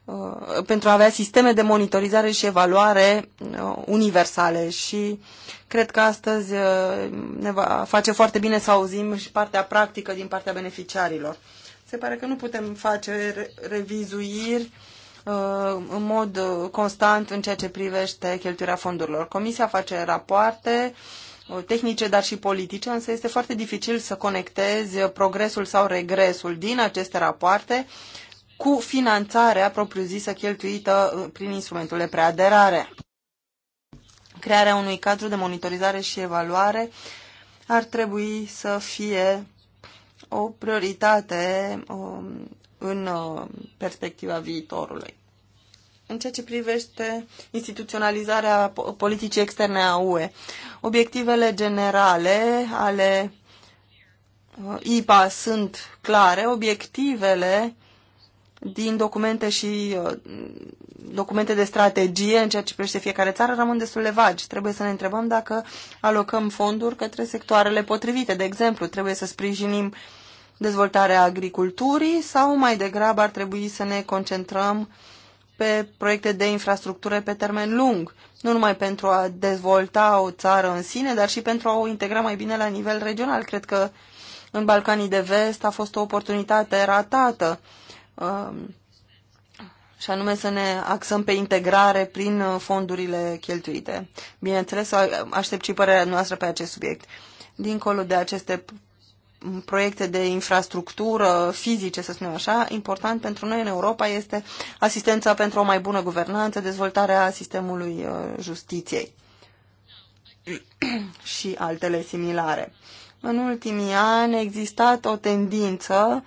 uh, pentru a avea sisteme de monitorizare și evaluare universale și cred că astăzi ne va face foarte bine să auzim și partea practică din partea beneficiarilor. Se pare că nu putem face revizuiri Uh, în mod uh, constant în ceea ce privește cheltuirea fondurilor. Comisia face rapoarte uh, tehnice, dar și politice, însă este foarte dificil să conectezi progresul sau regresul din aceste rapoarte cu finanțarea propriu-zisă cheltuită prin instrumentul de preaderare. Crearea unui cadru de monitorizare și evaluare ar trebui să fie o prioritate um, în perspectiva viitorului în ceea ce privește instituționalizarea politicii externe a UE. Obiectivele generale ale uh, IPA sunt clare, obiectivele din documente și uh, documente de strategie în ceea ce privește fiecare țară rămân destul de vagi. Trebuie să ne întrebăm dacă alocăm fonduri către sectoarele potrivite. De exemplu, trebuie să sprijinim dezvoltarea agriculturii sau mai degrabă ar trebui să ne concentrăm uh, pe proiecte de infrastructură pe termen lung, nu numai pentru a dezvolta o țară în sine, dar și pentru a o integra mai bine la nivel regional. Cred că în Balcanii de Vest a fost o oportunitate ratată um, și anume să ne axăm pe integrare prin fondurile cheltuite. Bineînțeles, aștept și părerea noastră pe acest subiect. Dincolo de aceste proiecte de infrastructură fizice, să spunem așa, important pentru noi în Europa este asistența pentru o mai bună guvernanță, dezvoltarea sistemului uh, justiției și altele similare. În ultimii ani a existat o tendință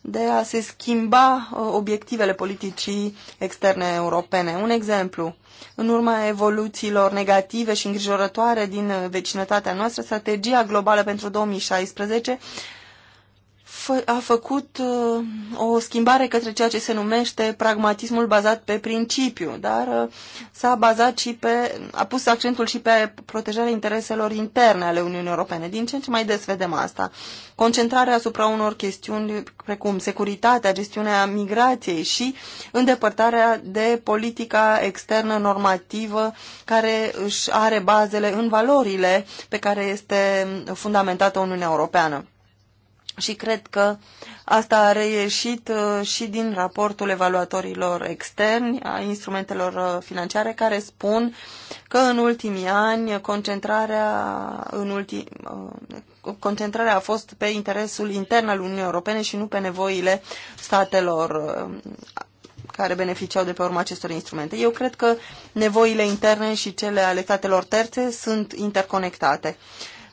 de a se schimba uh, obiectivele politicii externe europene. Un exemplu, în urma evoluțiilor negative și îngrijorătoare din uh, vecinătatea noastră, strategia globală pentru 2016 fă, a făcut uh, o schimbare către ceea ce se numește pragmatismul bazat pe principiu, dar uh, s-a bazat și pe, a pus accentul și pe protejarea intereselor interne ale Uniunii Europene. Din ce în ce mai des vedem asta. Concentrarea asupra unor chestiuni precum securitatea, gestiunea migrației și îndepărtarea de politica externă normativă care își are bazele în valorile pe care este fundamentată Uniunea Europeană și cred că asta a reieșit uh, și din raportul evaluatorilor externi a instrumentelor uh, financiare care spun că în ultimii ani concentrarea, în ultim, uh, concentrarea a fost pe interesul intern al Uniunii Europene și nu pe nevoile statelor care beneficiau de pe urma acestor instrumente. Eu cred că nevoile interne și cele ale statelor terțe sunt interconectate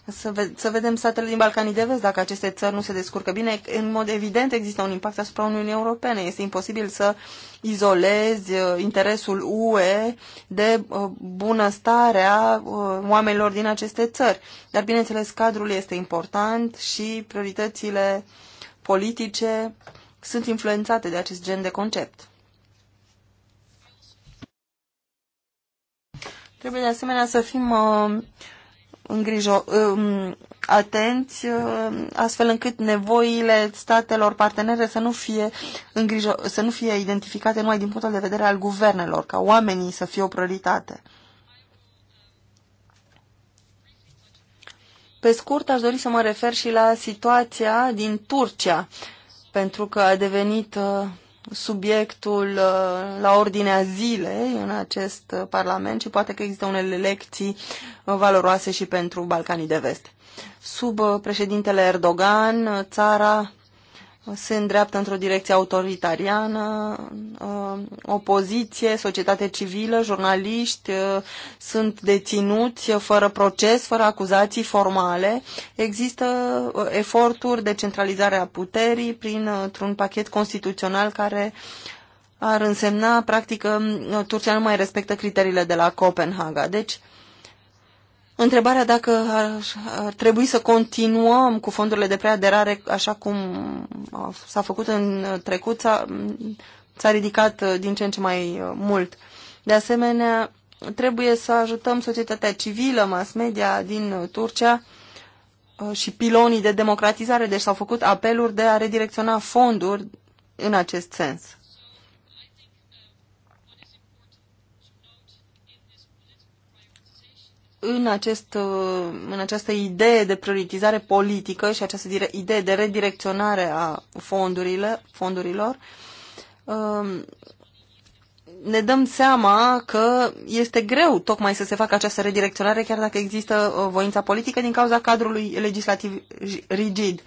să, ve- să vedem statele din Balcanii de Vest, dacă aceste țări nu se descurcă bine. În mod evident există un impact asupra Uniunii Europene. Este imposibil să izolezi uh, interesul UE de uh, bunăstarea uh, oamenilor din aceste țări. Dar, bineînțeles, cadrul este important și prioritățile politice sunt influențate de acest gen de concept. Trebuie de asemenea să fim uh, îngrijo- atenți, uh, astfel încât nevoile statelor partenere să nu, fie îngrijo- să nu fie identificate numai din punctul de vedere al guvernelor, ca oamenii să fie o prioritate. Pe scurt, aș dori să mă refer și la situația din Turcia, pentru că a devenit uh, subiectul uh, la ordinea zilei în acest uh, Parlament și poate că există unele lecții uh, valoroase și pentru Balcanii de Vest. Sub președintele Erdogan, țara se îndreaptă într-o direcție autoritariană, uh, opoziție, societate civilă, jurnaliști uh, sunt deținuți fără proces, fără acuzații formale. Există uh, eforturi de centralizare a puterii printr-un pachet constituțional care ar însemna, practic, că Turcia nu mai respectă criteriile de la Copenhaga. Deci, Întrebarea dacă ar, ar trebui să continuăm cu fondurile de preaderare așa cum s-a făcut în trecut s-a ridicat uh, din ce în ce mai uh, mult. De asemenea, trebuie să ajutăm societatea civilă, mass media din uh, Turcia și pilonii de democratizare, deci s-au făcut apeluri de a redirecționa fonduri în acest sens. în, acest, uh, în această idee de prioritizare politică și această idee de redirecționare a fondurile, fondurilor, um, ne dăm seama că este greu tocmai să se facă această redirecționare, chiar dacă există uh, voința politică, din cauza cadrului legislativ rigid.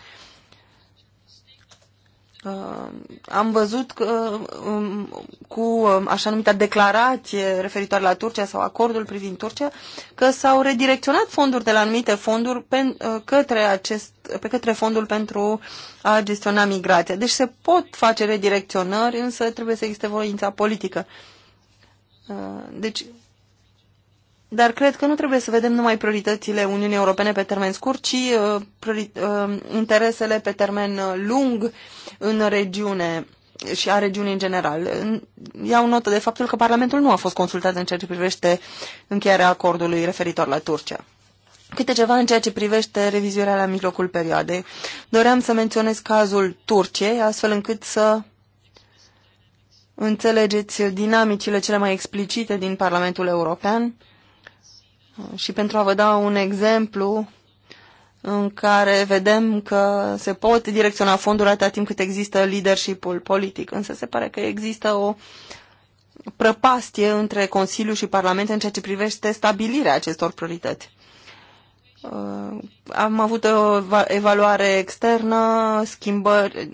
Uh, am văzut că, um, cu um, așa numita declarație referitoare la Turcia sau acordul privind Turcia că s-au redirecționat fonduri de la anumite fonduri pe, uh, către, acest, pe către fondul pentru a gestiona migrația. Deci se pot face redirecționări, însă trebuie să existe voința politică. Uh, deci dar cred că nu trebuie să vedem numai prioritățile Uniunii Europene pe termen scurt, ci uh, uh, interesele pe termen uh, lung în regiune și a regiunii în general. Iau notă de faptul că Parlamentul nu a fost consultat în ceea ce privește încheierea acordului referitor la Turcia. Câte ceva în ceea ce privește revizuirea la mijlocul perioadei. Doream să menționez cazul Turciei, astfel încât să înțelegeți dinamicile cele mai explicite din Parlamentul European și pentru a vă da un exemplu în care vedem că se pot direcționa fonduri atâta timp cât există leadership-ul politic. Însă se pare că există o prăpastie între Consiliu și Parlament în ceea ce privește stabilirea acestor priorități. Uh, am avut o evaluare externă, schimbări,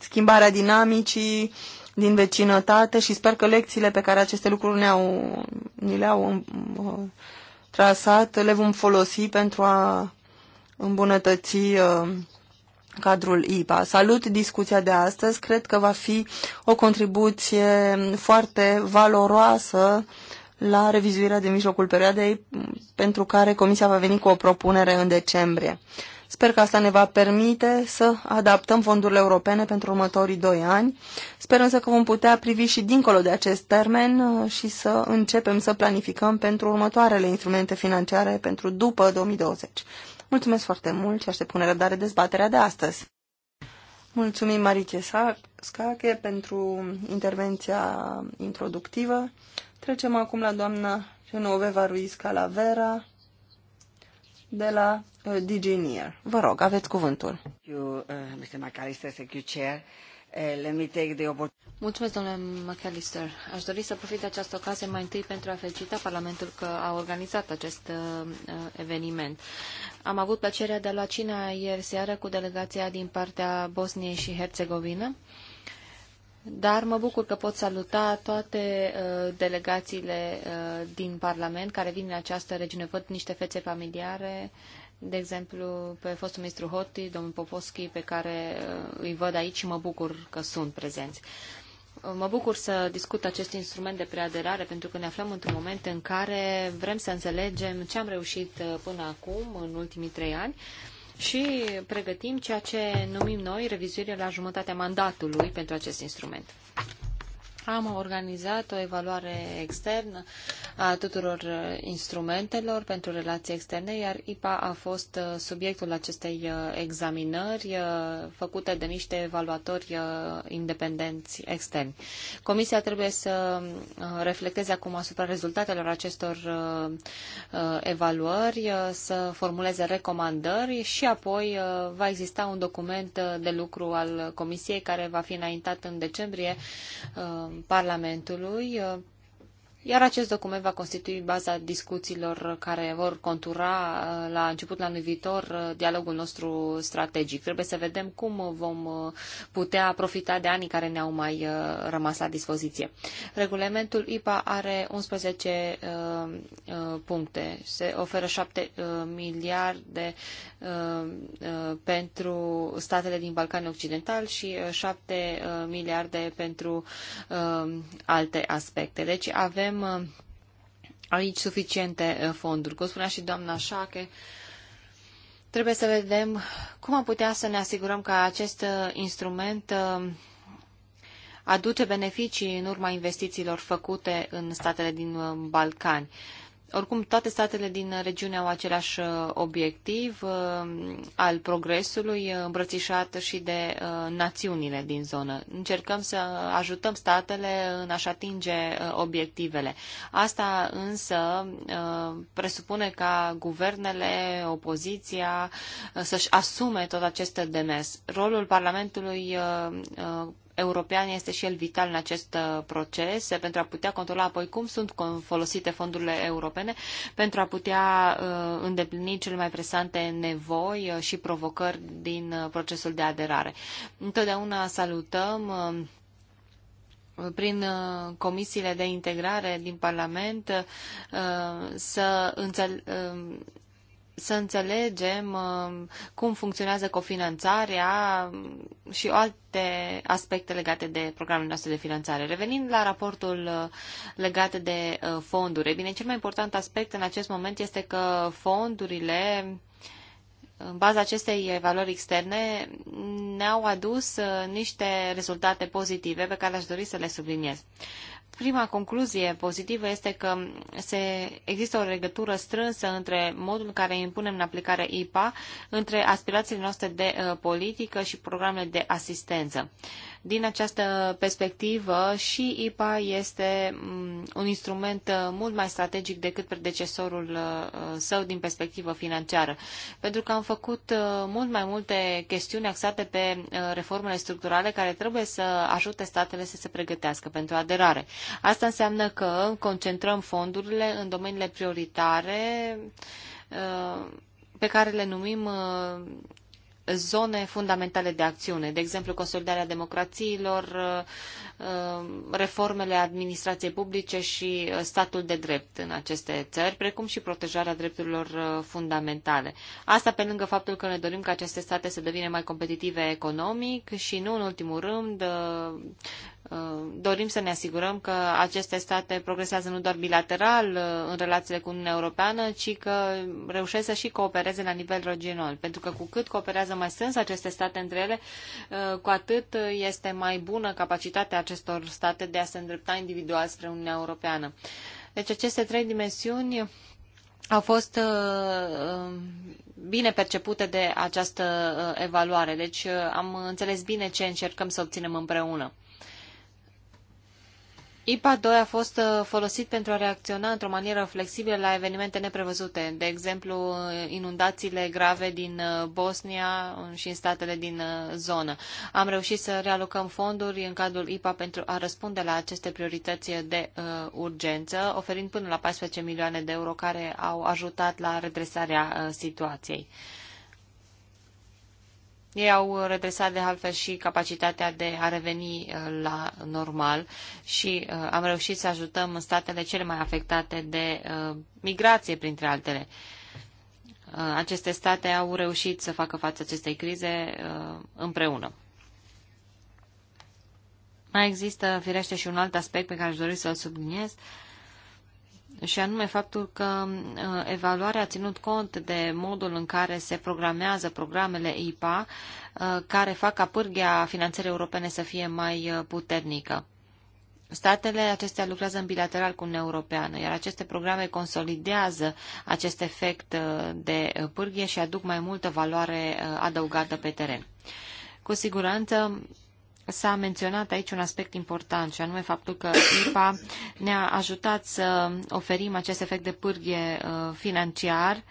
schimbarea dinamicii din vecinătate și sper că lecțiile pe care aceste lucruri ne-au, ni le-au uh, trasat le vom folosi pentru a îmbunătăți uh, cadrul IPA. Salut discuția de astăzi, cred că va fi o contribuție foarte valoroasă la revizuirea de mijlocul perioadei pentru care Comisia va veni cu o propunere în decembrie. Sper că asta ne va permite să adaptăm fondurile europene pentru următorii doi ani. Sper însă că vom putea privi și dincolo de acest termen uh, și să începem să planificăm pentru următoarele instrumente financiare pentru după 2020. Mulțumesc foarte mult și aștept cu nerăbdare dezbaterea de astăzi. Mulțumim, Maritie Scache, pentru intervenția introductivă. Trecem acum la doamna Genoveva Ruiz Calavera de la Uh, Digineer. Vă rog, aveți cuvântul. Mulțumesc, domnule McAllister. Aș dori să profit de această ocazie mai întâi pentru a felicita Parlamentul că a organizat acest uh, eveniment. Am avut plăcerea de a lua cina ieri seară cu delegația din partea Bosniei și Herțegovină dar mă bucur că pot saluta toate uh, delegațiile uh, din Parlament care vin în această regiune. Văd niște fețe familiare, de exemplu, pe fostul ministru Hoti, domnul Popovski, pe care uh, îi văd aici și mă bucur că sunt prezenți. Uh, mă bucur să discut acest instrument de preaderare pentru că ne aflăm într-un moment în care vrem să înțelegem ce am reușit uh, până acum, în ultimii trei ani, și pregătim ceea ce numim noi revizuirea la jumătatea mandatului pentru acest instrument. Am organizat o evaluare externă a tuturor uh, instrumentelor pentru relații externe, iar IPA a fost uh, subiectul acestei uh, examinări făcute de niște evaluatori independenți externi. Comisia trebuie să reflecteze acum asupra rezultatelor acestor evaluări, să formuleze recomandări și apoi va exista un document de lucru al Comisiei care va fi înaintat în decembrie Parlamentului uh, iar acest document va constitui baza discuțiilor care vor contura uh, la începutul anului viitor uh, dialogul nostru strategic. Trebuie să vedem cum vom uh, putea profita de anii care ne-au mai rămas la dispoziție. Regulamentul IPA are 11 puncte. Se oferă 7 miliarde pentru statele din Balcanii Occidental și 7 miliarde pentru alte aspecte. Deci avem avem uh, aici suficiente uh, fonduri. Cum spunea și doamna Șache, trebuie să vedem cum am putea să ne asigurăm că acest uh, instrument aduce beneficii în urma investițiilor făcute în statele din Balcani. Oricum, toate statele din regiune au același uh, obiectiv uh, al progresului uh, îmbrățișat și de națiunile din zonă. Încercăm să ajutăm statele în a-și atinge obiectivele. Asta însă presupune ca guvernele, opoziția să-și asume tot acest demers. Rolul Parlamentului european este și el vital în acest uh, proces pentru a putea controla apoi cum sunt folosite fondurile europene pentru a putea uh, îndeplini cele mai presante nevoi uh, și provocări din procesul de aderare. Întotdeauna salutăm prin comisiile de integrare din Parlament să înțelegem să înțelegem um, cum funcționează cofinanțarea și alte aspecte legate de programul noastre de finanțare. Revenind la raportul uh, legat de uh, fonduri, bine, cel mai important aspect în acest moment este că fondurile uh, în baza acestei evaluări externe ne-au adus uh, niște rezultate pozitive pe care aș dori să le subliniez. Prima concluzie pozitivă este că se, există o legătură strânsă între modul în care impunem în aplicare IPA, între aspirațiile noastre de uh, politică și programele de asistență. Uh, din această perspectivă, și IPA este mm, un instrument uh, mult mai strategic decât predecesorul uh, uh, său din perspectivă financiară, pentru că am făcut mult mai multe chestiuni axate pe reformele structurale care trebuie să ajute statele să se pregătească pentru aderare. Asta înseamnă că concentrăm fondurile în domeniile prioritare pe care le numim zone fundamentale de acțiune, de exemplu consolidarea democrațiilor, uh, uh, reformele administrației publice și uh, statul de drept în aceste țări, precum și protejarea drepturilor fundamentale. Asta pe lângă faptul că ne dorim ca aceste state să devină mai competitive economic și nu în ultimul rând Uh, dorim să ne asigurăm că aceste state progresează nu doar bilateral uh, în relațiile cu Uniunea Europeană, ci că reușesc să și coopereze la nivel regional. Pentru că cu cât cooperează mai strâns aceste state între ele, uh, cu atât este mai bună capacitatea acestor state de a se îndrepta individual spre Uniunea Europeană. Deci aceste trei dimensiuni au fost bine percepute de această evaluare. Deci am înțeles bine ce încercăm să obținem împreună. IPA 2 a fost uh, folosit pentru a reacționa într-o manieră flexibilă la evenimente neprevăzute, de exemplu uh, inundațiile grave din uh, Bosnia și în statele din zonă. Am reușit să realocăm fonduri în cadrul IPA pentru a răspunde la aceste priorități de uh, urgență, oferind până la 14 milioane de euro care au ajutat la redresarea uh, situației. Uh, ei au redresat de altfel și capacitatea de a reveni uh, la normal și uh, am reușit să ajutăm statele cele mai afectate de uh, migrație, printre altele. Aceste state au reușit să facă față acestei crize împreună. Mai există, firește, și un alt aspect pe care aș dori să-l subliniez. Uh, și anume faptul că uh, evaluarea a ținut cont de modul în care se programează programele IPA, uh, care fac ca pârghia finanțării europene să fie mai uh, puternică. Statele acestea lucrează în bilateral cu Uniunea Europeană, iar aceste programe consolidează acest efect de pârghie și aduc mai multă valoare adăugată pe teren. Cu siguranță, S-a menționat aici un aspect important și anume faptul că IPA ne-a ajutat să oferim acest efect de pârghie uh, financiar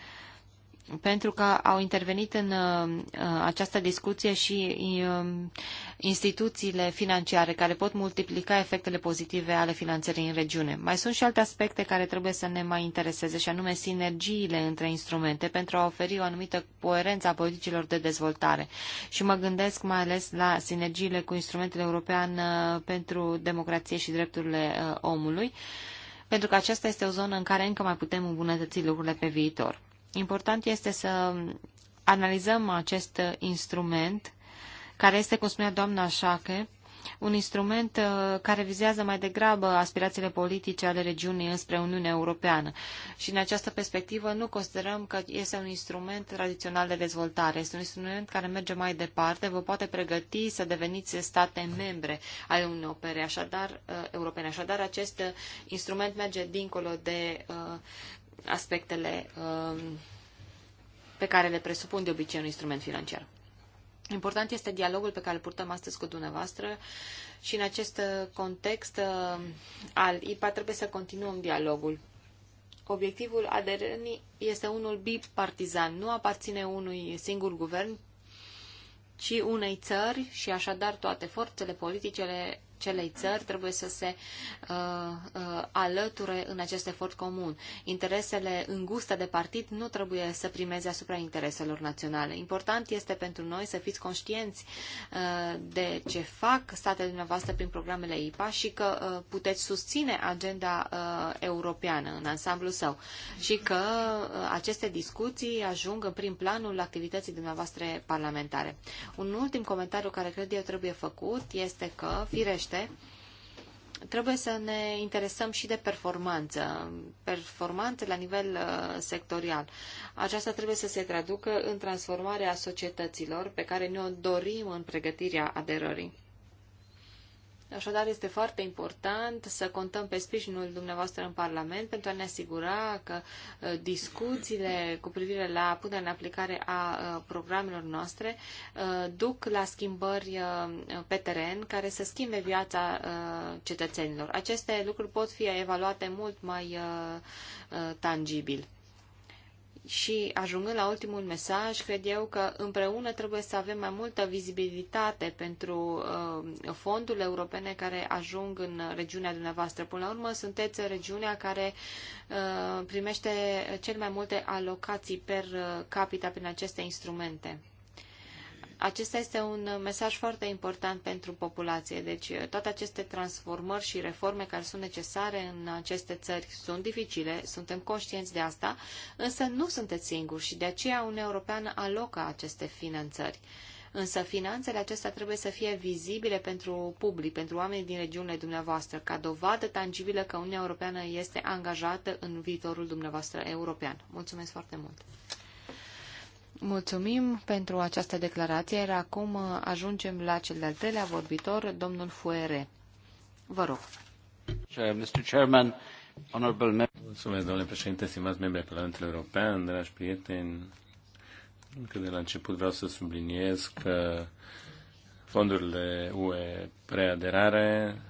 pentru că au intervenit în uh, această discuție și um, instituțiile financiare care pot multiplica efectele pozitive ale finanțării în regiune. Mai sunt și alte aspecte care trebuie să ne mai intereseze, și anume sinergiile între instrumente pentru a oferi o anumită coerență a politicilor de dezvoltare. Și mă gândesc mai ales la sinergiile cu instrumentele european uh, pentru democrație și drepturile uh, omului, pentru că aceasta este o zonă în care încă mai putem îmbunătăți lucrurile pe viitor. Important este să analizăm acest instrument, care este, cum spunea doamna Șache, un instrument uh, care vizează mai degrabă aspirațiile politice ale regiunii înspre Uniunea Europeană. Și în această perspectivă nu considerăm că este un instrument tradițional de dezvoltare. Este un instrument care merge mai departe, vă poate pregăti să deveniți state membre ale Uniunii Europene. Așadar, uh, europene. Așadar acest instrument merge dincolo de uh, aspectele um, pe care le presupun de obicei un instrument financiar. Important este dialogul pe care îl purtăm astăzi cu dumneavoastră și în acest context um, al IPA trebuie să continuăm dialogul. Obiectivul aderării este unul bipartizan, nu aparține unui singur guvern, ci unei țări și așadar toate forțele politicele celei țări trebuie să se uh, uh, alăture în acest efort comun. Interesele înguste de partid nu trebuie să primeze asupra intereselor naționale. Important este pentru noi să fiți conștienți uh, de ce fac statele dumneavoastră prin programele IPA și că uh, puteți susține agenda uh, europeană în ansamblu său și că uh, aceste discuții ajung în prim planul activității dumneavoastră parlamentare. Un ultim comentariu care cred eu trebuie făcut este că, firește, privește, trebuie să ne interesăm și de performanță, performanță la nivel uh, sectorial. Aceasta trebuie să se traducă în transformarea societăților pe care ne-o dorim în pregătirea aderării. Așadar, este foarte important să contăm pe sprijinul dumneavoastră în Parlament pentru a ne asigura că ă, discuțiile cu privire la punerea în aplicare a ă, programelor noastre ă, duc la schimbări pe teren care să schimbe viața cetățenilor. Aceste lucruri pot fi evaluate mult mai tangibil. Și ajungând la ultimul mesaj, cred eu că împreună trebuie să avem mai multă vizibilitate pentru uh, fondurile europene care ajung în regiunea dumneavoastră. Până la urmă, sunteți regiunea care uh, primește cel mai multe alocații per uh, capita prin aceste instrumente. Acesta este un mesaj foarte important pentru populație. Deci toate aceste transformări și reforme care sunt necesare în aceste țări sunt dificile, suntem conștienți de asta, însă nu sunteți singuri și de aceea Uniunea Europeană alocă aceste finanțări. Însă finanțele acestea trebuie să fie vizibile pentru public, pentru oamenii din regiunile dumneavoastră, ca dovadă tangibilă că Uniunea Europeană este angajată în viitorul dumneavoastră european. Mulțumesc foarte mult! Mulțumim pentru această declarație, iar acum uh, ajungem la cel de-al treilea vorbitor, domnul Fuere. Vă rog. Mr. Chairman, honorable Mulțumesc, domnule președinte, stimați membri ai Parlamentului European, dragi prieteni. Încă de la început vreau să subliniez că fondurile UE preaderare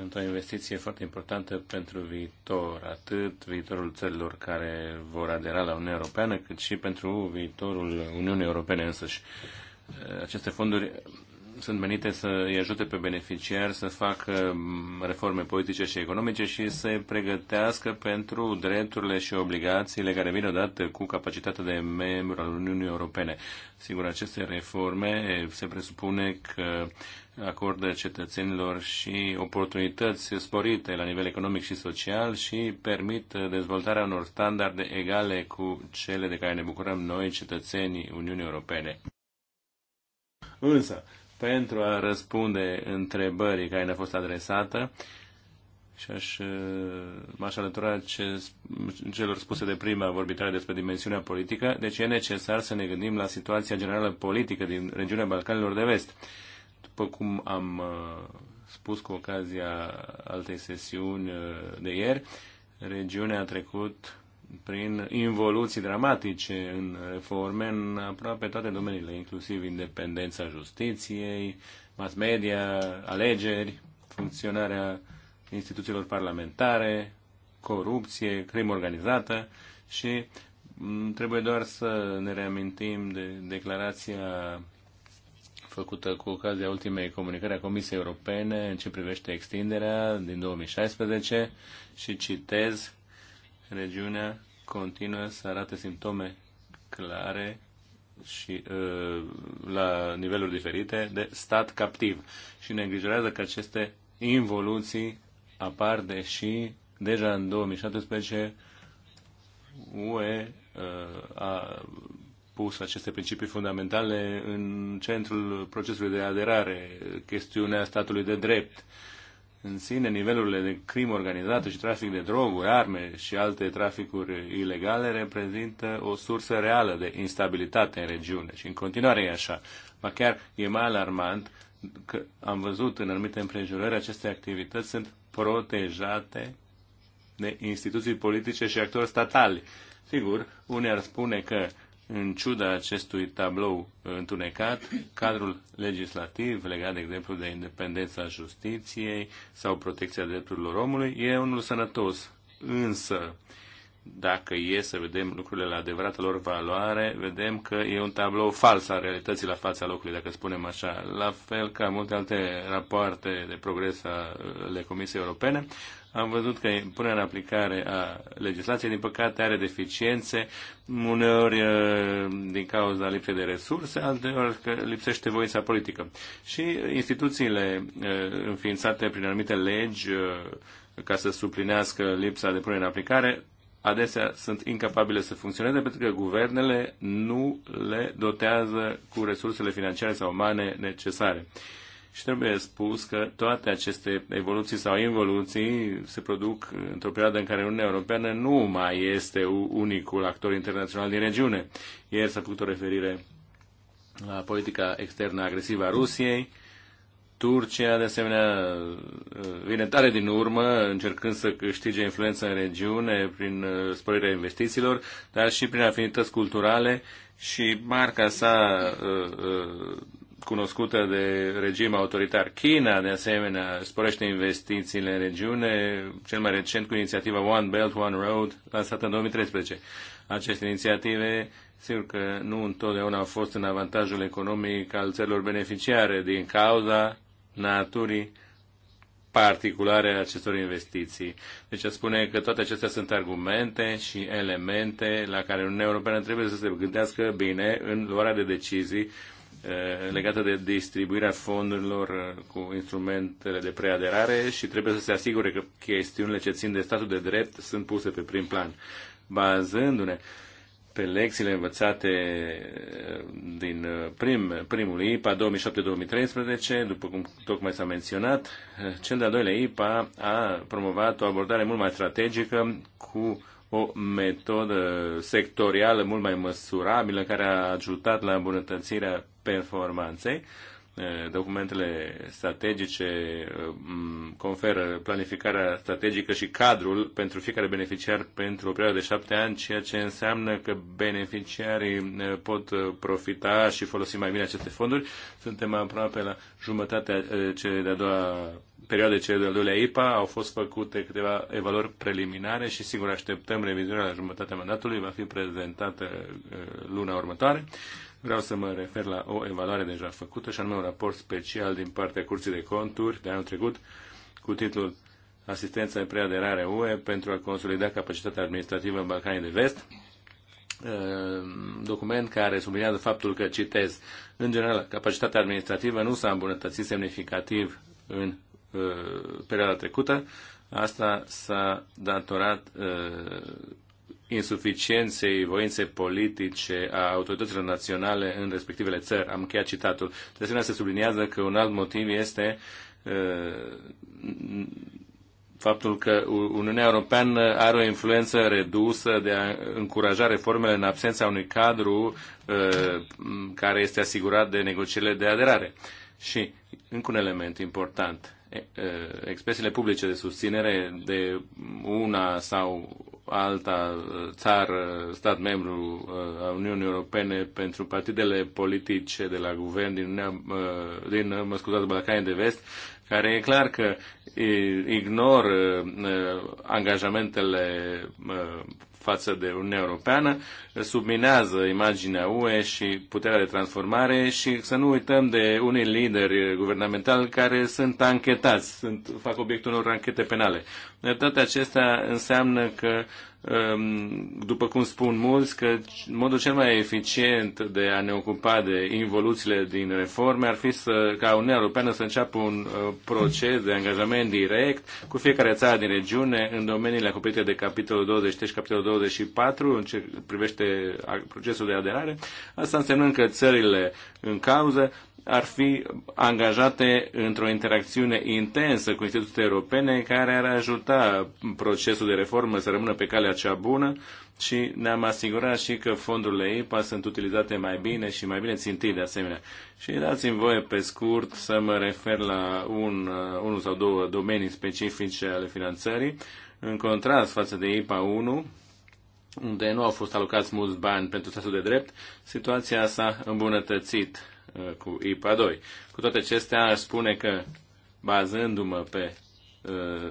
într o investiție foarte importantă pentru viitor, atât viitorul țărilor care vor adera la Uniunea Europeană, cât și pentru viitorul Uniunii Europene însăși. Aceste fonduri sunt menite să îi ajute pe beneficiari să facă reforme politice și economice și să pregătească pentru drepturile și obligațiile care vin odată cu capacitatea de membru al Uniunii Europene. Sigur, aceste reforme se presupune că acordă cetățenilor și oportunități sporite la nivel economic și social și permit dezvoltarea unor standarde egale cu cele de care ne bucurăm noi, cetățenii Uniunii Europene. Însă, pentru a răspunde întrebării care ne-a fost adresată, și aș, m-aș alătura ce, celor spuse de prima vorbitare despre dimensiunea politică, deci e necesar să ne gândim la situația generală politică din regiunea Balcanilor de Vest după cum am uh, spus cu ocazia altei sesiuni uh, de ieri, regiunea a trecut prin involuții dramatice în reforme în aproape toate domeniile, inclusiv independența justiției, mass media, alegeri, funcționarea instituțiilor parlamentare, corupție, crimă organizată și mm, trebuie doar să ne reamintim de declarația făcută cu ocazia ultimei comunicări a Comisiei Europene în ce privește extinderea din 2016 și citez, regiunea continuă să arate simptome clare și uh, la niveluri diferite de stat captiv și ne îngrijorează că aceste involuții apar deși deja în 2017 UE uh, a pus aceste principii fundamentale în centrul procesului de aderare, chestiunea statului de drept. În sine, nivelurile de crimă organizată și trafic de droguri, arme și alte traficuri ilegale reprezintă o sursă reală de instabilitate în regiune și în continuare e așa. Ba chiar e mai alarmant că am văzut în anumite împrejurări aceste activități sunt protejate de instituții politice și actori statali. Sigur, unii ar spune că în ciuda acestui tablou întunecat, cadrul legislativ legat, de exemplu, de independența justiției sau protecția drepturilor omului e unul sănătos. Însă, dacă e să vedem lucrurile la adevărată lor valoare, vedem că e un tablou fals al realității la fața locului, dacă spunem așa. La fel ca multe alte rapoarte de progres ale Comisiei Europene, am văzut că punerea în aplicare a legislației, din păcate, are deficiențe, uneori uh, din cauza lipsei de resurse, alteori că lipsește voința politică. Și instituțiile uh, înființate prin anumite legi uh, ca să suplinească lipsa de punere în aplicare, adesea sunt incapabile să funcționeze pentru că guvernele nu le dotează cu resursele financiare sau umane necesare. Și trebuie spus că toate aceste evoluții sau involuții se produc într-o perioadă în care Uniunea Europeană nu mai este unicul actor internațional din regiune. Ieri s-a făcut o referire la politica externă agresivă a Rusiei. Turcia, de asemenea, vine tare din urmă, încercând să câștige influență în regiune prin uh, sporirea investițiilor, dar și prin afinități culturale și marca sa uh, uh, cunoscută de regim autoritar. China, de asemenea, sporește investițiile în regiune, cel mai recent cu inițiativa One Belt, One Road, lansată în 2013. Aceste inițiative, sigur că nu întotdeauna au fost în avantajul economic al țărilor beneficiare din cauza naturii particulare a acestor investiții. Deci a spune că toate acestea sunt argumente și elemente la care Uniunea Europeană trebuie să se gândească bine în luarea de decizii Eh, legată de distribuirea fondurilor eh, cu instrumentele de preaderare și trebuie să se asigure că chestiunile ce țin de statul de drept sunt puse pe prim plan, bazându-ne pe lecțiile învățate eh, din prim, primul IPA 2007-2013, după cum tocmai s-a menționat, cel de-al doilea IPA a promovat o abordare mult mai strategică cu o metodă sectorială mult mai măsurabilă care a ajutat la îmbunătățirea performanței Eh, documentele strategice eh, conferă planificarea strategică și cadrul pentru fiecare beneficiar pentru o perioadă de șapte ani, ceea ce înseamnă că beneficiarii eh, pot profita și folosi mai bine aceste fonduri. Suntem aproape la jumătatea cele de-a doua perioade cele de-al doilea IPA, au fost făcute câteva evaluări preliminare și sigur așteptăm revizuirea la jumătatea mandatului, va fi prezentată luna următoare. Vreau să mă refer la o evaluare deja făcută, și anume un raport special din partea Curții de Conturi de anul trecut, cu titlul Asistența de preaderare UE pentru a consolida capacitatea administrativă în Balcanii de Vest, uh, document care subliniază faptul că, citez, în general, capacitatea administrativă nu s-a îmbunătățit semnificativ în uh, perioada trecută. Asta s-a datorat uh, insuficienței voințe politice a autorităților naționale în respectivele țări. Am încheiat citatul. De asemenea, se subliniază că un alt motiv este uh, faptul că Uniunea Europeană are o influență redusă de a încuraja reformele în absența unui cadru uh, care este asigurat de negocierile de aderare. Și încă un element important, uh, expresiile publice de susținere de una sau alta uh, țară, stat membru uh, a Uniunii Europene pentru partidele politice de la guvern din, Uniunea, uh, din mă scuzați, Balcanii de Vest, care e clar că ignor angajamentele față de Uniunea Europeană, subminează imaginea UE și puterea de transformare și să nu uităm de unii lideri guvernamentali care sunt anchetați, sunt, fac obiectul unor anchete penale. Toate acestea înseamnă că Ehm, după cum spun mulți, că modul cel mai eficient de a ne ocupa de involuțiile din reforme ar fi să, ca Uniunea Europeană să înceapă un uh, proces de angajament direct cu fiecare țară din regiune în domeniile acoperite de capitolul 23 și capitolul 24 în ce privește procesul de aderare. Asta însemnând că țările în cauză ar fi angajate într-o interacțiune intensă cu instituțiile europene care ar ajuta procesul de reformă să rămână pe calea cea bună și ne-am asigurat și că fondurile IPA sunt utilizate mai bine și mai bine țintite de asemenea. Și dați-mi voie pe scurt să mă refer la un, uh, unul sau două domenii specifice ale finanțării, în contrast față de IPA 1, unde nu au fost alocați mulți bani pentru statul de drept, situația s-a îmbunătățit Uh, cu IPA 2. Cu toate acestea, aș spune că, bazându-mă pe uh,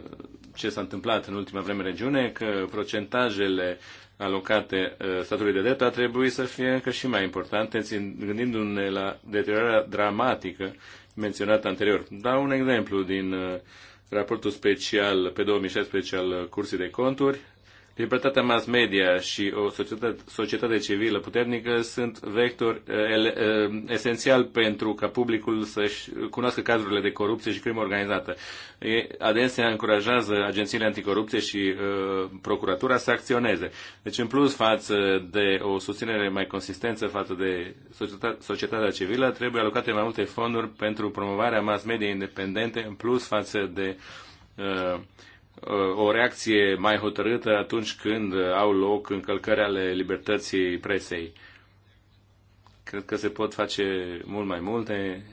ce s-a întâmplat în ultima vreme în regiune, că procentajele alocate uh, statului de drept ar trebui să fie încă și mai importante, gândindu-ne la deteriorarea dramatică menționată anterior. Dau un exemplu din raportul special pe 2016 al Cursii de Conturi, Libertatea mass media și o societate, societate civilă puternică sunt vectori uh, uh, esențial pentru ca publicul să-și cunoască cazurile de corupție și crimă organizată. Adesea încurajează agențiile anticorupție și uh, procuratura să acționeze. Deci, în plus față de o susținere mai consistență față de societatea civilă, trebuie alocate mai multe fonduri pentru promovarea mass media independente, în plus față de uh, Uh, o reacție mai hotărâtă atunci când au loc încălcări ale libertății presei. Cred că se pot face mult mai multe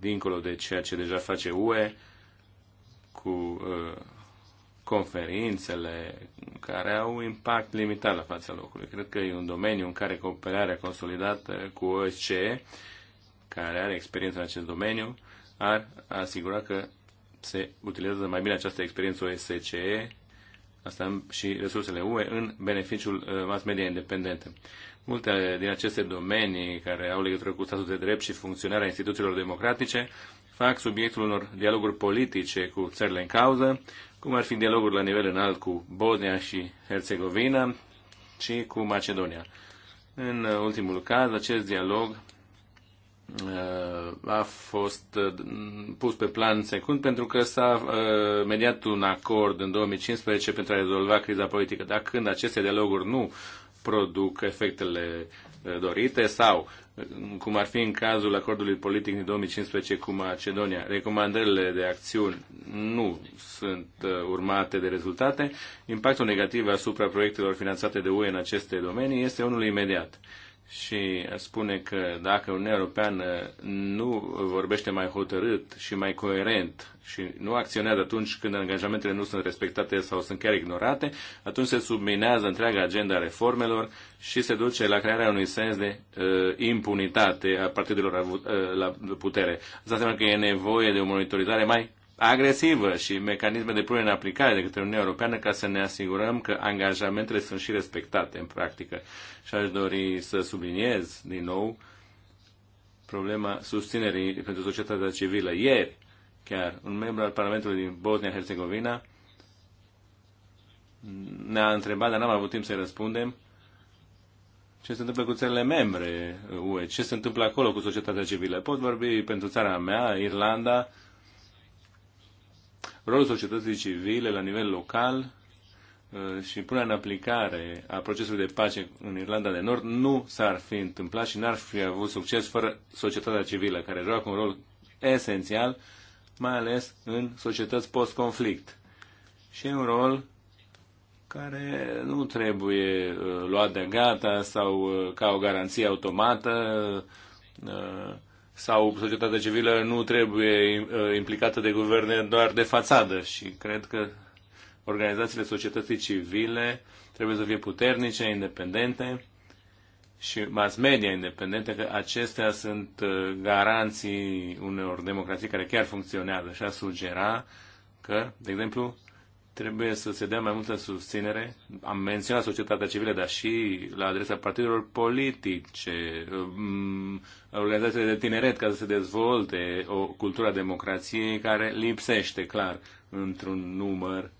dincolo de ceea ce deja face UE cu uh, conferințele care au impact limitat la fața locului. Cred că e un domeniu în care cooperarea consolidată cu OSCE, care are experiență în acest domeniu, ar asigura că se utilizează mai bine această experiență OSCE, asta și resursele UE, în beneficiul uh, mass media independente. Multe din aceste domenii care au legătură cu statul de drept și funcționarea instituțiilor democratice fac subiectul unor dialoguri politice cu țările în cauză, cum ar fi dialoguri la nivel înalt cu Bosnia și Herțegovina și cu Macedonia. În uh, ultimul caz, acest dialog a fost uh, pus pe plan secund pentru că s-a uh, mediat un acord în 2015 pentru a rezolva criza politică. Dar când aceste dialoguri nu produc efectele uh, dorite sau cum ar fi în cazul acordului politic din 2015 cu Macedonia, recomandările de acțiuni nu sunt urmate de rezultate, impactul negativ asupra proiectelor finanțate de UE în aceste domenii este unul imediat și spune că dacă Uniunea Europeană nu vorbește mai hotărât și mai coerent și nu acționează atunci când angajamentele nu sunt respectate sau sunt chiar ignorate, atunci se subminează întreaga agenda reformelor și se duce la crearea unui sens de uh, impunitate a partidelor la, uh, la putere. Asta înseamnă că e nevoie de o monitorizare mai agresivă și mecanisme de punere în aplicare de către Uniunea Europeană ca să ne asigurăm că angajamentele sunt și respectate în practică. Și aș dori să subliniez din nou problema susținerii pentru societatea civilă. Ieri, chiar, un membru al Parlamentului din Bosnia-Herzegovina ne-a întrebat, dar n-am avut timp să-i răspundem, ce se întâmplă cu țările membre UE, ce se întâmplă acolo cu societatea civilă. Pot vorbi pentru țara mea, Irlanda, rolul societății civile la nivel local uh, și punerea în aplicare a procesului de pace în Irlanda de Nord nu s-ar fi întâmplat și n-ar fi avut succes fără societatea civilă, care joacă un rol esențial, mai ales în societăți post-conflict. Și e un rol care nu trebuie uh, luat de gata sau uh, ca o garanție automată sau societatea civilă nu trebuie uh, implicată de guverne doar de fațadă și cred că organizațiile societății civile trebuie să fie puternice, independente și mass media independente, că acestea sunt uh, garanții unor democrații care chiar funcționează și a sugera că, de exemplu, trebuie să se dea mai multă susținere. Am menționat societatea civilă, dar și la adresa partidelor politice, um, organizațiile de tineret, ca să se dezvolte o cultură a democrației care lipsește, clar, într-un număr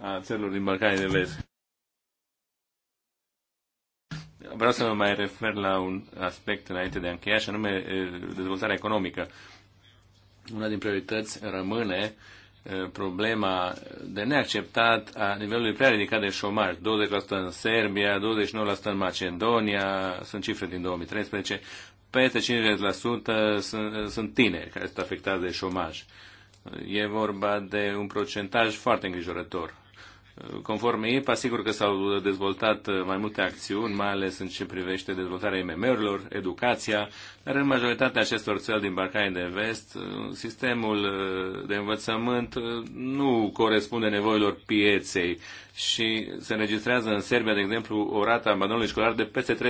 a țărilor din Balcanii de Vest. Vreau să mă mai refer la un aspect înainte de a încheia, și anume eh, dezvoltarea economică. Una din priorități rămâne uh, Eh, problema de neacceptat a nivelului prea ridicat de șomaj, 20% în Serbia, 29% în Macedonia, sunt cifre din 2013, peste 50% sunt, sunt tineri care sunt afectați de șomaj. E vorba de un procentaj foarte îngrijorător Conform IPA, sigur că s-au dezvoltat uh, mai multe acțiuni, mai ales în ce privește dezvoltarea mmr urilor educația, dar în majoritatea acestor țări din Balcanii de Vest, uh, sistemul uh, de învățământ nu corespunde nevoilor pieței și se înregistrează în Serbia, de exemplu, o rată abandonului școlar de peste 30%.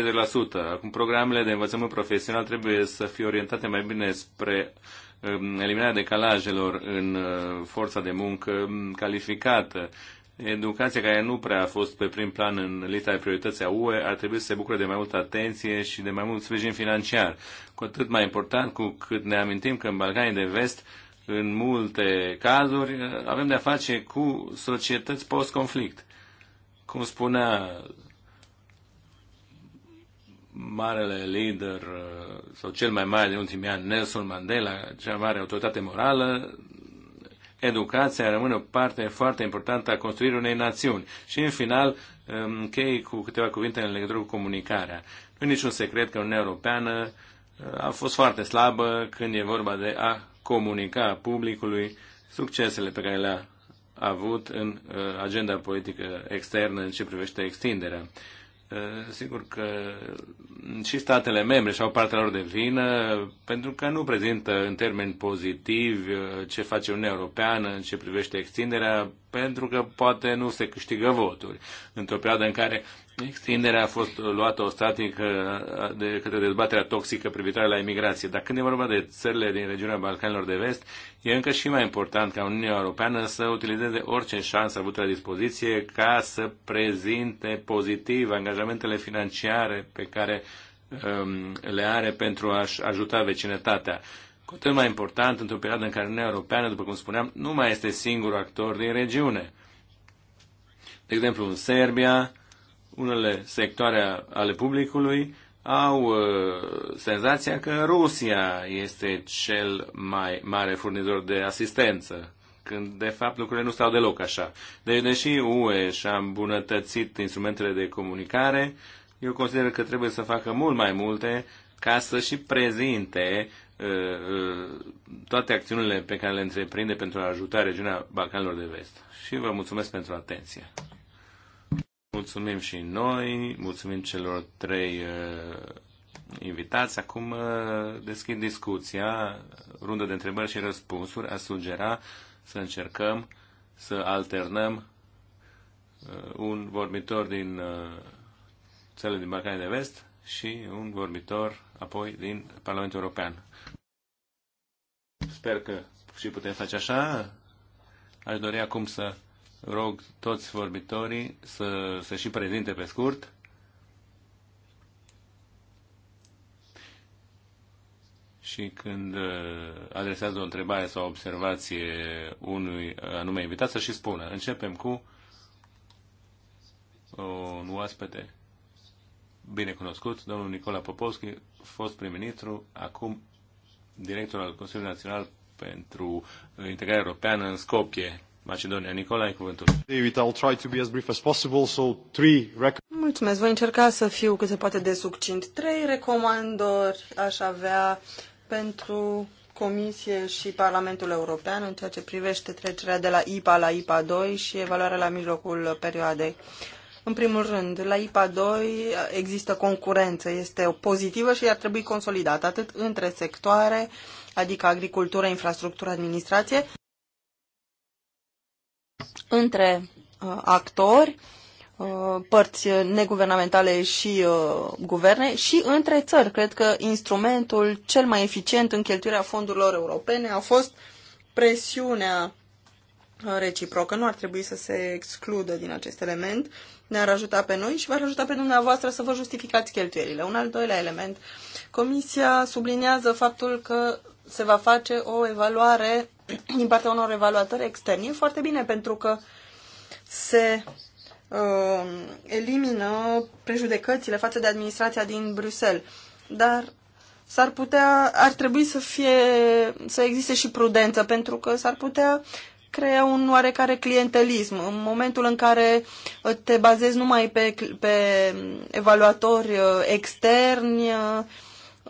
Acum, programele de învățământ profesional trebuie să fie orientate mai bine spre um, eliminarea decalajelor în forța de muncă calificată Educația care nu prea a fost pe prim plan în lista de priorități a UE ar trebui să se bucure de mai multă atenție și de mai mult sprijin financiar. Cu atât mai important cu cât ne amintim că în Balcanii de Vest, în multe cazuri, avem de-a face cu societăți post-conflict. Cum spunea marele lider uh, sau cel mai mare din ultimii ani, Nelson Mandela, cea mare autoritate morală, educația rămâne o parte foarte importantă a construirii unei națiuni. Și în final, um, închei cu câteva cuvinte în legătură cu comunicarea. Nu e niciun secret că Uniunea Europeană uh, a fost foarte slabă când e vorba de a comunica publicului succesele pe care le-a avut în uh, agenda politică externă în ce privește extinderea. Eh, sigur că și statele membre și-au partea lor de vină pentru că nu prezintă în termeni pozitivi eh, ce face Uniunea Europeană în ce privește extinderea, pentru că poate nu se câștigă voturi într-o perioadă în care Extinderea a fost luată o statică uh, de către dezbaterea toxică privitoare la imigrație. Dar când e vorba de țările din regiunea Balcanilor de Vest, e încă și mai important ca Uniunea Europeană să utilizeze orice șansă avută la dispoziție ca să prezinte pozitiv angajamentele financiare pe care um, le are pentru a-și ajuta vecinătatea. Cu atât mai important, într-o perioadă în care Uniunea Europeană, după cum spuneam, nu mai este singur actor din regiune. De exemplu, în Serbia, unele sectoare ale publicului au uh, senzația că Rusia este cel mai mare furnizor de asistență, când de fapt lucrurile nu stau deloc așa. Deci, deși UE și-a îmbunătățit instrumentele de comunicare, eu consider că trebuie să facă mult mai multe ca să și prezinte uh, uh, toate acțiunile pe care le întreprinde pentru a ajuta regiunea Balcanilor de Vest. Și vă mulțumesc pentru atenție. Mulțumim și noi, mulțumim celor trei uh, invitați. Acum uh, deschid discuția, rundă de întrebări și răspunsuri. A sugera să încercăm să alternăm uh, un vorbitor din uh, țările din Balcanii de Vest și un vorbitor apoi din Parlamentul European. Sper că și putem face așa. Aș dori acum să Rog toți vorbitorii să se și prezinte pe scurt. Și când uh, adresează o întrebare sau o observație unui anume invitat, să și spună. Începem cu un oaspete bine cunoscut, domnul Nicola Popovski, fost prim-ministru, acum director al Consiliului Național pentru integrarea Europeană în Scopie. Macedonia. Nicolae, cuvântul. David, I'll try to be as brief as possible, so three Mulțumesc, voi încerca să fiu cât se poate de succint. Trei recomandări aș avea pentru Comisie și Parlamentul European în ceea ce privește trecerea de la IPA la IPA 2 și evaluarea la mijlocul perioadei. În primul rând, la IPA 2 există concurență, este pozitivă și ar trebui consolidată atât între sectoare, adică agricultură, infrastructură, administrație, între uh, actori, uh, părți neguvernamentale și uh, guverne și între țări. Cred că instrumentul cel mai eficient în cheltuirea fondurilor europene a fost presiunea uh, reciprocă. Nu ar trebui să se excludă din acest element. Ne-ar ajuta pe noi și v-ar ajuta pe dumneavoastră să vă justificați cheltuielile. Un al doilea element. Comisia subliniază faptul că se va face o evaluare din partea unor evaluatori externi. E foarte bine pentru că se uh, elimină prejudecățile față de administrația din Bruxelles. Dar s-ar putea, ar trebui să fie, să existe și prudență, pentru că s-ar putea crea un oarecare clientelism. În momentul în care uh, te bazezi numai pe, pe evaluatori uh, externi, uh,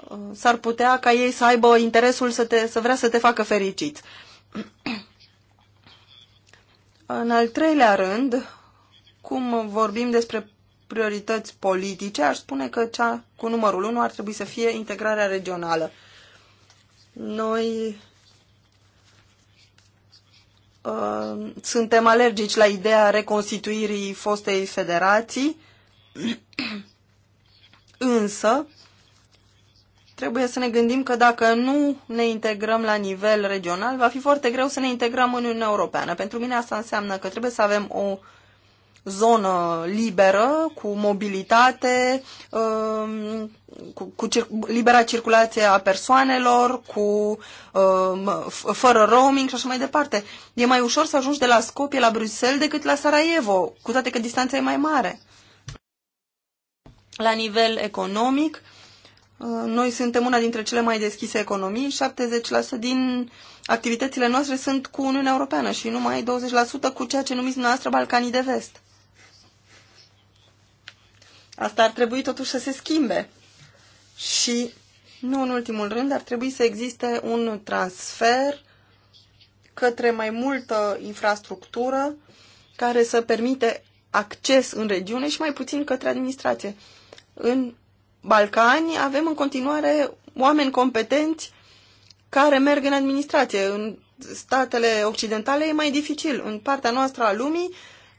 Uh, s-ar putea ca ei să aibă interesul să, te, să vrea să te facă fericit. În al treilea rând, cum vorbim despre priorități politice, aș spune că cea cu numărul 1 ar trebui să fie integrarea regională. Noi uh, suntem alergici la ideea reconstituirii fostei federații, însă trebuie să ne gândim că dacă nu ne integrăm la nivel regional, va fi foarte greu să ne integrăm în Uniunea Europeană. Pentru mine asta înseamnă că trebuie să avem o zonă liberă, cu mobilitate, um, cu, cu cir- libera circulație a persoanelor, cu um, fără roaming și așa mai departe. E mai ușor să ajungi de la Skopje la Bruxelles decât la Sarajevo, cu toate că distanța e mai mare. La nivel economic, uh, Uh, noi suntem una dintre cele mai deschise economii, 70% din activitățile noastre sunt cu Uniunea Europeană și numai 20% cu ceea ce numiți noastră Balcanii de Vest. Asta ar trebui totuși să se schimbe. Și, nu în ultimul rând, ar trebui să existe un transfer către mai multă infrastructură care să permite acces în regiune și mai puțin către administrație. În Balcani avem în continuare oameni competenți care merg în administrație. În statele occidentale e mai dificil. În partea noastră a lumii,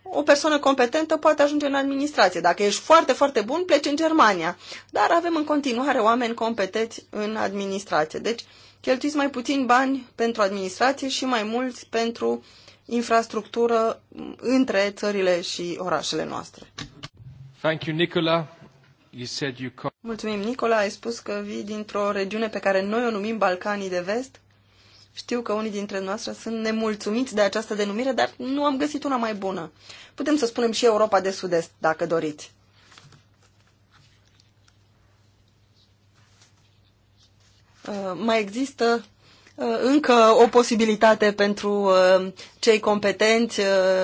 o persoană competentă poate ajunge în administrație. Dacă ești foarte, foarte bun, pleci în Germania. Dar avem în continuare oameni competenți în administrație. Deci, cheltuiți mai puțin bani pentru administrație și mai mulți pentru infrastructură între țările și orașele noastre. Thank you, Nicola. Mulțumim, Nicola. Ai spus că vii dintr-o regiune pe care noi o numim Balcanii de Vest. Știu că unii dintre noastre sunt nemulțumiți de această denumire, dar nu am găsit una mai bună. Putem să spunem și Europa de Sud-Est, dacă doriți. Uh, mai există uh, încă o posibilitate pentru uh, cei competenți,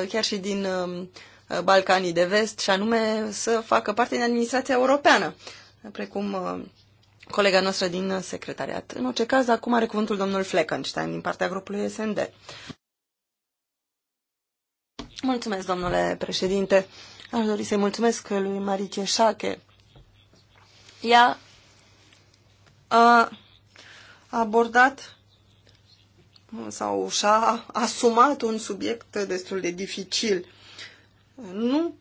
chiar și din um, Uh, Balcanii de Vest și anume să facă parte din administrația europeană, precum uh, colega noastră din secretariat. În orice caz, acum are cuvântul domnul Fleckenstein din partea grupului SND. Mulțumesc, domnule președinte. Aș dori să-i mulțumesc lui Marice Șache. Ea a abordat sau și-a asumat un subiect destul de dificil. Nu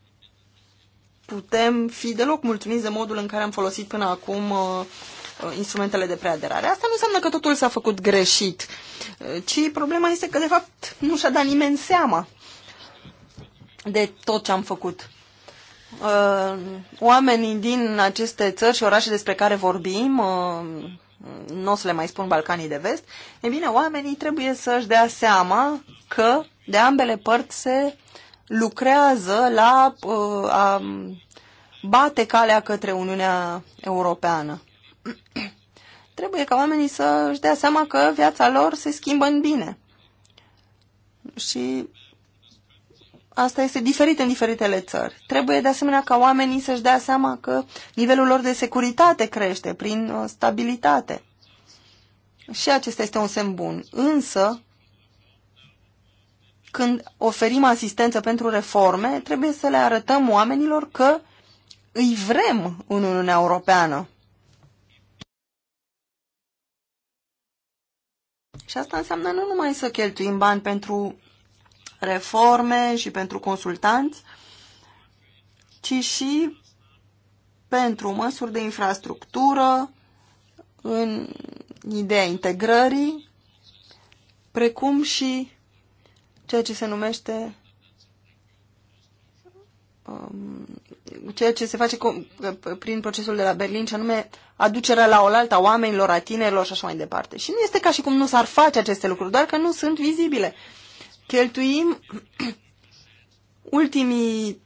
putem fi deloc mulțumiți de modul în care am folosit până acum uh, uh instrumentele de preaderare. Asta nu înseamnă că totul s-a făcut greșit, uh, ci problema este că, de fapt, nu și-a dat nimeni seama de tot ce am făcut. Uh, oamenii din aceste țări și orașe despre care vorbim, nu o să le mai spun Balcanii de Vest, e bine, oamenii trebuie să-și dea seama că de ambele părți se lucrează la uh, a bate calea către Uniunea Europeană. Trebuie ca oamenii să își dea seama că viața lor se schimbă în bine. Și asta este diferit în diferitele țări. Trebuie de asemenea ca oamenii să-și dea seama că nivelul lor de securitate crește prin uh, stabilitate. Și acesta este un semn bun. Însă, când oferim asistență pentru reforme, trebuie să le arătăm oamenilor că îi vrem în Uniunea Europeană. Și asta înseamnă nu numai să cheltuim bani pentru reforme și pentru consultanți, ci și pentru măsuri de infrastructură, în ideea integrării, precum și ceea ce se numește um, ceea ce se face cu, prin procesul de la Berlin, și anume aducerea la oaltă a oamenilor, a tinerilor și așa mai departe. Și nu este ca și cum nu s-ar face aceste lucruri, doar că nu sunt vizibile. Cheltuim ultimii,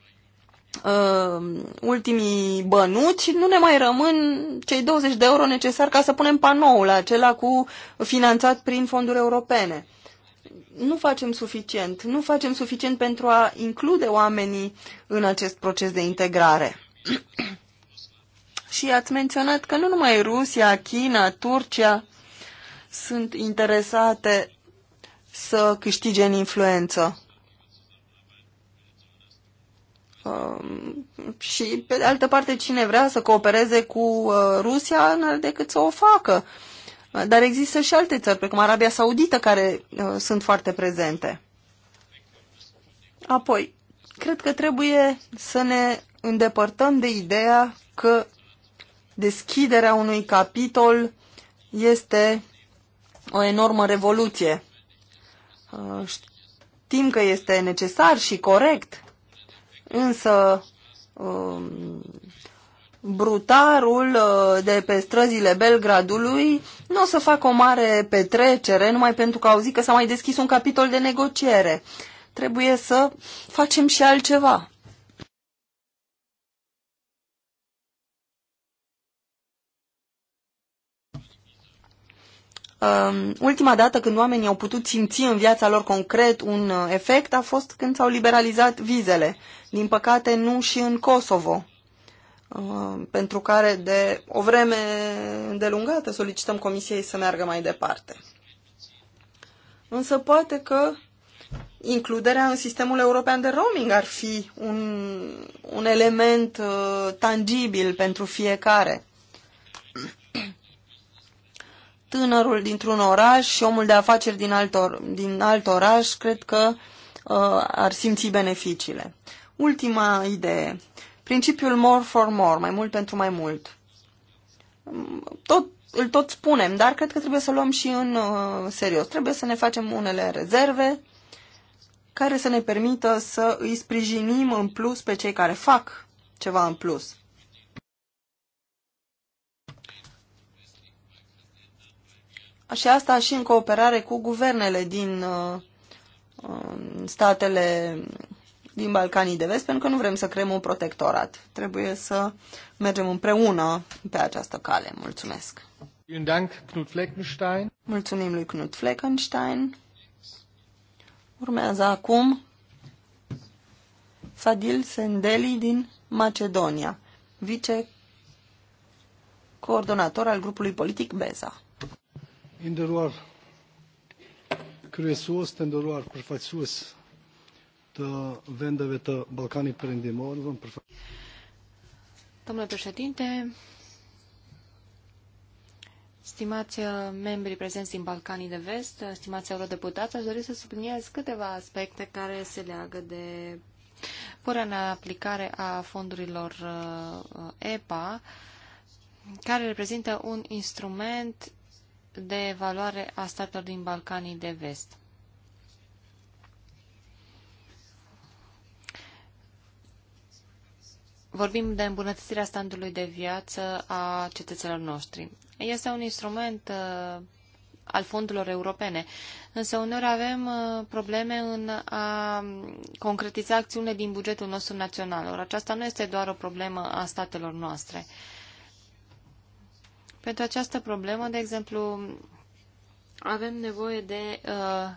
uh, ultimii bănuți și nu ne mai rămân cei 20 de euro necesari ca să punem panoul acela cu finanțat prin fonduri europene nu facem suficient. Nu facem suficient pentru a include oamenii în acest proces de integrare. Și ați menționat că nu numai Rusia, China, Turcia sunt interesate să câștige în influență. Um, și, pe de altă parte, cine vrea să coopereze cu uh, Rusia, n-are decât să o facă. Uh, dar există și alte țări, precum Arabia Saudită, care uh, sunt foarte prezente. Apoi, cred că trebuie să ne îndepărtăm de ideea că deschiderea unui capitol este o enormă revoluție. Uh, știm că este necesar și corect, însă uh, brutarul uh, de pe străzile Belgradului nu o să facă o mare petrecere numai pentru că zis că s-a mai deschis un capitol de negociere. Trebuie să facem și altceva. Um, ultima dată când oamenii au putut simți în viața lor concret un uh, efect a fost când s-au liberalizat vizele. Din păcate, nu și în Kosovo. Uh, pentru care de o vreme îndelungată solicităm Comisiei să meargă mai departe. Însă poate că includerea în sistemul european de roaming ar fi un, un element uh, tangibil pentru fiecare. Tânărul dintr-un oraș și omul de afaceri din alt, or, din alt oraș cred că uh, ar simți beneficiile. Ultima idee Principiul more for more, mai mult pentru mai mult. Tot, îl tot spunem, dar cred că trebuie să luăm și în uh, serios. Trebuie să ne facem unele rezerve care să ne permită să îi sprijinim în plus pe cei care fac ceva în plus. Și asta și în cooperare cu guvernele din uh, statele din Balcanii de Vest, pentru că nu vrem să creăm un protectorat. Trebuie să mergem împreună pe această cale. Mulțumesc! Mulțumim lui Knut Fleckenstein. Urmează acum Fadil Sendeli din Macedonia, vice coordonator al grupului politic BESA. Inderuar, cresuos, tenderuar, prefacius, Domnule președinte, Stimați uh, membrii prezenți din Balcanii de Vest, uh, stimați eurodeputați, aș dori să subliniez câteva aspecte care se leagă de punerea în aplicare a fondurilor uh, EPA, care reprezintă un instrument de evaluare a statelor din Balcanii de Vest. Vorbim de îmbunătățirea standardului de viață a cetățenilor noștri. Este un instrument uh, al fondurilor europene, însă uneori avem uh, probleme în a um, concretiza acțiunile din bugetul nostru național. Or, aceasta nu este doar o problemă a statelor noastre. Pentru această problemă, de exemplu, avem nevoie de uh,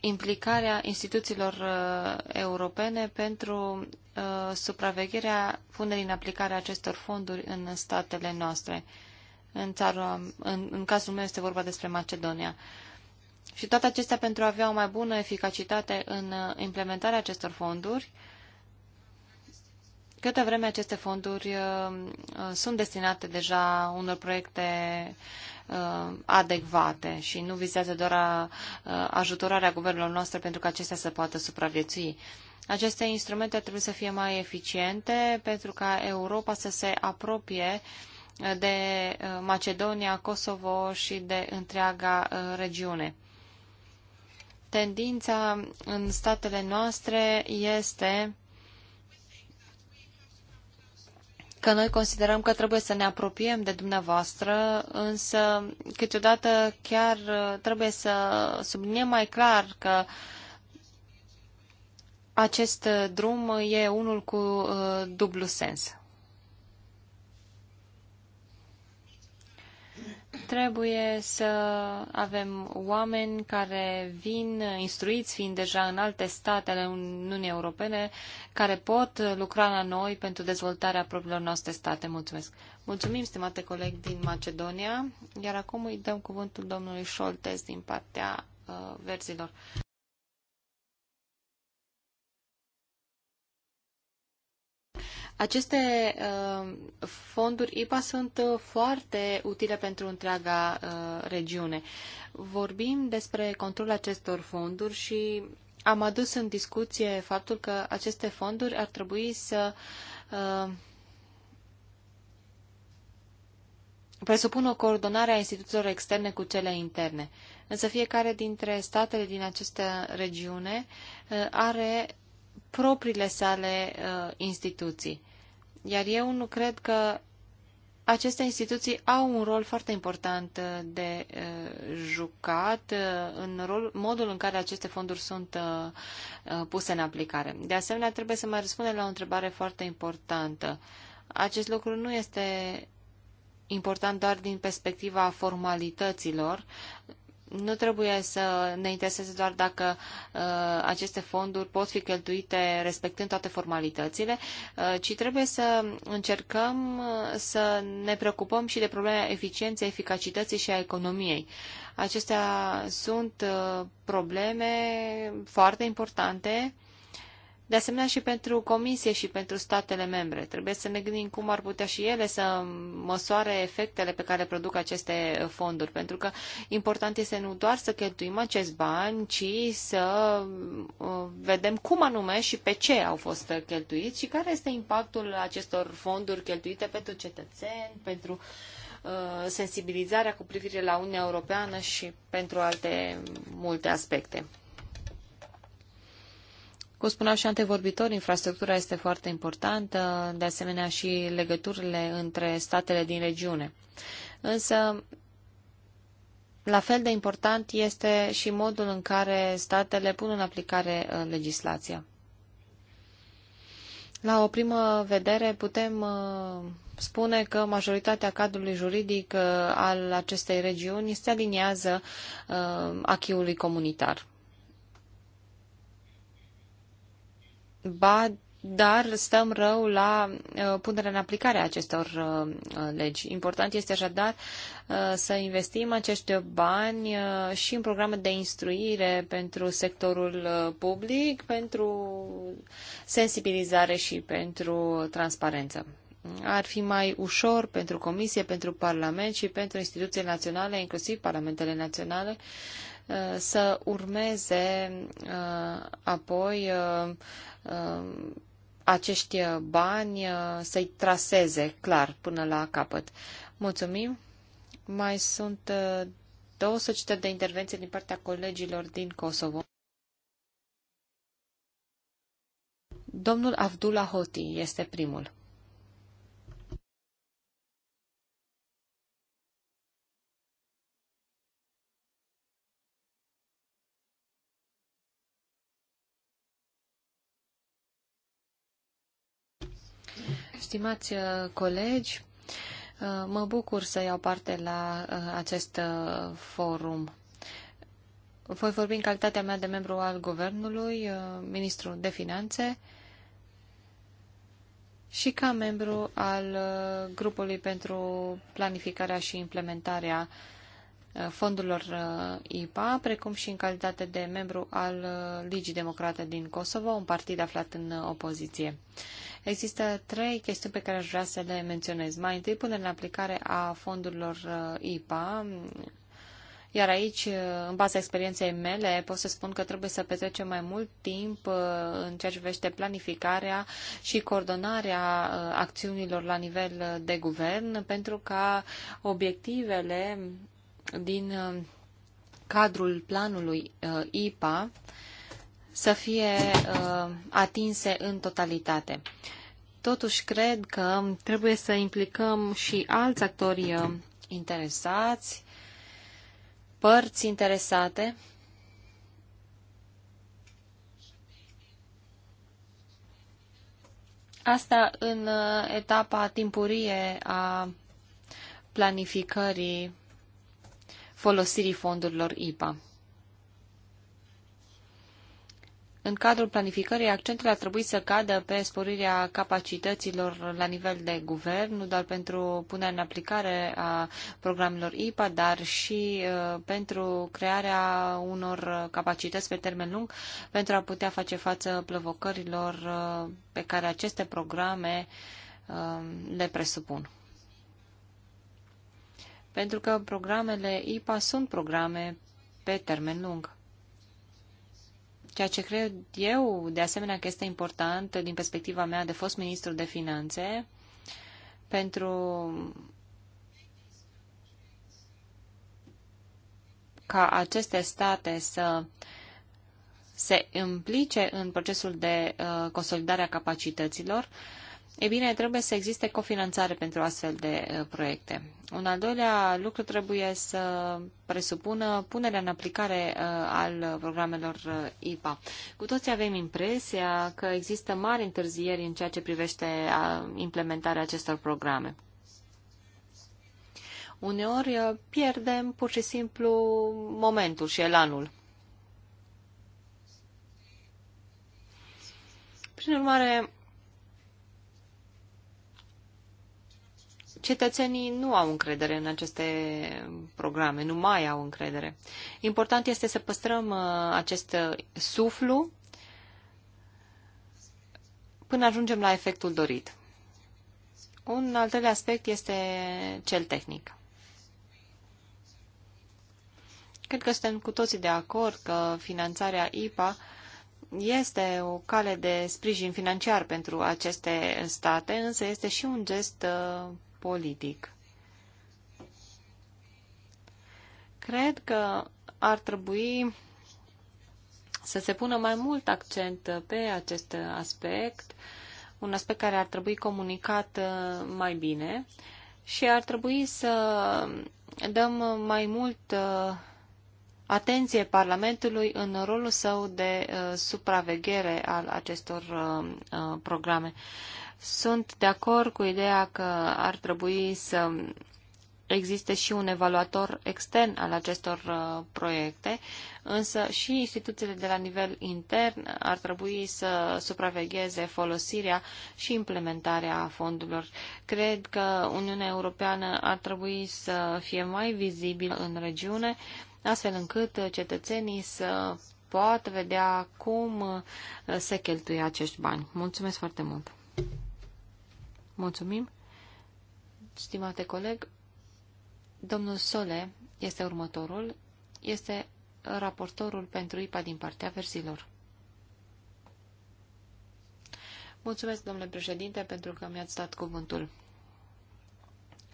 implicarea instituțiilor uh, europene pentru Uh, supravegherea punerii în aplicare a acestor fonduri în statele noastre. În, țară, în, în cazul meu este vorba despre Macedonia. Și toate acestea pentru a avea o mai bună eficacitate în uh, implementarea acestor fonduri, câte vreme aceste fonduri uh, uh, sunt destinate deja unor proiecte uh, adecvate și nu vizează doar a, uh, ajutorarea guvernelor noastre pentru că acestea să poată supraviețui. Uh, aceste instrumente trebuie să fie mai eficiente pentru ca Europa să se apropie uh, de uh, Macedonia, Kosovo și de întreaga uh, regiune. Tendința în statele noastre este că noi considerăm că trebuie să ne apropiem de dumneavoastră, însă câteodată chiar trebuie să subliniem mai clar că uh, acest uh, drum e unul cu uh, dublu sens. Trebuie să avem oameni care vin instruiți, fiind deja în alte state ale Uniunii Europene, care pot lucra la noi pentru dezvoltarea propriilor noastre state. Mulțumesc! Mulțumim, stimate coleg din Macedonia, iar acum îi dăm cuvântul domnului Șoltes din partea uh, verzilor. Aceste uh, fonduri IPA sunt uh, foarte utile pentru întreaga uh, regiune. Vorbim despre controlul acestor fonduri și am adus în discuție faptul că aceste fonduri ar trebui să presupună o coordonare a instituțiilor externe cu cele interne. Însă fiecare dintre statele din această regiune are propriile sale uh, instituții. Iar eu nu cred că aceste instituții au un rol foarte important uh, de uh, jucat uh, în rol, modul în care aceste fonduri sunt uh, uh, puse în aplicare. De asemenea, trebuie să mai răspundem la o întrebare foarte importantă. Acest lucru nu este important doar din perspectiva formalităților, nu trebuie să ne intereseze doar dacă uh, aceste fonduri pot fi cheltuite respectând toate formalitățile, uh, ci trebuie să încercăm uh, să ne preocupăm și de problema eficienței, eficacității și a economiei. Acestea sunt uh, probleme foarte importante uh, de asemenea și pentru Comisie și pentru statele membre. Trebuie să ne gândim cum ar putea și ele să măsoare efectele pe care produc aceste fonduri, pentru că important este nu doar să cheltuim acest bani, ci să uh, vedem cum anume și pe ce au fost cheltuiți și care este impactul acestor fonduri cheltuite pentru cetățeni, pentru uh, sensibilizarea cu privire la Uniunea Europeană și pentru alte multe aspecte. Cum spuneau și antevorbitori, infrastructura este foarte importantă, de asemenea și legăturile între statele din regiune. Însă, la fel de important este și modul în care statele pun în aplicare uh, legislația. La o primă vedere putem uh, spune că majoritatea cadrului juridic uh, al acestei regiuni se aliniază achiului comunitar. ba, dar stăm rău la uh, punerea în aplicare a acestor uh, uh, legi. Important este așadar să investim acești bani și în programe de instruire pentru sectorul public, pentru sensibilizare și pentru transparență ar fi mai ușor pentru Comisie, pentru Parlament și pentru instituții naționale, inclusiv Parlamentele naționale, să urmeze uh, apoi uh, uh, acești bani, să-i traseze clar până la capăt. Mulțumim! Mai sunt 200 de intervenții din partea colegilor din Kosovo. Domnul Avdullah Hoti este primul. Stimați uh, colegi, uh, mă bucur să iau parte la uh, acest forum. Voi vorbi în calitatea mea de membru al Guvernului, ministru de Finanțe și ca membru al grupului pentru planificarea și implementarea uh, fondurilor uh, IPA, precum și în calitate de membru al uh, Ligii Democrate din Kosovo, un partid aflat în uh, opoziție. Există trei chestiuni pe care aș vrea să le menționez. Mai întâi, punerea în aplicare a fondurilor IPA, iar aici, în baza experienței mele, pot să spun că trebuie să petrecem mai mult timp în ceea ce privește planificarea și coordonarea acțiunilor la nivel de guvern pentru ca obiectivele din uh, cadrul planului uh, IPA să fie uh, atinse în totalitate. Totuși, cred că trebuie să implicăm și alți actori interesați, părți interesate, Asta în etapa timpurie a planificării folosirii fondurilor IPA. În cadrul planificării, accentul ar trebui să cadă pe sporirea capacităților la nivel de guvern, nu doar pentru punerea în aplicare a programelor IPA, dar și uh, pentru crearea unor capacități pe termen lung pentru a putea face față plăvocărilor uh, pe care aceste programe uh, le presupun pentru că programele IPA sunt programe pe termen lung. Ceea ce cred eu, de asemenea, că este important din perspectiva mea de fost ministru de finanțe, pentru ca aceste state să se implice în procesul de uh, consolidare a capacităților, uh, E bine, trebuie să existe cofinanțare pentru astfel de uh, proiecte. Un al doilea lucru trebuie să presupună punerea în aplicare uh, al programelor uh, IPA. Cu toții avem impresia că există mari întârzieri în ceea ce privește implementarea acestor programe. Uneori pierdem pur și simplu momentul și elanul. Prin urmare, cetățenii nu au încredere în aceste programe, nu mai au încredere. Important este să păstrăm uh, acest uh, suflu până ajungem la efectul dorit. Un al treilea aspect este cel tehnic. Cred că suntem cu toții de acord că finanțarea IPA este o cale de sprijin financiar pentru aceste state, însă este și un gest uh, politic. Cred că ar trebui să se pună mai mult accent pe acest aspect, un aspect care ar trebui comunicat mai bine și ar trebui să dăm mai mult uh, atenție Parlamentului în rolul său de uh, supraveghere al acestor uh, programe. Sunt de acord cu ideea că ar trebui să existe și un evaluator extern al acestor uh, proiecte, însă și instituțiile de la nivel intern ar trebui să supravegheze folosirea și implementarea fondurilor. Cred că Uniunea Europeană ar trebui să fie mai vizibilă în regiune, astfel încât cetățenii să poată vedea cum se cheltuie acești bani. Mulțumesc foarte mult! Mulțumim. Stimate coleg, domnul Sole este următorul, este raportorul pentru IPA din partea versilor. Mulțumesc, domnule președinte, pentru că mi-ați dat cuvântul.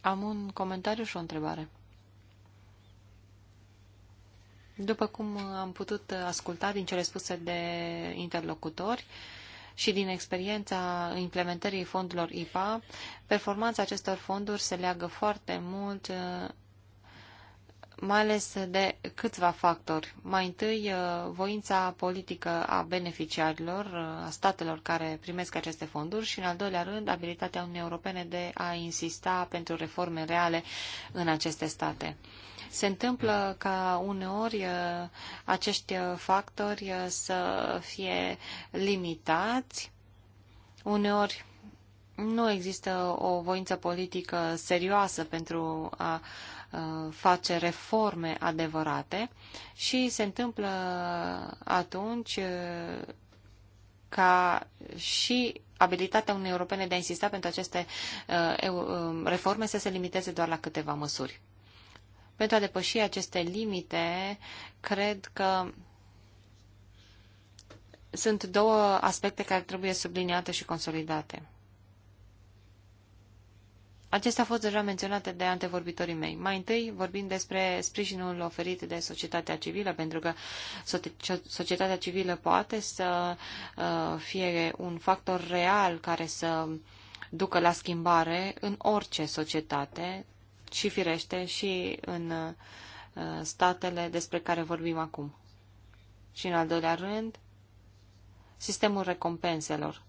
Am un comentariu și o întrebare. După cum am putut asculta din cele spuse de interlocutori, uh, și din experiența implementării fondurilor IPA, performanța acestor fonduri se leagă foarte mult uh, mai ales de câțiva factori. Mai întâi, uh, voința politică a beneficiarilor, uh, a statelor care primesc aceste fonduri și, în al doilea rând, abilitatea Uniunii Europene de a insista pentru reforme reale în aceste state. Se întâmplă ca uneori uh, acești factori uh, să fie limitați, uneori nu există o voință politică serioasă pentru a uh, face reforme adevărate și se întâmplă atunci ca și abilitatea Uniunii Europene de a insista pentru aceste um, reforme să se limiteze doar la câteva măsuri. Pentru a depăși aceste limite, cred că sunt două aspecte care trebuie subliniate și consolidate. Acestea au fost deja menționate de antevorbitorii mei. Mai întâi vorbim despre sprijinul oferit de societatea civilă, pentru că societatea civilă poate să uh, fie un factor real care să ducă la schimbare în orice societate, și firește și în uh, statele despre care vorbim acum. Și în al doilea rând, sistemul recompenselor.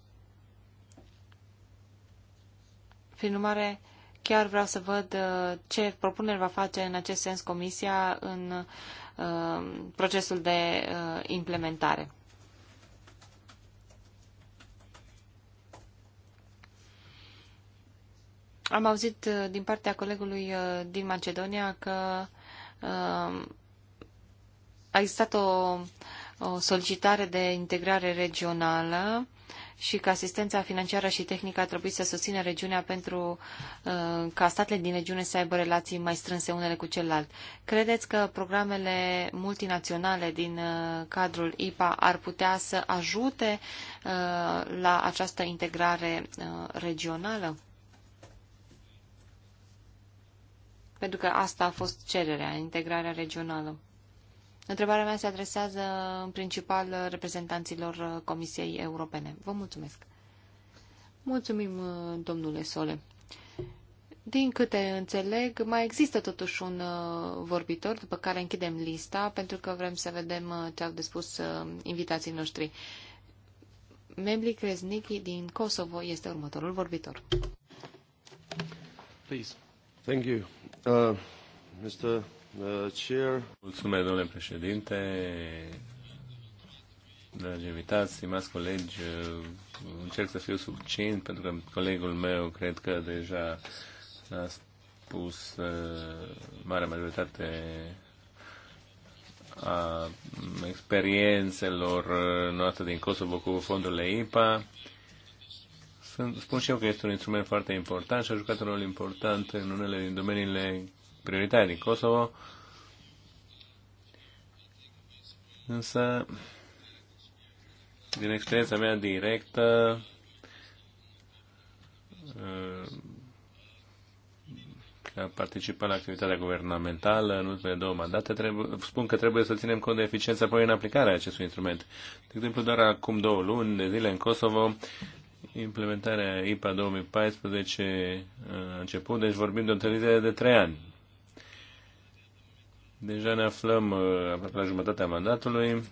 Prin urmare, chiar vreau să văd uh, ce propuneri va face în acest sens Comisia în uh, procesul de implementare. Am auzit uh, din partea colegului uh, din Macedonia că uh, a existat o, o solicitare de integrare regională și că asistența financiară și tehnică a trebuit să susțină regiunea pentru ca statele din regiune să aibă relații mai strânse unele cu celălalt. Credeți că programele multinaționale din cadrul IPA ar putea să ajute la această integrare regională? Pentru că asta a fost cererea, integrarea regională. Întrebarea mea se adresează în principal reprezentanților Comisiei Europene. Vă mulțumesc. Mulțumim, domnule Sole. Din câte înțeleg, mai există totuși un uh, vorbitor, după care închidem lista, pentru că vrem să vedem uh, ce au de spus uh, invitații noștri. Membri Kresniki din Kosovo este următorul vorbitor. Please. Thank you. Uh, Mr. Uh, Chair. Mulțumesc, domnule președinte. Dragi invitați, stimați colegi, uh, încerc să fiu subțin pentru că colegul meu cred că deja a spus uh, marea majoritate a experiențelor noastre din Kosovo cu fondurile IPA. Uh, sunt, spun și eu că este un instrument foarte important și a jucat un rol important în unele din domeniile prioritare din Kosovo. Însă, din experiența mea directă, uh, a participat la activitatea guvernamentală în ultimele două mandate, trebuie, spun că trebuie să ținem cont de eficiența apoi în aplicarea acestui instrument. De exemplu, doar acum două luni de zile în Kosovo implementarea IPA 2014 uh, a început, deci vorbim de o întâlnire de trei ani. Deja ne aflăm uh, la jumătatea mandatului,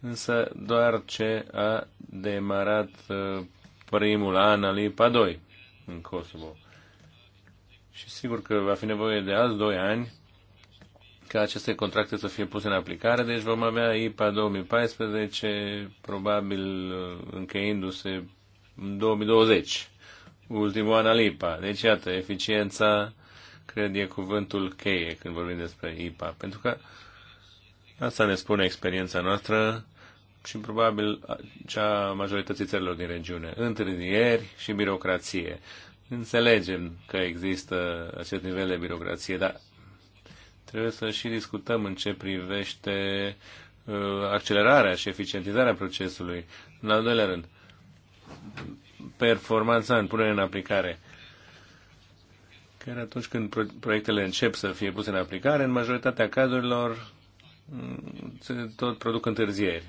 însă doar ce a demarat uh, primul an al IPA 2 în Kosovo. Și sigur că va fi nevoie de alți doi ani ca aceste contracte să fie puse în aplicare, deci vom avea IPA 2014, probabil încheindu-se 2020, ultimul an al IPA. Deci, iată, eficiența, cred, e cuvântul cheie când vorbim despre IPA, pentru că asta ne spune experiența noastră și probabil cea majorității țărilor din regiune. Întârzieri și birocrație. Înțelegem că există acest nivel de birocrație, dar trebuie să și discutăm în ce privește uh, accelerarea și eficientizarea procesului. În al doilea rând, performanța în punere în aplicare. Chiar atunci când proiectele încep să fie puse în aplicare, în majoritatea cazurilor mm, se tot produc întârzieri.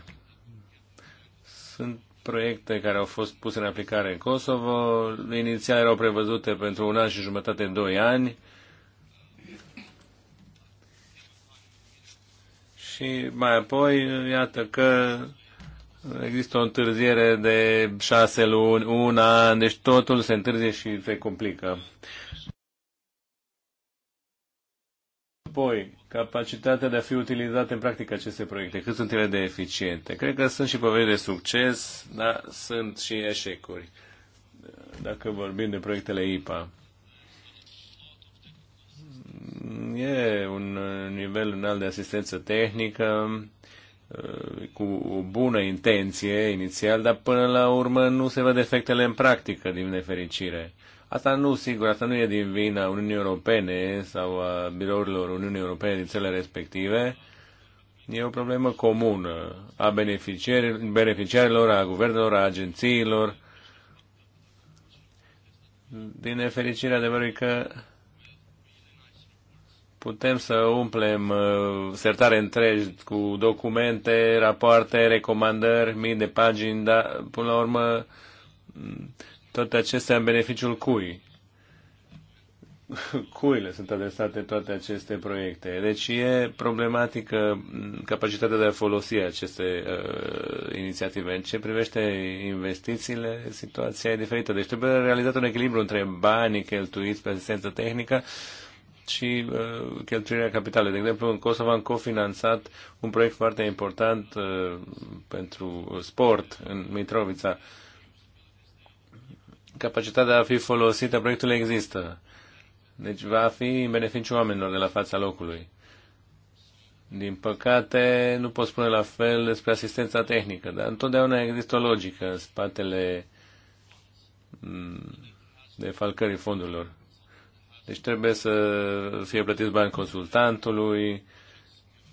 Sunt proiecte care au fost puse în aplicare în Kosovo. Inițial erau prevăzute pentru un an și jumătate, doi ani. Și mai apoi, iată că există o întârziere de șase luni, un an, deci totul se întârzie și se complică. Apoi, capacitatea de a fi utilizată în practică aceste proiecte, cât sunt ele de eficiente. Cred că sunt și povești de succes, dar sunt și eșecuri. Dacă vorbim de proiectele IPA. E un nivel înalt de asistență tehnică, Uh, cu o bună intenție inițial, dar până la urmă nu se văd efectele în practică, din nefericire. Asta nu, sigur, asta nu e din vina Uniunii Europene sau a birourilor Uniunii Europene din țările respective. E o problemă comună a beneficiarilor, a guvernelor, a agențiilor. Din nefericire, adevărul e că putem să umplem uh, sertare întregi cu documente, rapoarte, recomandări, mii de pagini, dar până la urmă toate acestea în beneficiul cui? Cuile sunt adresate toate aceste proiecte. Deci e problematică mm, capacitatea de a folosi aceste uh, inițiative. În ce privește investițiile, situația e diferită. Deci trebuie realizat un echilibru între banii cheltuiți pe asistență tehnică uh, și uh, cheltuirea capitale. De exemplu, în Kosovo am cofinanțat un proiect foarte important uh, pentru sport în Mitrovica. Capacitatea de a fi folosită, proiectul există. Deci va fi în beneficiu oamenilor de la fața locului. Din păcate, nu pot spune la fel despre asistența tehnică, dar întotdeauna există o logică în spatele mm, defalcării fondurilor. Deci trebuie să fie plătiți bani consultantului,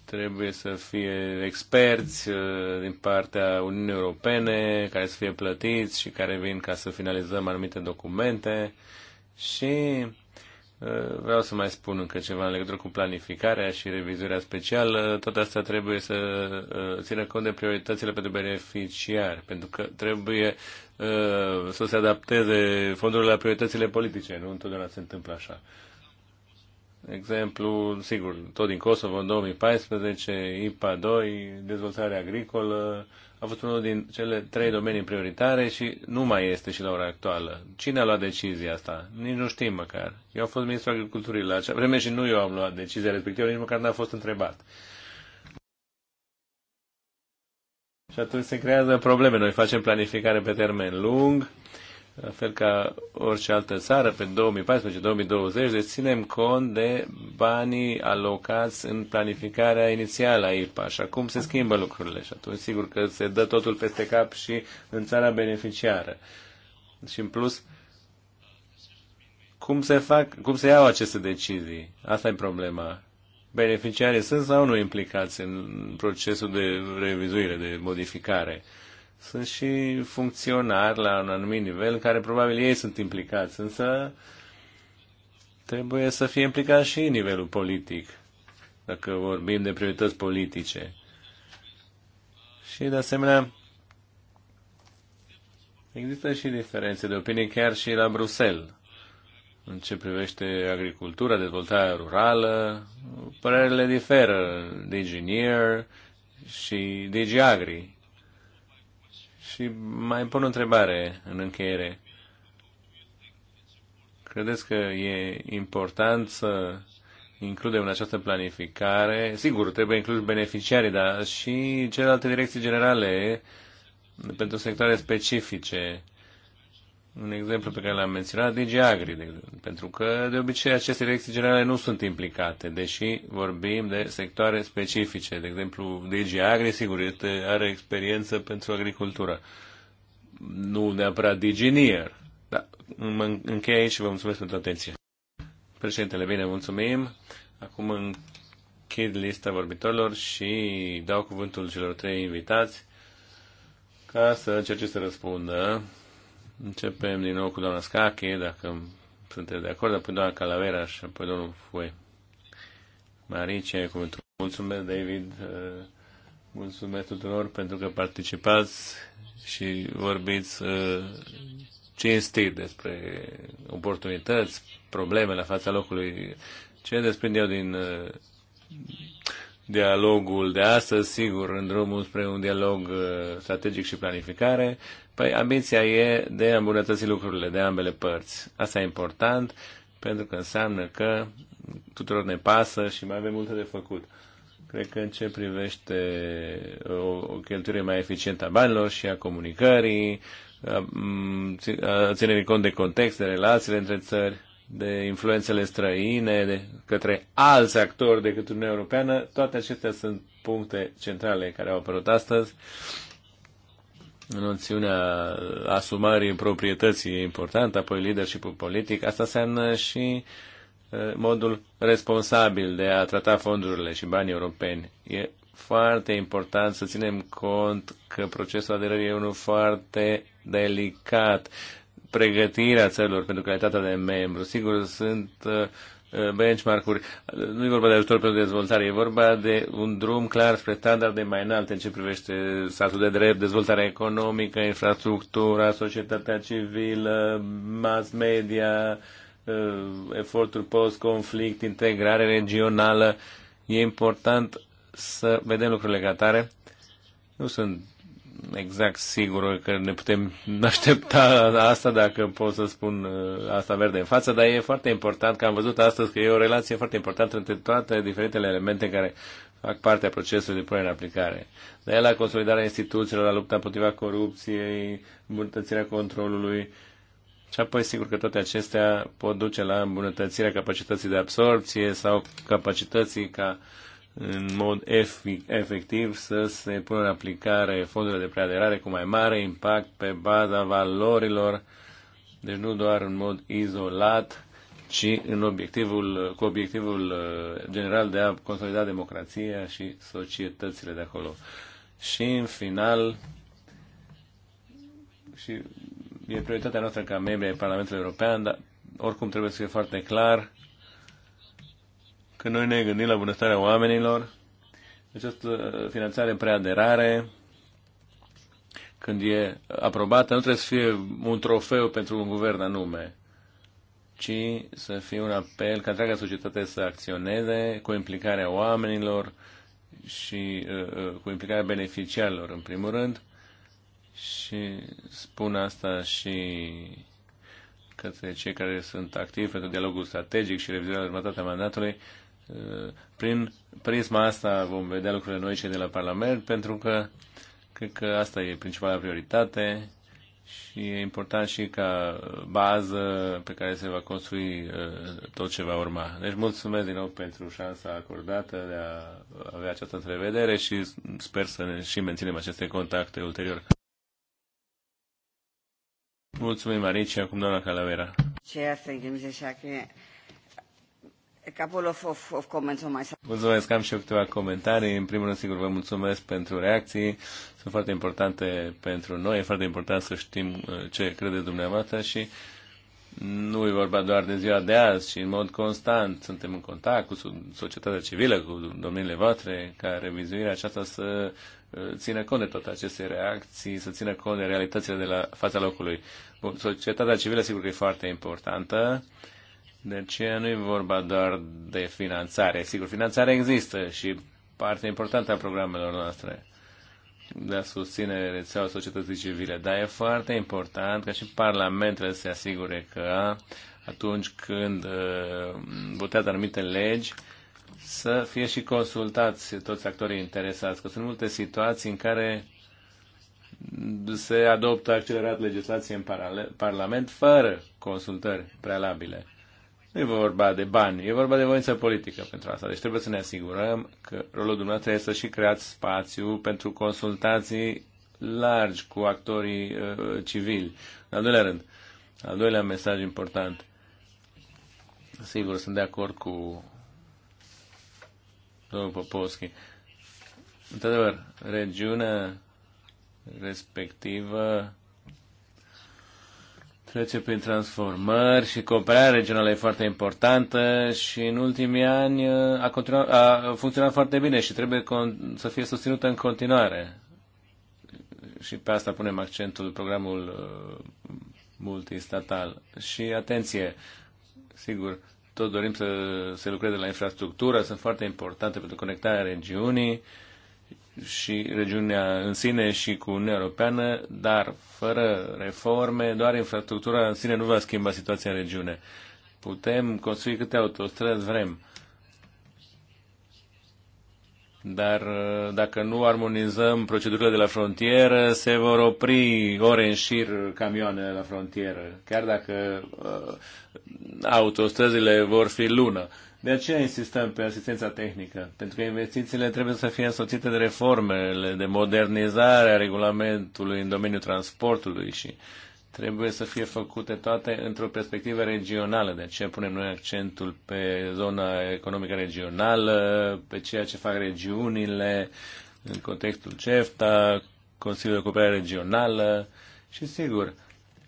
trebuie să fie experți uh, din partea Uniunii Europene care să fie plătiți și care vin ca să finalizăm anumite documente și Eh, vreau să mai spun încă ceva în legătură cu planificarea și revizuirea specială. Toate asta trebuie să eh, țină cont de prioritățile pentru beneficiari, pentru că trebuie eh, să se adapteze fondurile la prioritățile politice. Nu întotdeauna se întâmplă așa. Exemplu, sigur, tot din Kosovo în 2014, IPA 2, dezvoltare agricolă, a fost unul din cele trei domenii prioritare și nu mai este și la ora actuală. Cine a luat decizia asta? Nici nu știm măcar. Eu am fost ministrul agriculturii la acea vreme și nu eu am luat decizia respectivă, nici măcar n-a fost întrebat. Și atunci se creează probleme. Noi facem planificare pe termen lung, la fel ca orice altă țară, pe 2014-2020, deci ținem cont de banii alocați în planificarea inițială a IPA și acum se schimbă lucrurile și atunci sigur că se dă totul peste cap și în țara beneficiară. Și în plus, cum se, fac, cum se iau aceste decizii? Asta e problema. Beneficiarii sunt sau nu implicați în procesul de revizuire, de modificare? sunt și funcționari la un anumit nivel, în care probabil ei sunt implicați, însă trebuie să fie implicat și nivelul politic, dacă vorbim de priorități politice. Și, de asemenea, există și diferențe de opinie chiar și la Bruxelles, în ce privește agricultura, dezvoltarea rurală. Părerile diferă de engineer și de agri. Și mai pun o întrebare în încheiere. Credeți că e important să includem în această planificare, sigur, trebuie inclus beneficiarii, dar și celelalte direcții generale pentru sectoare specifice, un exemplu pe care l-am menționat, Agri, de, pentru că de obicei aceste direcții generale nu sunt implicate, deși vorbim de sectoare specifice. De exemplu, Agri, sigur, este, are experiență pentru agricultură, nu neapărat Nier. Da, mă închei aici și vă mulțumesc pentru atenție. Președintele, bine, mulțumim. Acum închid lista vorbitorilor și dau cuvântul celor trei invitați ca să încerce să răspundă Începem din nou cu doamna Scache, dacă sunteți de acord, apoi doamna Calavera și apoi domnul Fue. Marice, cuvântul. Mulțumesc, David. Uh, mulțumesc tuturor pentru că participați și vorbiți uh, cinstit despre oportunități, probleme la fața locului. Ce desprind eu din uh, dialogul de astăzi, sigur, în drumul spre un dialog uh, strategic și planificare, păi ambiția e de a îmbunătăți lucrurile de ambele părți. Asta e important, pentru că înseamnă că tuturor ne pasă și mai avem multe de făcut. Cred că în ce privește uh, o, o cheltuire mai eficientă a banilor și a comunicării, a, a, a ținerii cont de context, de relațiile între țări, de influențele străine, de către alți actori decât Uniunea Europeană, toate acestea sunt puncte centrale care au apărut astăzi. Noțiunea asumării proprietății e importantă, apoi leadership politic. Asta înseamnă și uh, modul responsabil de a trata fondurile și banii europeni. E foarte important să ținem cont că procesul aderării e unul foarte delicat pregătirea țărilor pentru calitatea de membru. Sigur, sunt uh, benchmark-uri. Nu e vorba de ajutor pentru dezvoltare, e vorba de un drum clar spre standarde mai înalte în ce privește statul de drept, dezvoltarea economică, infrastructura, societatea civilă, mass media, uh, eforturi post-conflict, integrare regională. E important să vedem lucrurile ca tare. Nu sunt exact sigur că ne putem aștepta asta, dacă pot să spun uh, asta verde în față, dar e foarte important că am văzut astăzi că e o relație foarte importantă între toate diferitele elemente care fac parte a procesului de punere în aplicare. De la consolidarea instituțiilor, la lupta împotriva corupției, îmbunătățirea controlului, și apoi, sigur că toate acestea pot duce la îmbunătățirea capacității de absorpție sau capacității ca uh, în mod efectiv să se pună în aplicare fondurile de preaderare cu mai mare impact pe baza valorilor, deci nu doar în mod izolat, ci în obiectivul, cu obiectivul uh, general de a consolida democrația și societățile de acolo. Și în final, și e prioritatea noastră ca membri ai Parlamentului European, dar oricum trebuie să fie foarte clar că noi ne gândim la bunăstarea oamenilor, această finanțare preaderare, când e aprobată, nu trebuie să fie un trofeu pentru un guvern anume, ci să fie un apel ca întreaga societate să acționeze cu implicarea oamenilor și uh, uh cu implicarea beneficiarilor, în primul rând. Și spun asta și către cei care sunt activi pentru dialogul strategic și revizuirea următoarea mandatului, uh, prin prisma asta vom vedea lucrurile noi cei de la Parlament, pentru că cred că asta e principala prioritate și e important și ca bază pe care se va construi uh, tot ce va urma. Deci mulțumesc din nou pentru șansa acordată de a avea această întrevedere și sper să ne și menținem aceste contacte ulterior. Mulțumim, Marici, acum doamna Calavera. Ce, thank you, Mr. Mulțumesc, am și eu câteva comentarii. În primul rând, sigur, vă mulțumesc pentru reacții. Sunt foarte importante pentru noi. E foarte important să știm uh, ce crede dumneavoastră și nu e vorba doar de ziua de azi, ci în mod constant suntem în contact cu societatea civilă, cu domeniile voastre, ca revizuirea aceasta să uh, țină cont de toate aceste reacții, să țină cont de realitățile de la fața locului. Bun, societatea civilă sigur că e foarte importantă de deci, aceea nu e vorba doar de finanțare. Sigur, finanțarea există și parte importantă a programelor noastre de a susține rețeaua societății civile, dar e foarte important ca și parlamentul să se asigure că atunci când uh, votează anumite legi, să fie și consultați toți actorii interesați, că sunt multe situații în care se adoptă accelerat legislație în Parlament fără consultări prealabile. Nu e vorba de bani, e vorba de voință politică pentru asta. Deci trebuie să ne asigurăm că rolul dumneavoastră este să și creați spațiu pentru consultații largi cu actorii uh, civili. În al doilea rând, al doilea mesaj important. Sigur, sunt de acord cu domnul Popovski. Într-adevăr, regiunea respectivă trece prin transformări și cooperarea regională e foarte importantă și în ultimii ani uh, a, continuat, a funcționat foarte bine și trebuie să fie susținută în continuare. Și pe asta punem accentul programul uh, multistatal. Și atenție, sigur, tot dorim să se lucreze la infrastructură, sunt foarte importante pentru conectarea regiunii, și regiunea în sine și cu Uniunea Europeană, dar fără reforme, doar infrastructura în sine nu va schimba situația în regiune. Putem construi câte autostrăzi vrem, dar uh, dacă nu armonizăm procedurile de la frontieră, se vor opri ore în șir camioane la frontieră, chiar dacă uh, autostrăzile vor fi lună. Uh, de aceea insistăm pe asistența tehnică, pentru că investițiile trebuie să fie însoțite de reformele, de modernizarea regulamentului în domeniul transportului și trebuie să fie făcute toate într-o perspectivă regională. De aceea punem noi accentul pe zona economică regională, pe ceea ce fac regiunile în contextul CEFTA, Consiliul de Cooperare Regională și, sigur,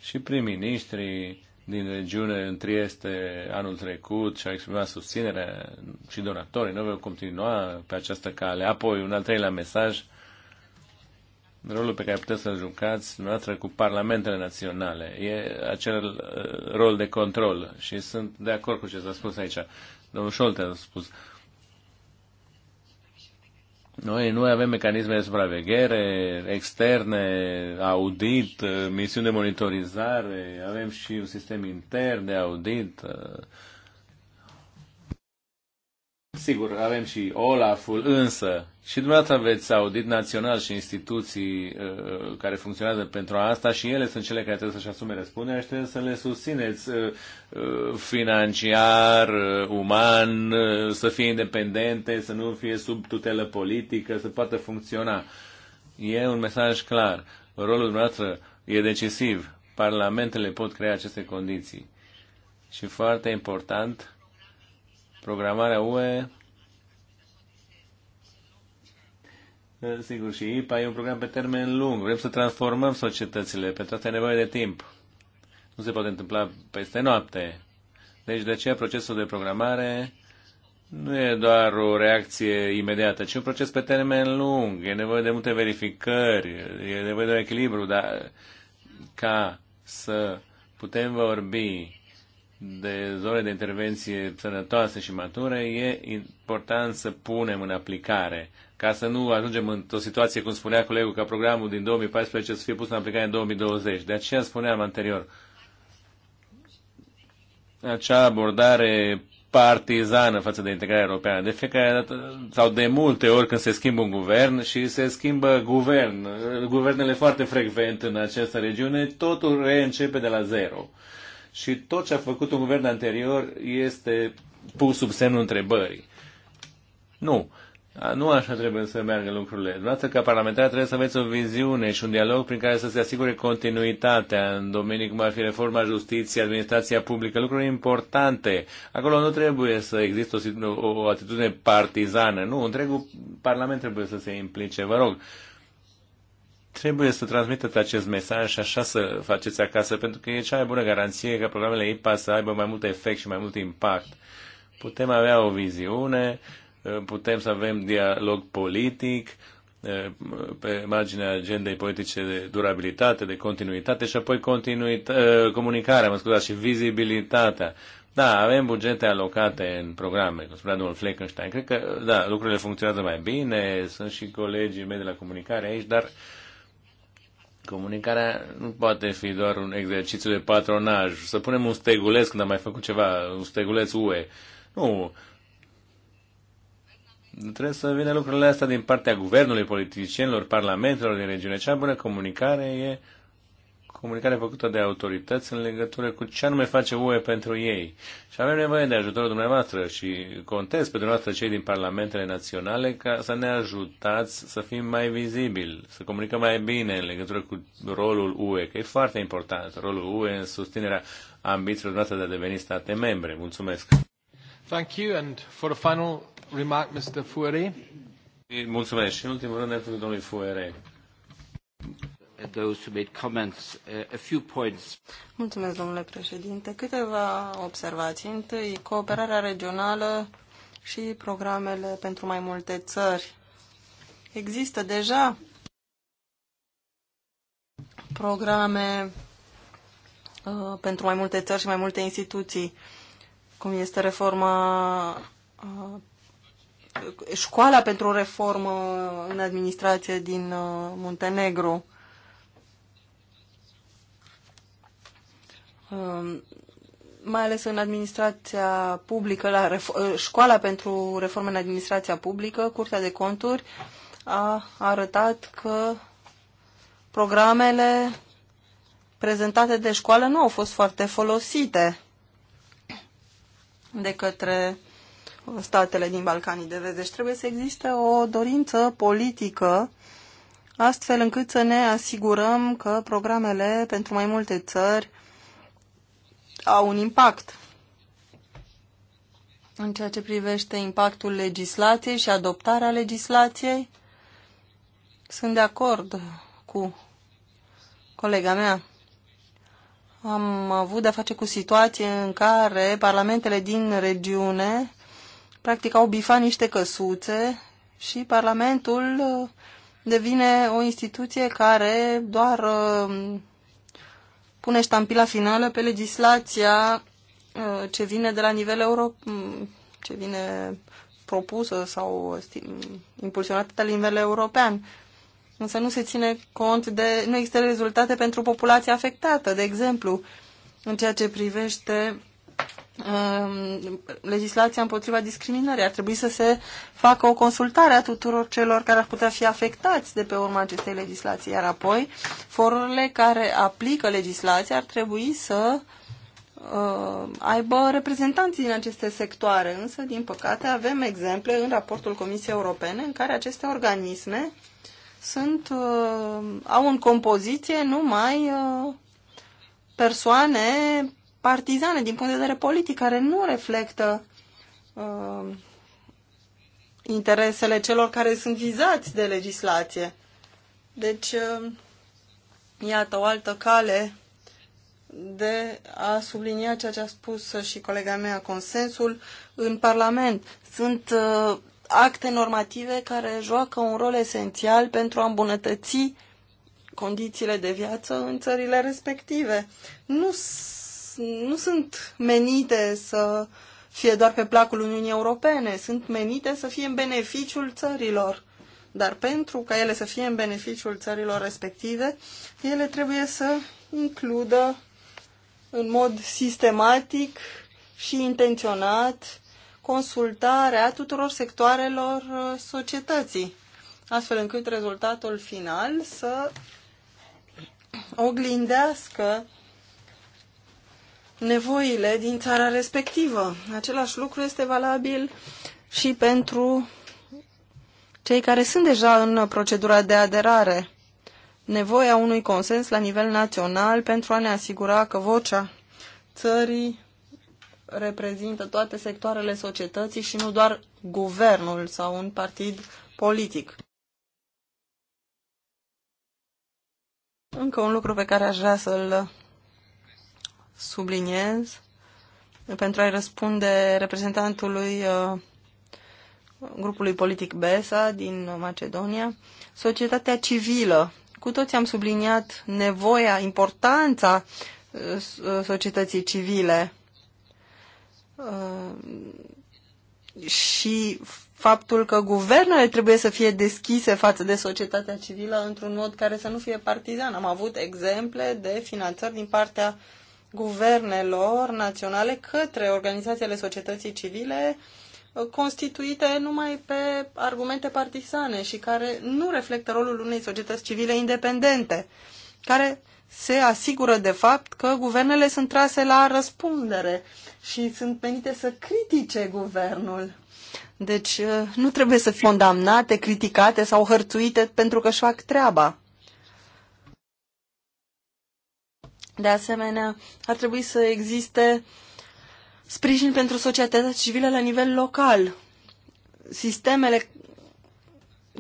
și prim-ministrii din regiune în Trieste anul trecut și a exprimat susținerea și donatorii. Noi vom continua pe această cale. Apoi, un al treilea mesaj, rolul pe care puteți să-l jucați dumneavoastră cu parlamentele naționale. E acel uh, rol de control și sunt de acord cu ce s-a spus aici. Domnul Șolte a spus. Uh, noi nu avem mecanisme de supraveghere externe, audit, misiuni de monitorizare, avem și un sistem intern de audit Sigur, avem și Olaful, însă și dumneavoastră aveți audit național și instituții uh, care funcționează pentru asta și ele sunt cele care trebuie să-și asume răspunderea și trebuie să le susțineți uh, uh, financiar, uh, uman, uh, să fie independente, să nu fie sub tutelă politică, să poată funcționa. E un mesaj clar. Rolul dumneavoastră e decisiv. Parlamentele pot crea aceste condiții. Și foarte important, programarea UE. Sigur, și IPA e un program pe termen lung. Vrem să transformăm societățile. Pentru asta e nevoie de timp. Nu se poate întâmpla peste noapte. Deci, de aceea, procesul de programare nu e doar o reacție imediată, ci un proces pe termen lung. E nevoie de multe verificări, e nevoie de un echilibru, dar ca să putem vorbi de zone de intervenție sănătoase și mature, e important să punem în aplicare, ca să nu ajungem într-o situație, cum spunea colegul, ca programul din 2014 să fie pus în aplicare în 2020. De aceea spuneam anterior, acea abordare partizană față de integrarea europeană. De fiecare dată, sau de multe ori când se schimbă un guvern și se schimbă guvern, guvernele foarte frecvent în această regiune, totul reîncepe de la zero și tot ce a făcut un guvern anterior este pus sub semnul întrebării. Nu. Nu așa trebuie să meargă lucrurile. Dumneavoastră, ca parlamentar, trebuie să aveți o viziune și un dialog prin care să se asigure continuitatea în domenii cum ar fi reforma justiției, administrația publică, lucruri importante. Acolo nu trebuie să există o, o, o atitudine partizană. Nu, întregul Parlament trebuie să se implice. Vă rog, trebuie să transmiteți acest mesaj și așa să faceți acasă, pentru că e cea mai bună garanție că programele IPA să aibă mai mult efect și mai mult impact. Putem avea o viziune, putem să avem dialog politic eh, pe marginea agendei politice de durabilitate, de continuitate și apoi continuit- eh, comunicarea, mă scuzați, și vizibilitatea. Da, avem bugete alocate în programe, cum spunea domnul Fleckenstein. Cred că, da, lucrurile funcționează mai bine, sunt și colegii mei de la comunicare aici, dar uh, Comunicarea nu poate fi doar un exercițiu de patronaj. Să punem un steguleț când am mai făcut ceva, un steguleț UE. Nu. Trebuie să vină lucrurile astea din partea guvernului, politicienilor, parlamentelor din regiune. Cea bună comunicare e comunicare făcută de autorități în legătură cu ce anume face UE pentru ei. Și avem nevoie de ajutorul dumneavoastră și contez pe dumneavoastră cei din parlamentele naționale ca să ne ajutați să fim mai vizibili, să comunicăm mai bine în legătură cu rolul UE, că e foarte important rolul UE în susținerea ambițiilor noastre de a deveni state membre. Mulțumesc! Thank you and for a final remark, Mr. Fuere. Mulțumesc și în ultimul rând, domnului Fuere. Uh, those who made comments. Uh, a few points. Mulțumesc, domnule președinte. Câteva observații. Întâi, cooperarea regională și programele pentru mai multe țări. Există deja programe uh, pentru mai multe țări și mai multe instituții, cum este reforma uh, școala pentru reformă în administrație din uh, Muntenegru. Um, mai ales în administrația publică, la uh, școala pentru reforme în administrația publică, Curtea de Conturi a arătat că programele prezentate de școală nu au fost foarte folosite de către statele din Balcanii de Vest. Deci trebuie să existe o dorință politică astfel încât să ne asigurăm că programele pentru mai multe țări au un impact în ceea ce privește impactul legislației și adoptarea legislației. Sunt de acord cu colega mea. Am avut de-a face cu situații în care parlamentele din regiune practic au bifat niște căsuțe și parlamentul uh, devine o instituție care doar uh, pune ștampila finală pe legislația uh, ce vine de la nivel european, mm, ce vine propusă sau impulsionată de la nivel european. Însă nu se ține cont de, nu există rezultate pentru populația afectată, de exemplu, în ceea ce privește Ehm, legislația împotriva discriminării. Ar trebui să se facă o consultare a tuturor celor care ar putea fi afectați de pe urma acestei legislații, iar apoi forurile care aplică legislația ar trebui să uh, aibă reprezentanți din aceste sectoare. Însă, din păcate, avem exemple în raportul Comisiei Europene în care aceste organisme sunt, uh, au în compoziție numai uh, persoane partizane din punct de vedere politic, care nu reflectă uh, interesele celor care sunt vizați de legislație. Deci, uh, iată o altă cale de a sublinia ceea ce a spus și colega mea, consensul în Parlament. Sunt uh, acte normative care joacă un rol esențial pentru a îmbunătăți condițiile de viață în țările respective. Nu nu sunt menite să fie doar pe placul Uniunii Europene, sunt menite să fie în beneficiul țărilor. Dar pentru ca ele să fie în beneficiul țărilor respective, ele trebuie să includă în mod sistematic și intenționat consultarea tuturor sectoarelor uh, societății, astfel încât rezultatul final să oglindească nevoile din țara respectivă. Același lucru este valabil și pentru cei care sunt deja în procedura de aderare. Nevoia unui consens la nivel național pentru a ne asigura că vocea țării reprezintă toate sectoarele societății și nu doar guvernul sau un partid politic. Încă un lucru pe care aș vrea să-l subliniez pentru a-i răspunde reprezentantului uh, grupului politic BESA din Macedonia, societatea civilă. Cu toți am subliniat nevoia, importanța uh, societății civile uh, și faptul că guvernele trebuie să fie deschise față de societatea civilă într-un mod care să nu fie partizan. Am avut exemple de finanțări din partea uh, guvernelor naționale către organizațiile societății civile uh, constituite numai pe argumente partisane și care nu reflectă rolul unei societăți civile independente, care se asigură de fapt că guvernele sunt trase la răspundere și sunt venite să critique guvernul. Deci uh, nu trebuie să fie condamnate, criticate sau hărțuite pentru că își fac treaba. De asemenea, ar trebui să existe sprijin pentru societatea civilă la nivel local. Sistemele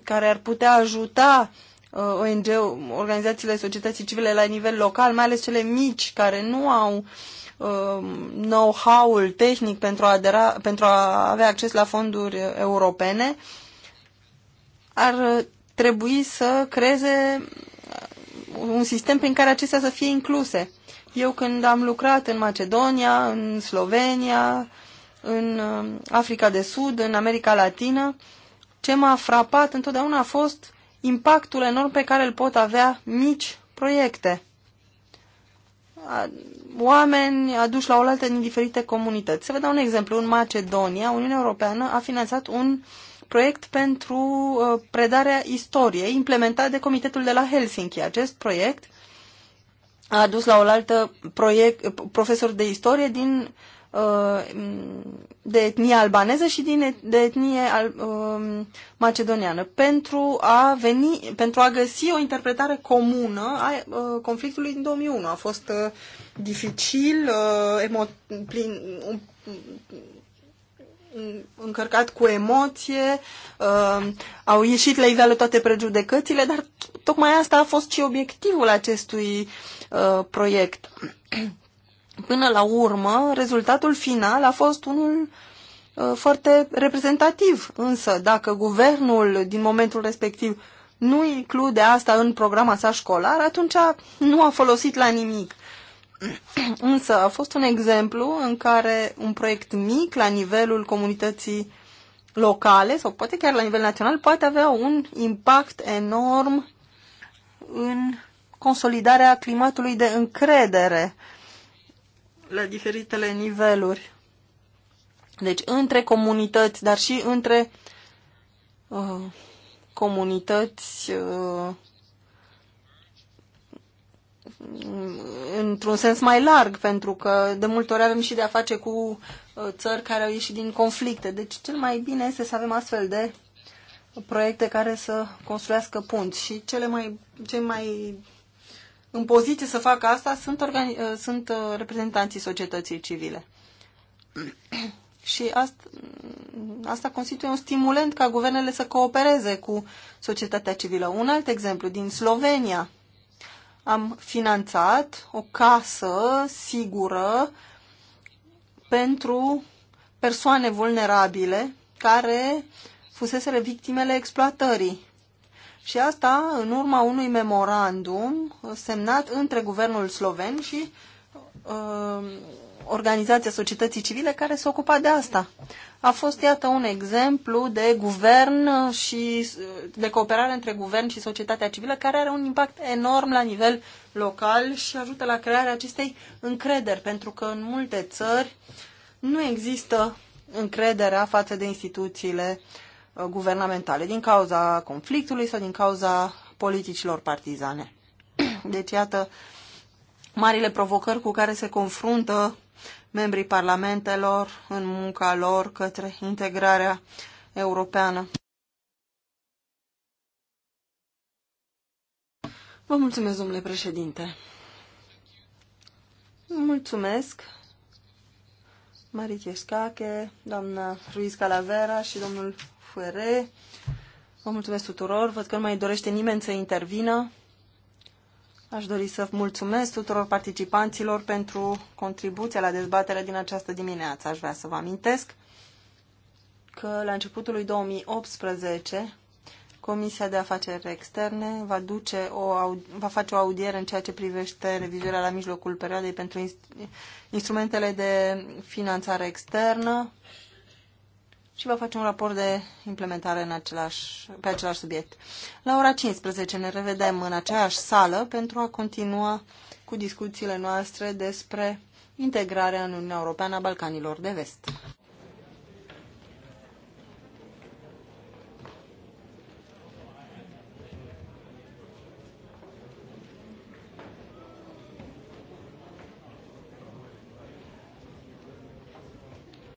care ar putea ajuta uh, ONG, organizațiile societății civile la nivel local, mai ales cele mici care nu au um, know-how-ul tehnic pentru a, adera, pentru a avea acces la fonduri europene, ar trebui să creeze un sistem prin care acestea să fie incluse. Eu când am lucrat în Macedonia, în Slovenia, în um, Africa de Sud, în America Latină, ce m-a frapat întotdeauna a fost impactul enorm pe care îl pot avea mici proiecte. Oameni aduși la oaltă din diferite comunități. Să vă dau un exemplu. În Macedonia, Uniunea Europeană a finanțat un uh, proiect pentru uh, predarea istoriei implementat de Comitetul de la Helsinki. Acest proiect a adus la oaltă proiect, profesor de istorie din, uh, de etnie albaneză și din, de etnie um, macedoniană pentru a, veni, pentru a găsi o interpretare comună a uh, conflictului din 2001. A fost dificil, emo, plin, încărcat cu emoție, uh, au ieșit la iveală toate prejudecățile, dar tocmai asta a fost și obiectivul acestui uh, proiect. Până la urmă, rezultatul final a fost unul uh, foarte reprezentativ, însă dacă guvernul din momentul respectiv nu include asta în programa sa școlară, atunci nu a folosit la nimic. Însă a fost un exemplu în care un proiect mic la nivelul comunității locale sau poate chiar la nivel național poate avea un impact enorm în consolidarea climatului de încredere la diferitele niveluri. Deci între comunități, dar și între uh, comunități uh, într-un sens mai larg, pentru că de multe ori avem și de-a face cu uh, țări care au ieșit din conflicte. Deci cel mai bine este să avem astfel de proiecte care să construiască punți și cele mai, cei mai în poziție să facă asta sunt, organi- uh, sunt uh, reprezentanții societății civile. și asta, mm, asta constituie un stimulent ca guvernele să coopereze cu societatea civilă. Un alt exemplu din Slovenia, am finanțat o casă sigură pentru persoane vulnerabile care fuseseră victimele exploatării. Și asta în urma unui memorandum semnat între guvernul sloven și uh, Organizația societății civile care se ocupa de asta. A fost, iată, un exemplu de guvern și de cooperare între guvern și societatea civilă care are un impact enorm la nivel local și ajută la crearea acestei încrederi, pentru că în multe țări nu există încrederea față de instituțiile uh, guvernamentale din cauza conflictului sau din cauza politicilor partizane. Deci, iată, marile provocări cu care se confruntă membrii parlamentelor în munca lor către integrarea europeană. Vă mulțumesc, domnule președinte. Mulțumesc, Marie Tieșcache, doamna Ruiz Calavera și domnul Fuere. Vă mulțumesc tuturor. Văd că nu mai dorește nimeni să intervină. Aș dori să mulțumesc tuturor participanților pentru contribuția la dezbaterea din această dimineață. Aș vrea să vă amintesc că la începutul lui 2018 Comisia de Afaceri Externe va, duce o, va face o audiere în ceea ce privește revizuirea la mijlocul perioadei pentru instrumentele de finanțare externă și va face un raport de implementare în același, pe același subiect. La ora 15 ne revedem în aceeași sală pentru a continua cu discuțiile noastre despre integrarea în Uniunea Europeană a Balcanilor de Vest.